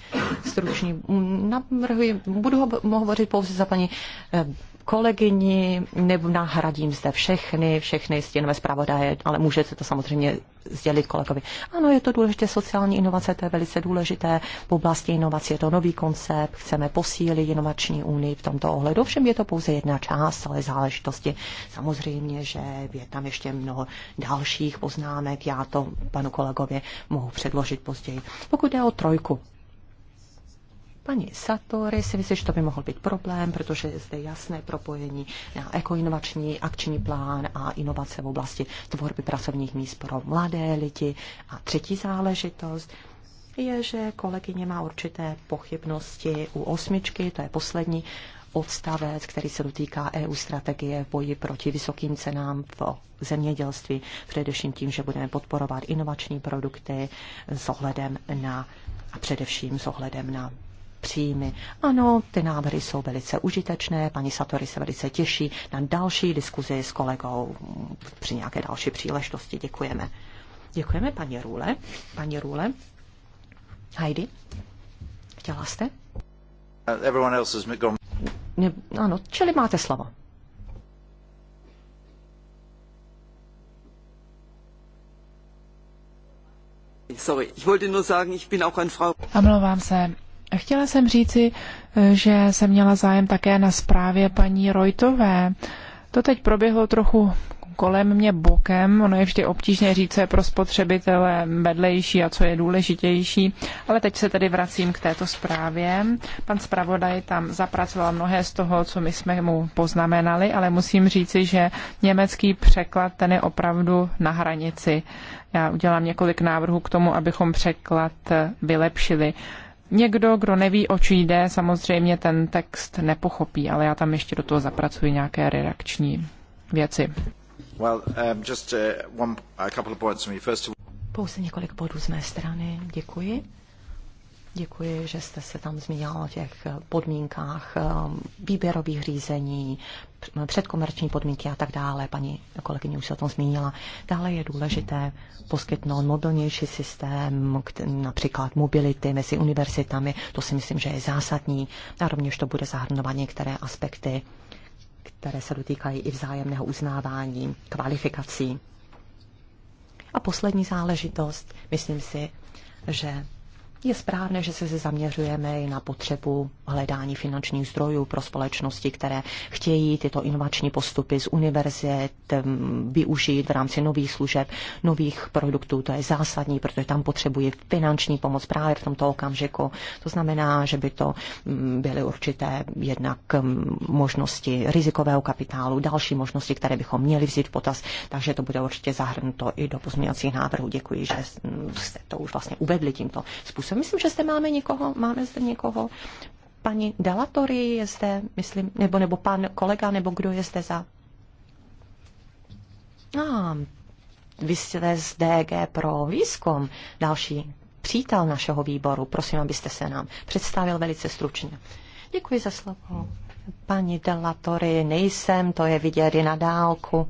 stručný. Navrhuji, budu ho, hovořit pouze za paní eh, kolegyni, nebo nahradím zde všechny, všechny stěnové zpravodaje, ale můžete to samozřejmě sdělit kolegovi. Ano, je to důležité, sociální inovace, to je velice důležité. V oblasti inovací je to nový koncept, chceme posílit inovační unii v tomto ohledu. Ovšem je to pouze jedna část ale záležitosti. Samozřejmě, že je tam ještě mnoho dalších poznámek, já to panu kolegovi mohu předložit později. Pokud jde o trojku, Paní Satory si myslí, že to by mohl být problém, protože je zde jasné propojení na ekoinovační akční plán a inovace v oblasti tvorby pracovních míst pro mladé lidi. A třetí záležitost je, že kolegyně má určité pochybnosti u osmičky, to je poslední odstavec, který se dotýká EU strategie v boji proti vysokým cenám v zemědělství, především tím, že budeme podporovat inovační produkty s ohledem na a především s ohledem na příjmy. Ano, ty návrhy jsou velice užitečné, paní Satory se velice těší na další diskuzi s kolegou při nějaké další příležitosti. Děkujeme. Děkujeme, paní Růle. Paní Růle. Heidi, chtěla jste? Everyone else has gone. Ano, čili máte slovo. Sorry, ich wollte nur sagen, ich bin auch ein Frau. Omlouvám se, Chtěla jsem říci, eh, že jsem měla zájem také na zprávě paní Rojtové. To teď proběhlo trochu kolem mě bokem. Ono je vždy obtížné říct, co je pro spotřebitele vedlejší a co je důležitější. Ale teď se tedy vracím k této zprávě. Pan zpravodaj tam zapracoval mnohé z toho, co my jsme mu poznamenali, ale musím říci, že německý překlad ten je opravdu na hranici. Já udělám několik návrhů k tomu, abychom překlad vylepšili. Někdo, kdo neví, o čí jde, samozřejmě ten text nepochopí, ale já tam ještě do toho zapracuji nějaké redakční věci. Well, um, just, uh, one, Pouze několik bodů z mé strany. Děkuji. Děkuji, že jste se tam zmínila o těch eh, podmínkách eh, výběrových řízení, eh, předkomerční podmínky a tak dále. Paní kolegyně už se o tom zmínila. Dále je důležité poskytnout mobilnější systém, například mobility mezi univerzitami. To si myslím, že je zásadní. A rovněž to bude zahrnovat některé aspekty, které se dotýkají i vzájemného uznávání, kvalifikací. A poslední záležitost, myslím si, že je správné, že se zaměřujeme i na potřebu hledání finančních zdrojů pro společnosti, které chtějí tyto inovační postupy z univerzit mm, využít v rámci nových služeb, nových produktů. To je zásadní, protože tam potřebují finanční pomoc právě v tomto okamžiku. To znamená, že by to mm, byly určité jednak mm, možnosti rizikového kapitálu, další možnosti, které bychom měli vzít v potaz, takže to bude určitě zahrnuto i do pozměňovacích návrhů. Děkuji, že jste to už vlastně uvedli tímto způsobem způsobem. Myslím, že zde máme někoho, máme zde někoho. Paní Dalatory je zde, myslím, nebo, nebo pan kolega, nebo kdo je zde za? A, ah, vy jste z DG pro výzkum, další přítel našeho výboru. Prosím, abyste se nám představil velice stručně. Děkuji za slovo. Paní Delatory, nejsem, to je vidět i na dálku.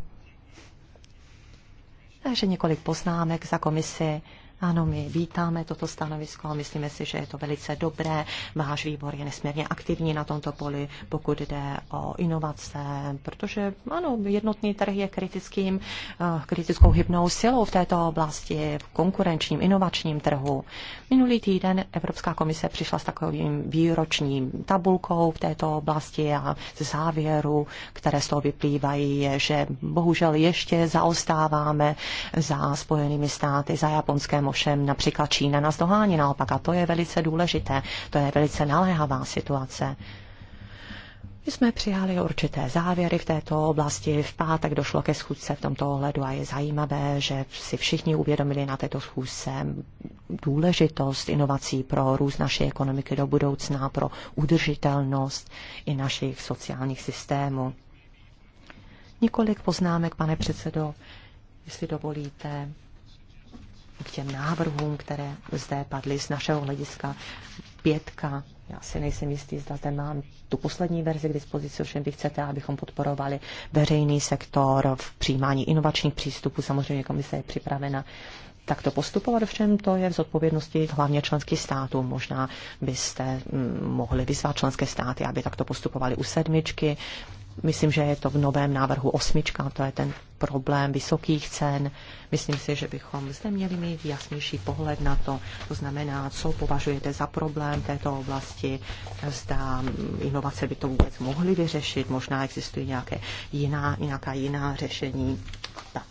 Takže několik poznámek za komisi. Ano, my vítáme toto stanovisko a myslíme si, že je to velice dobré. Váš výbor je nesmírně aktivní na tomto poli, pokud jde o inovace, protože ano, jednotný trh je kritickým, eh, kritickou hybnou silou v této oblasti, v konkurenčním, inovačním trhu. Minulý týden Evropská komise přišla s takovým výročním tabulkou v této oblasti a z závěru, které z toho vyplývají, je, že bohužel ještě zaostáváme za Spojenými státy, za Japonském ovšem například Čína nás dohání naopak a to je velice důležité, to je velice naléhavá situace. My jsme přijali určité závěry v této oblasti. V pátek došlo ke schůzce v tomto ohledu a je zajímavé, že si všichni uvědomili na této schůzce důležitost inovací pro růst naší ekonomiky do budoucna, pro udržitelnost i našich sociálních systémů. Několik poznámek, pane předsedo, jestli dovolíte, k těm návrhům, které zde padly z našeho hlediska. Pětka, já si nejsem jistý, zda zde mám tu poslední verzi k dispozici, ovšem vy chcete, abychom podporovali veřejný sektor v přijímání inovačních přístupů. Samozřejmě komise je připravena to postupovat, všem to je v zodpovědnosti hlavně členských států. Možná byste mm, mohli vyzvat členské státy, aby takto postupovali u sedmičky. Myslím, že je to v novém návrhu osmička, to je ten problém vysokých cen. Myslím si, že bychom zde měli mít jasnější pohled na to, to znamená, co považujete za problém této oblasti, zda inovace by to vůbec mohly vyřešit, možná existují nějaké jiná, nějaká jiná řešení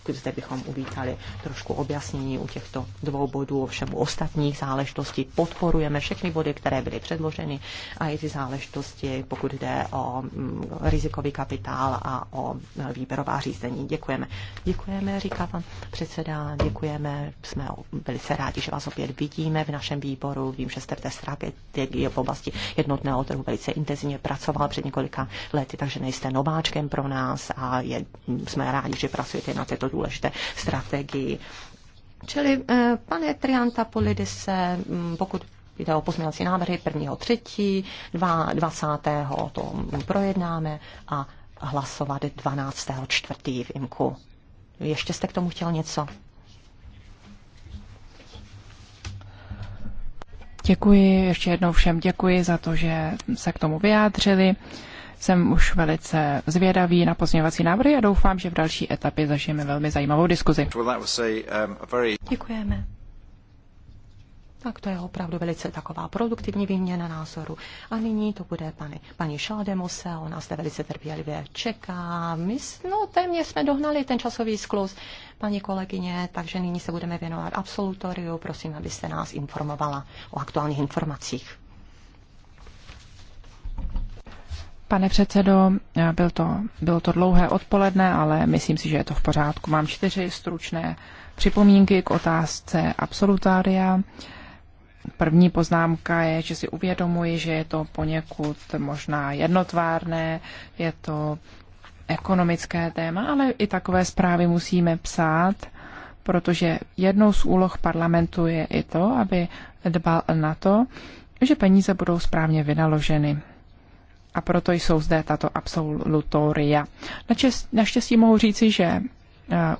tak zde bychom uvítali trošku objasnění u těchto dvou bodů, ovšem u ostatních záležitostí podporujeme všechny body, které byly předloženy a i ty záležitosti, pokud jde o mm, rizikový kapitál a o e, výběrová řízení. Děkujeme. Děkujeme, říká pan předseda, děkujeme, jsme velice rádi, že vás opět vidíme v našem výboru. Vím, že jste v té strategii v oblasti jednotného trhu velice intenzivně pracoval před několika lety, takže nejste nováčkem pro nás a je, jsme rádi, že pracujete na té to důležité strategii. Čili eh, pane Trianta Polidise, mm, pokud jde o pozměňovací návrhy 1. 3. 20. to projednáme a hlasovat 12. 4. v IMKU. Ještě jste k tomu chtěl něco? Děkuji ještě jednou všem, děkuji za to, že se k tomu vyjádřili. Jsem už velice zvědavý na pozměňovací návrhy a doufám, že v další etapě zažijeme velmi zajímavou diskuzi. Um, Děkujeme. Tak to je opravdu velice taková produktivní výměna názoru. A nyní to bude pani, paní Šaldemose, ona zde velice trpělivě čeká. My no, téměř jsme dohnali ten časový sklus, paní kolegyně, takže nyní se budeme věnovat absolutoriu. Prosím, abyste nás informovala o aktuálních informacích. Pane předsedo, byl to, bylo to dlouhé odpoledne, ale myslím si, že je to v pořádku. Mám čtyři stručné připomínky k otázce absolutária. První poznámka je, že si uvědomuji, že je to poněkud možná jednotvárné, je to ekonomické téma, ale i takové zprávy musíme psát, protože jednou z úloh parlamentu je i to, aby dbal na to, že peníze budou správně vynaloženy a proto jsou zde tato absolutoria. Naštěstí mohu říci, že eh,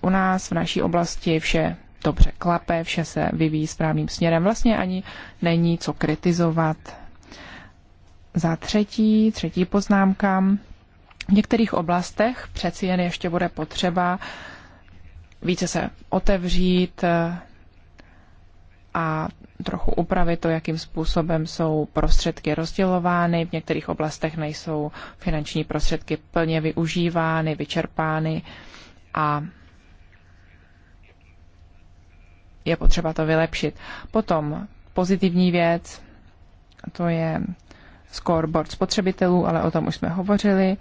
u nás v naší oblasti vše dobře klape, vše se vyvíjí správným směrem, vlastně ani není co kritizovat. Za třetí, třetí poznámka, v některých oblastech přeci jen ještě bude potřeba více se otevřít, eh, a trochu upravit to, jakým způsobem jsou prostředky rozdělovány. V některých oblastech nejsou finanční prostředky plně využívány, vyčerpány a je potřeba to vylepšit. Potom pozitivní věc, to je scoreboard spotřebitelů, ale o tom už jsme hovořili.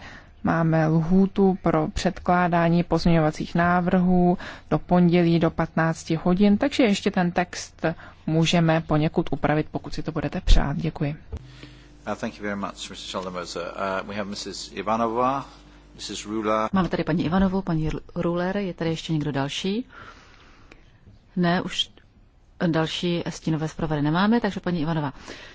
Máme lhůtu pro předkládání pozměňovacích návrhů do pondělí do 15 hodin, takže ještě ten text můžeme poněkud upravit, pokud si to budete přát. Děkuji. Uh, uh, Máme tady paní Ivanovou, paní Ruler, je tady ještě někdo další? Ne, už Další stínové zprávy nemáme, takže paní Ivanova.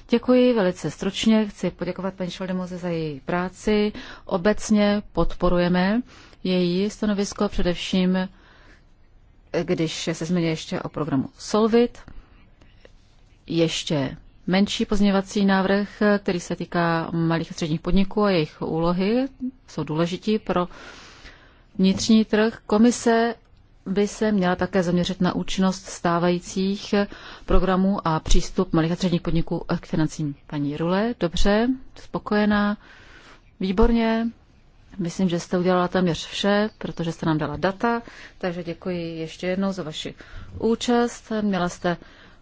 Děkuji velice stručně. Chci poděkovat paní Šoldemoze za její práci. Obecně podporujeme její stanovisko, především když se změní ještě o programu Solvit. Ještě menší pozměňovací návrh, který se týká malých a středních podniků a jejich úlohy, jsou důležití pro vnitřní trh. Komise by se měla také zaměřit na účinnost stávajících programů a přístup malých a středních podniků k financím. Paní Rule, dobře, spokojená, výborně. Myslím, že jste udělala téměř vše, protože jste nám dala data, takže děkuji ještě jednou za vaši účast. Měla jste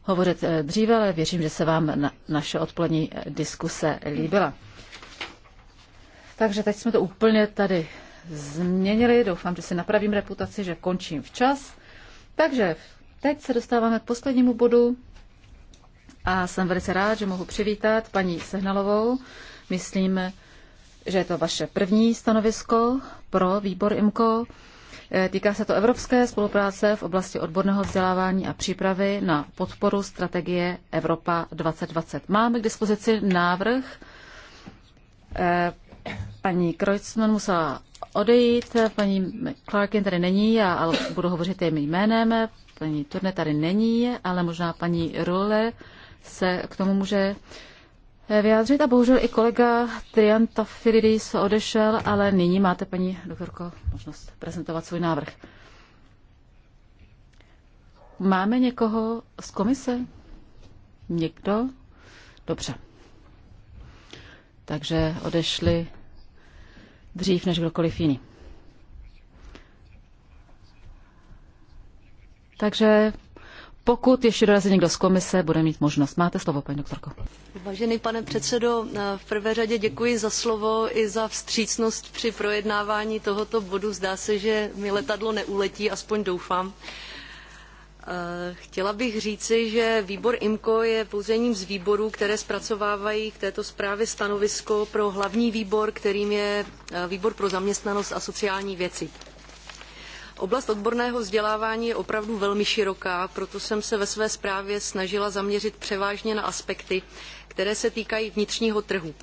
hovořit eh, dříve, ale věřím, že se vám na, naše odpolední eh, diskuse líbila. Takže teď jsme to úplně tady změnili. Doufám, že si napravím reputaci, že končím včas. Takže teď se dostáváme k poslednímu bodu a jsem velice rád, že mohu přivítat paní Sehnalovou. Myslím, že je to vaše první stanovisko pro výbor IMCO. Eh, týká se to evropské spolupráce v oblasti odborného vzdělávání a přípravy na podporu strategie Evropa 2020. Máme k dispozici návrh eh, Paní Kreutzmann musela odejít, paní Clarkin tady není, já ale budu hovořit jejím jménem, paní Turne tady není, ale možná paní Role se k tomu může vyjádřit a bohužel i kolega Trianta odešel, ale nyní máte, paní doktorko, možnost prezentovat svůj návrh. Máme někoho z komise? Někdo? Dobře. Takže odešli dřív než kdokoliv jiný. Takže pokud ještě dorazí někdo z komise, bude mít možnost. Máte slovo, paní doktorko. Vážený pane předsedo, v prvé řadě děkuji za slovo i za vstřícnost při projednávání tohoto bodu. Zdá se, že mi letadlo neuletí, aspoň doufám. Uh, Eh, chtěla bych říci, že výbor IMCO je pouze jedním z výborů, které zpracovávají k této zprávě stanovisko pro hlavní výbor, kterým je eh, výbor pro zaměstnanost a sociální věci. Oblast odborného vzdělávání je opravdu velmi široká, proto jsem se ve své zprávě snažila zaměřit převážně na aspekty, které se týkají vnitřního trhu.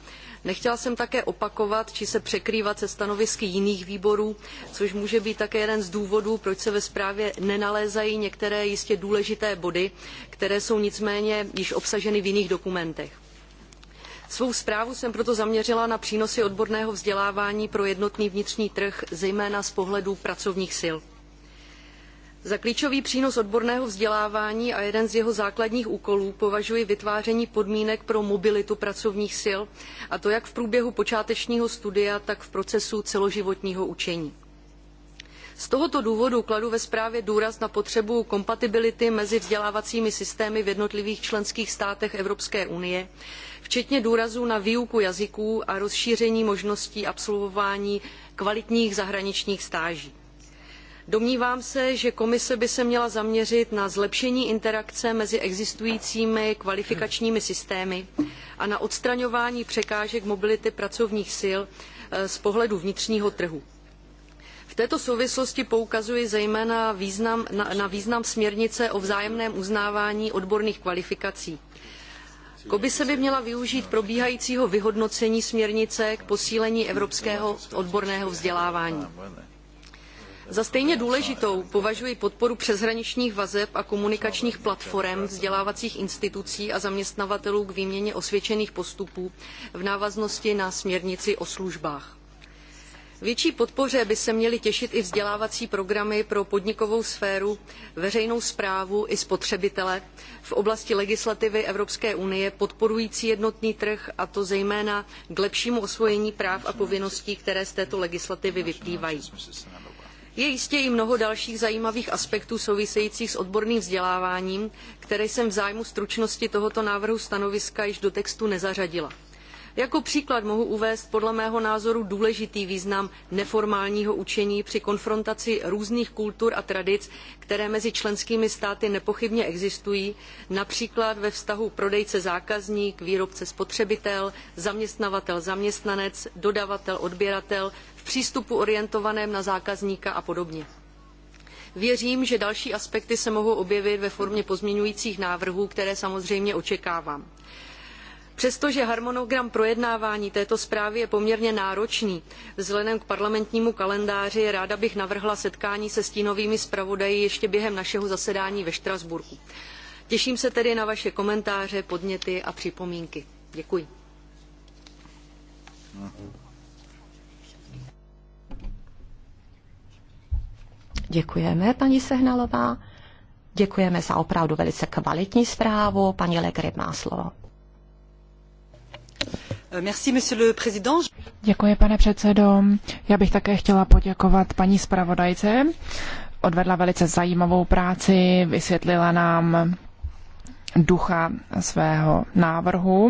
Nechtěla jsem také opakovat či se překrývat se stanovisky jiných výborů, což může být také jeden z důvodů, proč se ve zprávě nenalézají některé jistě důležité body, které jsou nicméně již obsaženy v jiných dokumentech. Svou zprávu jsem proto zaměřila na přínosy odborného vzdělávání pro jednotný vnitřní trh, zejména z pohledu pracovních sil. Za klíčový přínos odborného vzdělávání a jeden z jeho základních úkolů považuji vytváření podmínek pro mobilitu pracovních sil, a to jak v průběhu počátečního studia, tak v procesu celoživotního učení. Z tohoto důvodu kladu ve zprávě důraz na potřebu kompatibility mezi vzdělávacími systémy v jednotlivých členských státech Evropské unie, včetně důrazu na výuku jazyků a rozšíření možností absolvování kvalitních zahraničních stáží. Domnívám se, že komise by se měla zaměřit na zlepšení interakce mezi existujícími kvalifikačními systémy a na odstraňování překážek mobility pracovních sil eh, z pohledu vnitřního trhu. V této souvislosti poukazuji zejména význam, na, na význam směrnice o vzájemném uznávání odborných kvalifikací. Komise by měla využít probíhajícího vyhodnocení směrnice k posílení evropského odborného vzdělávání. Za stejně důležitou považuji podporu přeshraničních vazeb a komunikačních platform vzdělávacích institucí a zaměstnavatelů k výměně osvědčených postupů v návaznosti na směrnici o službách. Větší podpoře by se měly těšit i vzdělávací programy pro podnikovou sféru, veřejnou správu i spotřebitele v oblasti legislativy Evropské unie podporující jednotný trh a to zejména k lepšímu osvojení práv a povinností, které z této legislativy vyplývají. Je jistě i mnoho dalších zajímavých aspektů souvisejících s odborným vzděláváním, které jsem v zájmu stručnosti tohoto návrhu stanoviska již do textu nezařadila. Jako příklad mohu uvést podle mého názoru důležitý význam neformálního učení při konfrontaci různých kultur a tradic, které mezi členskými státy nepochybně existují, například ve vztahu prodejce zákazník, výrobce spotřebitel, zaměstnavatel zaměstnanec, dodavatel odběratel, přístupu orientovaném na zákazníka a podobně. Věřím, že další aspekty se mohou objevit ve formě pozměňujících návrhů, které samozřejmě očekávám. Přestože harmonogram projednávání této zprávy je poměrně náročný, vzhledem k parlamentnímu kalendáři ráda bych navrhla setkání se stínovými zpravodaji ještě během našeho zasedání ve Štrasburku. Těším se tedy na vaše komentáře, podněty a připomínky. Děkuji. Mhm. Děkujeme, paní Sehnalová. Děkujeme za opravdu velice kvalitní zprávu. Paní Legrib má slovo. Euh, Děkuji, pane předsedo. Já bych také chtěla poděkovat paní zpravodajce. Odvedla velice zajímavou práci, vysvětlila nám ducha svého návrhu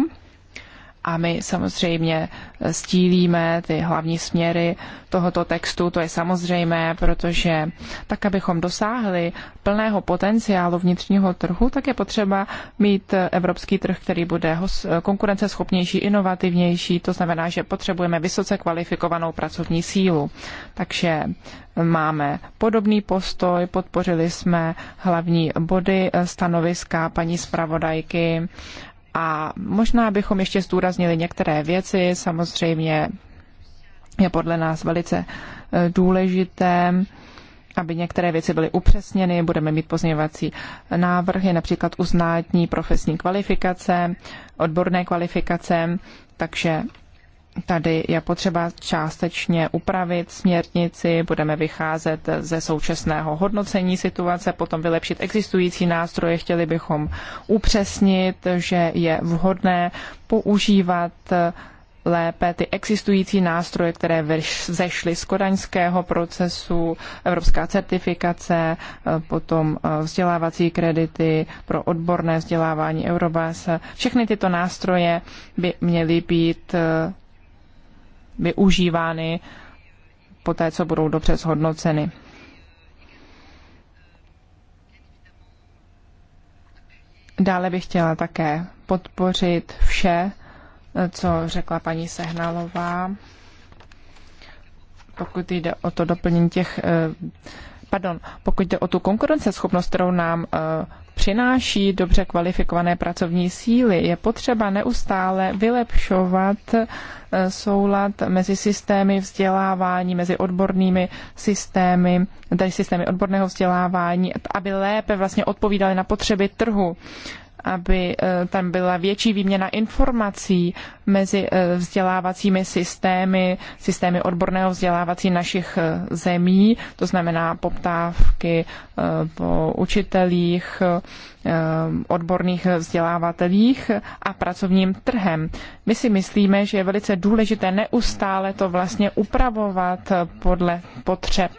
a my samozřejmě stílíme ty hlavní směry tohoto textu, to je samozřejmé, protože tak, abychom dosáhli plného potenciálu vnitřního trhu, tak je potřeba mít evropský trh, který bude konkurenceschopnější, inovativnější, to znamená, že potřebujeme vysoce kvalifikovanou pracovní sílu. Takže máme podobný postoj, podpořili jsme hlavní body stanoviska paní zpravodajky a možná bychom ještě zdůraznili některé věci. Samozřejmě je podle nás velice eh, důležité, aby některé věci byly upřesněny. Budeme mít pozměňovací eh, návrhy, například uznání profesní kvalifikace, odborné kvalifikace, takže tady je potřeba částečně upravit směrnici, budeme vycházet ze současného hodnocení situace, potom vylepšit existující nástroje. Chtěli bychom upřesnit, že je vhodné používat lépe ty existující nástroje, které zešly z kodaňského procesu, evropská certifikace, potom eh, vzdělávací kredity pro odborné vzdělávání Eurobase. Všechny tyto nástroje by měly být eh, využívány po té, co budou dobře zhodnoceny. Dále bych chtěla také podpořit vše, co řekla paní Sehnalová, pokud jde o to doplnění těch, eh, pardon, pokud jde o tu konkurenceschopnost, kterou nám eh, přináší dobře kvalifikované pracovní síly. Je potřeba neustále vylepšovat eh, soulad mezi systémy vzdělávání, mezi odbornými systémy, tedy systémy odborného vzdělávání, aby lépe vlastně odpovídaly na potřeby trhu aby eh, tam byla větší výměna informací mezi eh, vzdělávacími systémy, systémy odborného vzdělávací našich eh, zemí, to znamená poptávky po učitelích, odborných vzdělávatelích a pracovním trhem. My si myslíme, že je velice důležité neustále to vlastně upravovat podle potřeb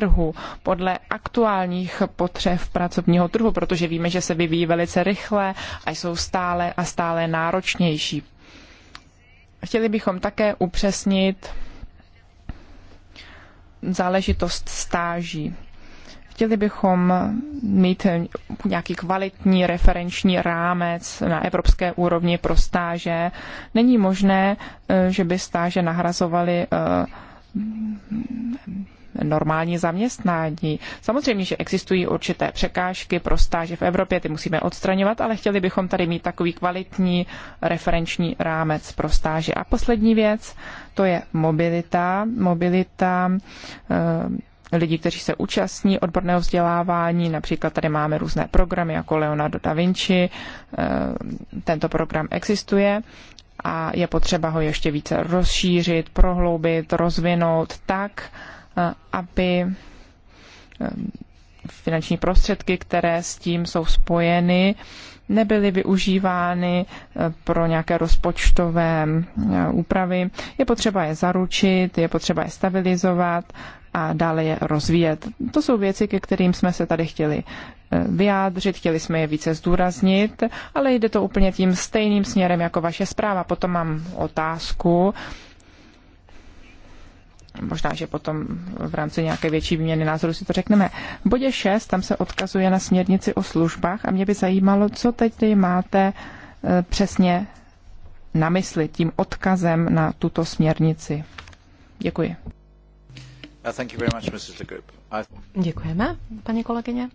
trhu, podle aktuálních potřeb pracovního trhu, protože víme, že se vyvíjí velice rychle a jsou stále a stále náročnější. Chtěli bychom také upřesnit záležitost stáží. Chtěli bychom mít nějaký kvalitní referenční rámec na evropské úrovni pro stáže. Není možné, eh, že by stáže nahrazovaly eh, normální zaměstnání. Samozřejmě, že existují určité překážky pro stáže v Evropě, ty musíme odstraňovat, ale chtěli bychom tady mít takový kvalitní referenční rámec pro stáže. A poslední věc, to je mobilita. Mobilita eh, lidí, kteří se účastní odborného vzdělávání. Například tady máme různé programy jako Leonardo da Vinci. Eh, tento program existuje a je potřeba ho ještě více rozšířit, prohloubit, rozvinout tak, Eh, aby eh, finanční prostředky, které s tím jsou spojeny, nebyly využívány eh, pro nějaké rozpočtové úpravy. Je potřeba je zaručit, je potřeba je stabilizovat a dále je rozvíjet. To jsou věci, ke kterým jsme se tady chtěli vyjádřit, chtěli jsme je více zdůraznit, ale jde to úplně tím stejným směrem jako vaše zpráva. Potom mám otázku, Možná, že potom v rámci nějaké větší výměny názoru si to řekneme. V bodě 6 tam se odkazuje na směrnici o službách a mě by zajímalo, co teď máte e, přesně na mysli tím odkazem na tuto směrnici. Děkuji. Uh, Děkujeme, paní kolegyně.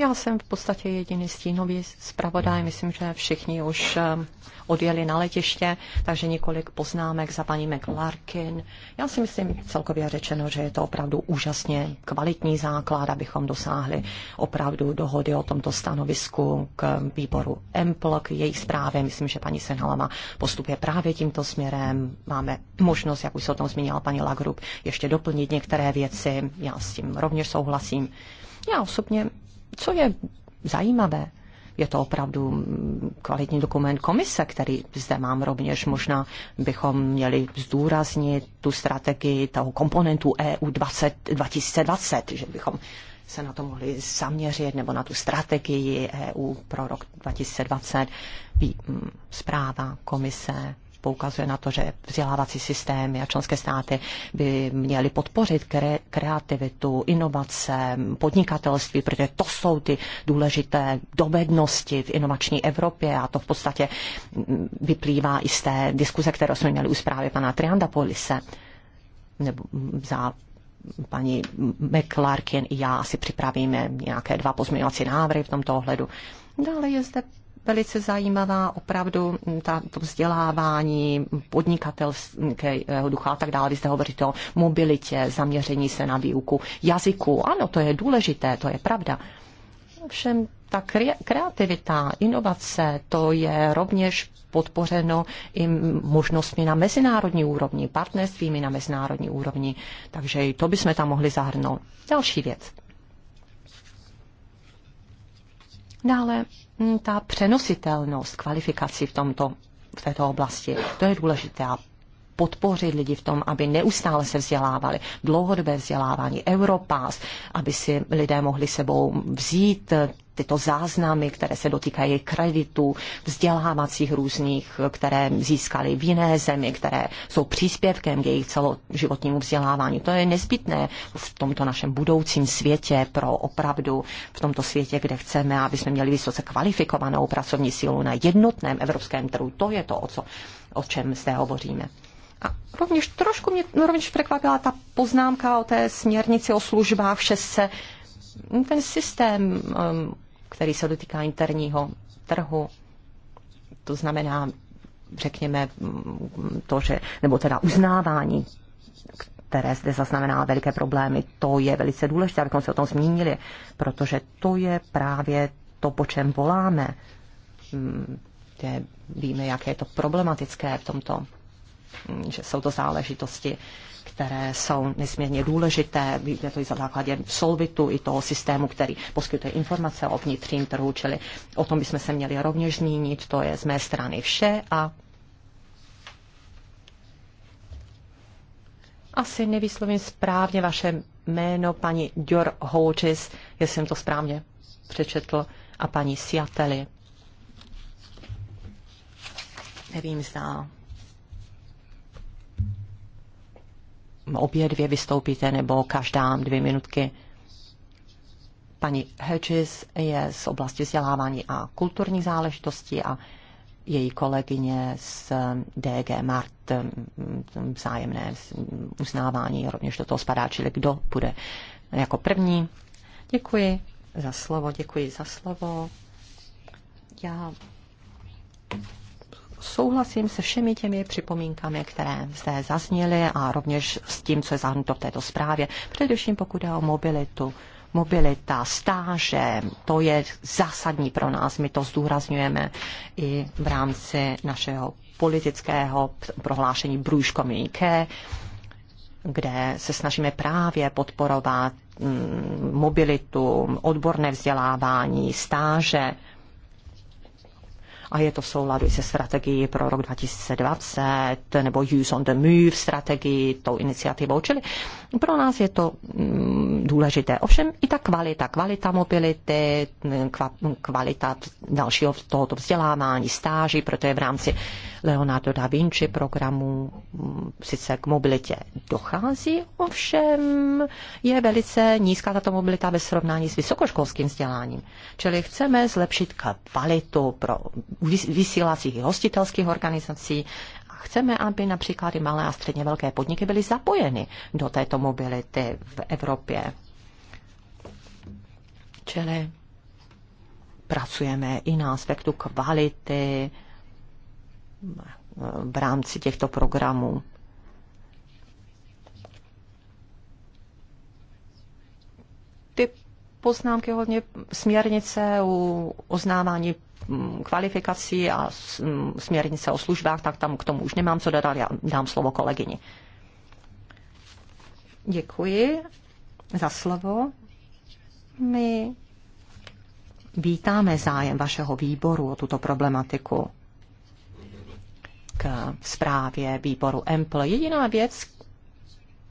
Já jsem v podstatě jediný stínový zpravodaj. Myslím, že všichni už ehm, odjeli na letiště, takže několik poznámek za paní McLarkin. Já si myslím celkově řečeno, že je to opravdu úžasně kvalitní základ, abychom dosáhli opravdu dohody o tomto stanovisku k výboru EMPL, k jejich zprávě. Myslím, že paní Senhalama postupuje právě tímto směrem. Máme možnost, jak už se o tom zmínila paní Lagrup, ještě doplnit některé věci. Já s tím rovněž souhlasím. Já osobně co je zajímavé, je to opravdu kvalitní dokument komise, který zde mám rovněž. Možná bychom měli zdůraznit tu strategii toho komponentu EU 20, 2020, že bychom se na to mohli zaměřit, nebo na tu strategii EU pro rok 2020, mm, zpráva komise poukazuje na to, že vzdělávací systémy a členské státy by měly podpořit kre, kreativitu, inovace, podnikatelství, protože to jsou ty důležité dovednosti v inovační Evropě a to v podstatě vyplývá i z té diskuze, kterou jsme měli u zprávy pana Triandapolise nebo za paní McClarkin i já si připravíme nějaké dva pozměňovací návrhy v tomto ohledu. Dále je zde velice zajímavá, opravdu ta, to vzdělávání, podnikatelského ducha a tak dále. Vy jste hovoříte o mobilitě, zaměření se na výuku jazyku. Ano, to je důležité, to je pravda. Všem ta kreativita, inovace, to je rovněž podpořeno i možnostmi na mezinárodní úrovni, partnerstvími na mezinárodní úrovni. Takže i to bychom tam mohli zahrnout. Další věc. Dále mm, ta přenositelnost kvalifikací v, tomto, v této oblasti, to je důležité a podpořit lidi v tom, aby neustále se vzdělávali. Dlouhodobé vzdělávání, Europass, aby si lidé mohli sebou vzít tyto záznamy, které se dotýkají kreditů, vzdělávacích různých, které získali v jiné zemi, které jsou příspěvkem k jejich celoživotnímu vzdělávání. To je nezbytné v tomto našem budoucím světě pro opravdu v tomto světě, kde chceme, aby jsme měli vysoce kvalifikovanou pracovní sílu na jednotném evropském trhu. To je to, o, co, o čem zde hovoříme. A rovněž trošku mě no, rovněž překvapila ta poznámka o té směrnici o službách v šestce. Ten systém um, který se dotýká interního trhu, to znamená, řekněme, to, že, nebo teda uznávání, které zde zaznamená veliké problémy, to je velice důležité, abychom se o tom zmínili, protože to je právě to, po čem voláme. Je, hmm, víme, jak je to problematické v tomto, hmm, že jsou to záležitosti, které jsou nesmírně důležité, je to i za základě solvitu, i toho systému, který poskytuje informace o vnitřním trhu, čili o tom bychom se měli rovněž zmínit, to je z mé strany vše a asi nevyslovím správně vaše jméno, paní Dior Hodges, jestli jsem to správně přečetl, a paní Siateli. Nevím, zda obě dvě vystoupíte, nebo každá dvě minutky. Paní Hedges je z oblasti vzdělávání a kulturních záležitostí a její kolegyně z DG Mart mm, vzájemné uznávání rovněž do toho spadá, čili kdo bude jako první. Děkuji za slovo, děkuji za slovo. Já souhlasím se všemi těmi připomínkami, které zde zazněly a rovněž s tím, co je zahrnuto v této zprávě. Především pokud je o mobilitu, mobilita, stáže, to je zásadní pro nás. My to zdůrazňujeme i v rámci našeho politického prohlášení Brůžkomíke, kde se snažíme právě podporovat mm, mobilitu, odborné vzdělávání, stáže a je to v souladu se strategií pro rok 2020 nebo Use on the Move strategii, tou iniciativou. Čili pro nás je to mm, důležité. Ovšem i ta kvalita, kvalita mobility, mm, kvalita dalšího tohoto vzdělávání, stáží, protože v rámci Leonardo da Vinci programu mm, sice k mobilitě dochází, ovšem je velice nízká tato mobilita ve srovnání s vysokoškolským vzděláním. Čili chceme zlepšit kvalitu pro vysílacích i hostitelských organizací chceme, aby například i malé a středně velké podniky byly zapojeny do této mobility v Evropě. Čili pracujeme i na aspektu kvality v rámci těchto programů. Ty poznámky hodně směrnice u oznávání kvalifikací a směrnice o službách, tak tam k tomu už nemám co dodat, já dám slovo kolegyni. Děkuji za slovo. My vítáme zájem vašeho výboru o tuto problematiku k zprávě výboru EMPL. Jediná věc,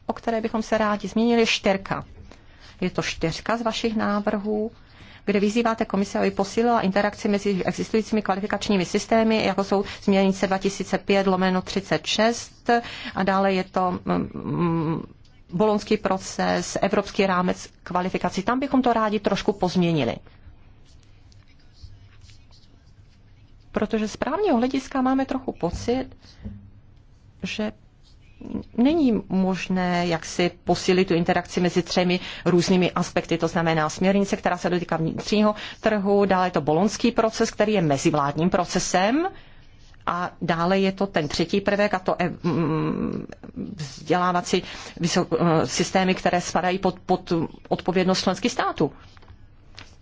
o které bychom se rádi zmínili, je štěrka. Je to štěrka z vašich návrhů, kde vyzýváte komise, aby posílila interakci mezi existujícími kvalifikačními systémy, jako jsou změnice 2005 lomeno 36 a dále je to mm, mm, bolonský proces, evropský rámec kvalifikací. Tam bychom to rádi trošku pozměnili. Protože z právního hlediska máme trochu pocit, že není možné, jak si posílit tu interakci mezi třemi různými aspekty, to znamená směrnice, která se dotýká vnitřního trhu, dále je to bolonský proces, který je mezivládním procesem, a dále je to ten třetí prvek a to je mm, vzdělávací eh, systémy, které spadají pod, pod odpovědnost členských států.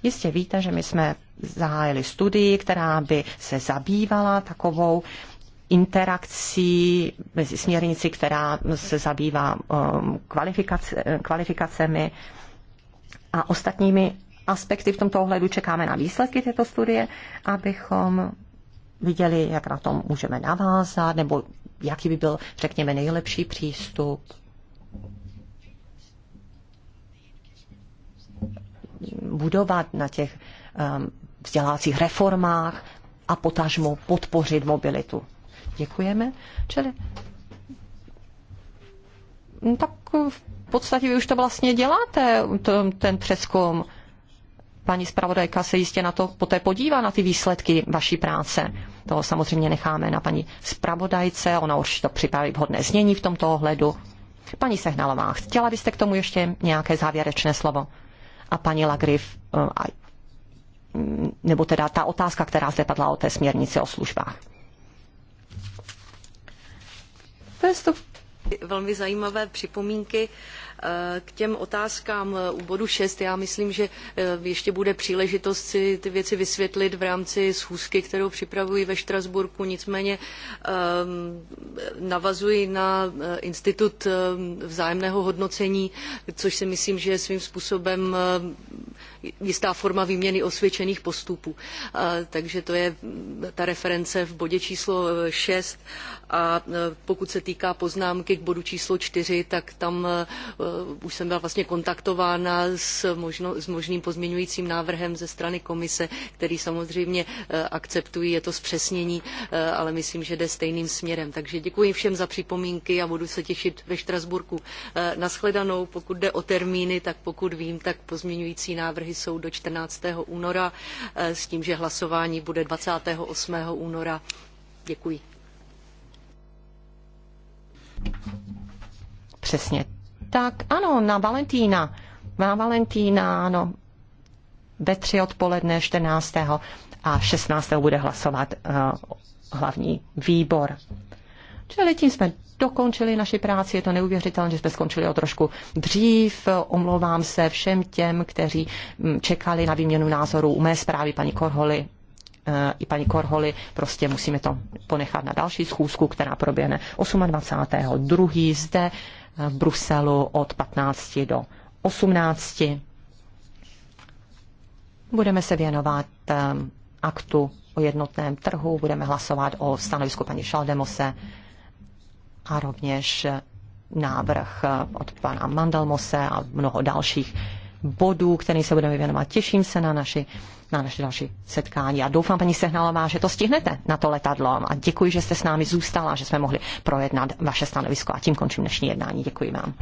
Jistě víte, že my jsme zahájili studii, která by se zabývala takovou interakcí mezi směrnici, která se zabývá um, kvalifikace, kvalifikacemi a ostatními aspekty v tomto ohledu. Čekáme na výsledky této studie, abychom viděli, jak na tom můžeme navázat, nebo jaký by byl, řekněme, nejlepší přístup budovat na těch um, vzdělávacích reformách a potažmo podpořit mobilitu. Děkujeme. Čili no tak v podstatě vy už to vlastně děláte, to, ten přeskum. Paní zpravodajka se jistě na to poté podívá, na ty výsledky vaší práce. To samozřejmě necháme na paní zpravodajce, ona určitě připraví vhodné znění v tomto ohledu. Paní Sehnalová, chtěla byste k tomu ještě nějaké závěrečné slovo? a paní Lagriv, eh, nebo teda ta otázka, která zde padla o té směrnici o službách. To je to velmi zajímavé připomínky. K těm otázkám eh, u bodu 6, já myslím, že eh, ještě bude příležitost si ty věci vysvětlit v rámci schůzky, kterou připravuji ve Štrasburku. Nicméně ehm, navazuji na eh, institut ehm, vzájemného hodnocení, což si myslím, že je svým způsobem jistá forma výměny osvědčených postupů. Takže to je mm, ta reference v bodě číslo 6. A pokud se týká poznámky k bodu číslo 4, tak tam už jsem byla vlastně kontaktována s, možno, s možným pozměňujícím návrhem ze strany komise, který samozřejmě eh, akceptuji, je to zpřesnění, eh, ale myslím, že jde stejným směrem. Takže děkuji všem za připomínky a budu se těšit ve Štrasburku. Eh, Naschledanou, pokud jde o termíny, tak pokud vím, tak pozměňující návrhy jsou do 14. února s tím, že hlasování bude 28. února. Děkuji. Přesně tak ano, na Valentína. Na Valentína, ano. Ve tři odpoledne 14. a 16. bude hlasovat uh, hlavní výbor. Čili tím jsme dokončili naši práci. Je to neuvěřitelné, že jsme skončili o trošku dřív. Omlouvám se všem těm, kteří hm, čekali na výměnu názorů u mé zprávy paní Korholy eh, i paní Korholy, prostě musíme to ponechat na další schůzku, která proběhne 28. Druhý zde v Bruselu od 15 do 18. Budeme se věnovat ehm, aktu o jednotném trhu, budeme hlasovat o stanovisku paní Šaldemose a rovněž návrh eh, od pana Mandelmose a mnoho dalších bodů, kterým se budeme věnovat. Těším se na naši na naše další setkání. A doufám, paní Sehnalová, že to stihnete na to letadlo. A děkuji, že jste s námi zůstala, že jsme mohli projednat vaše stanovisko. A tím končím dnešní jednání. Děkuji vám.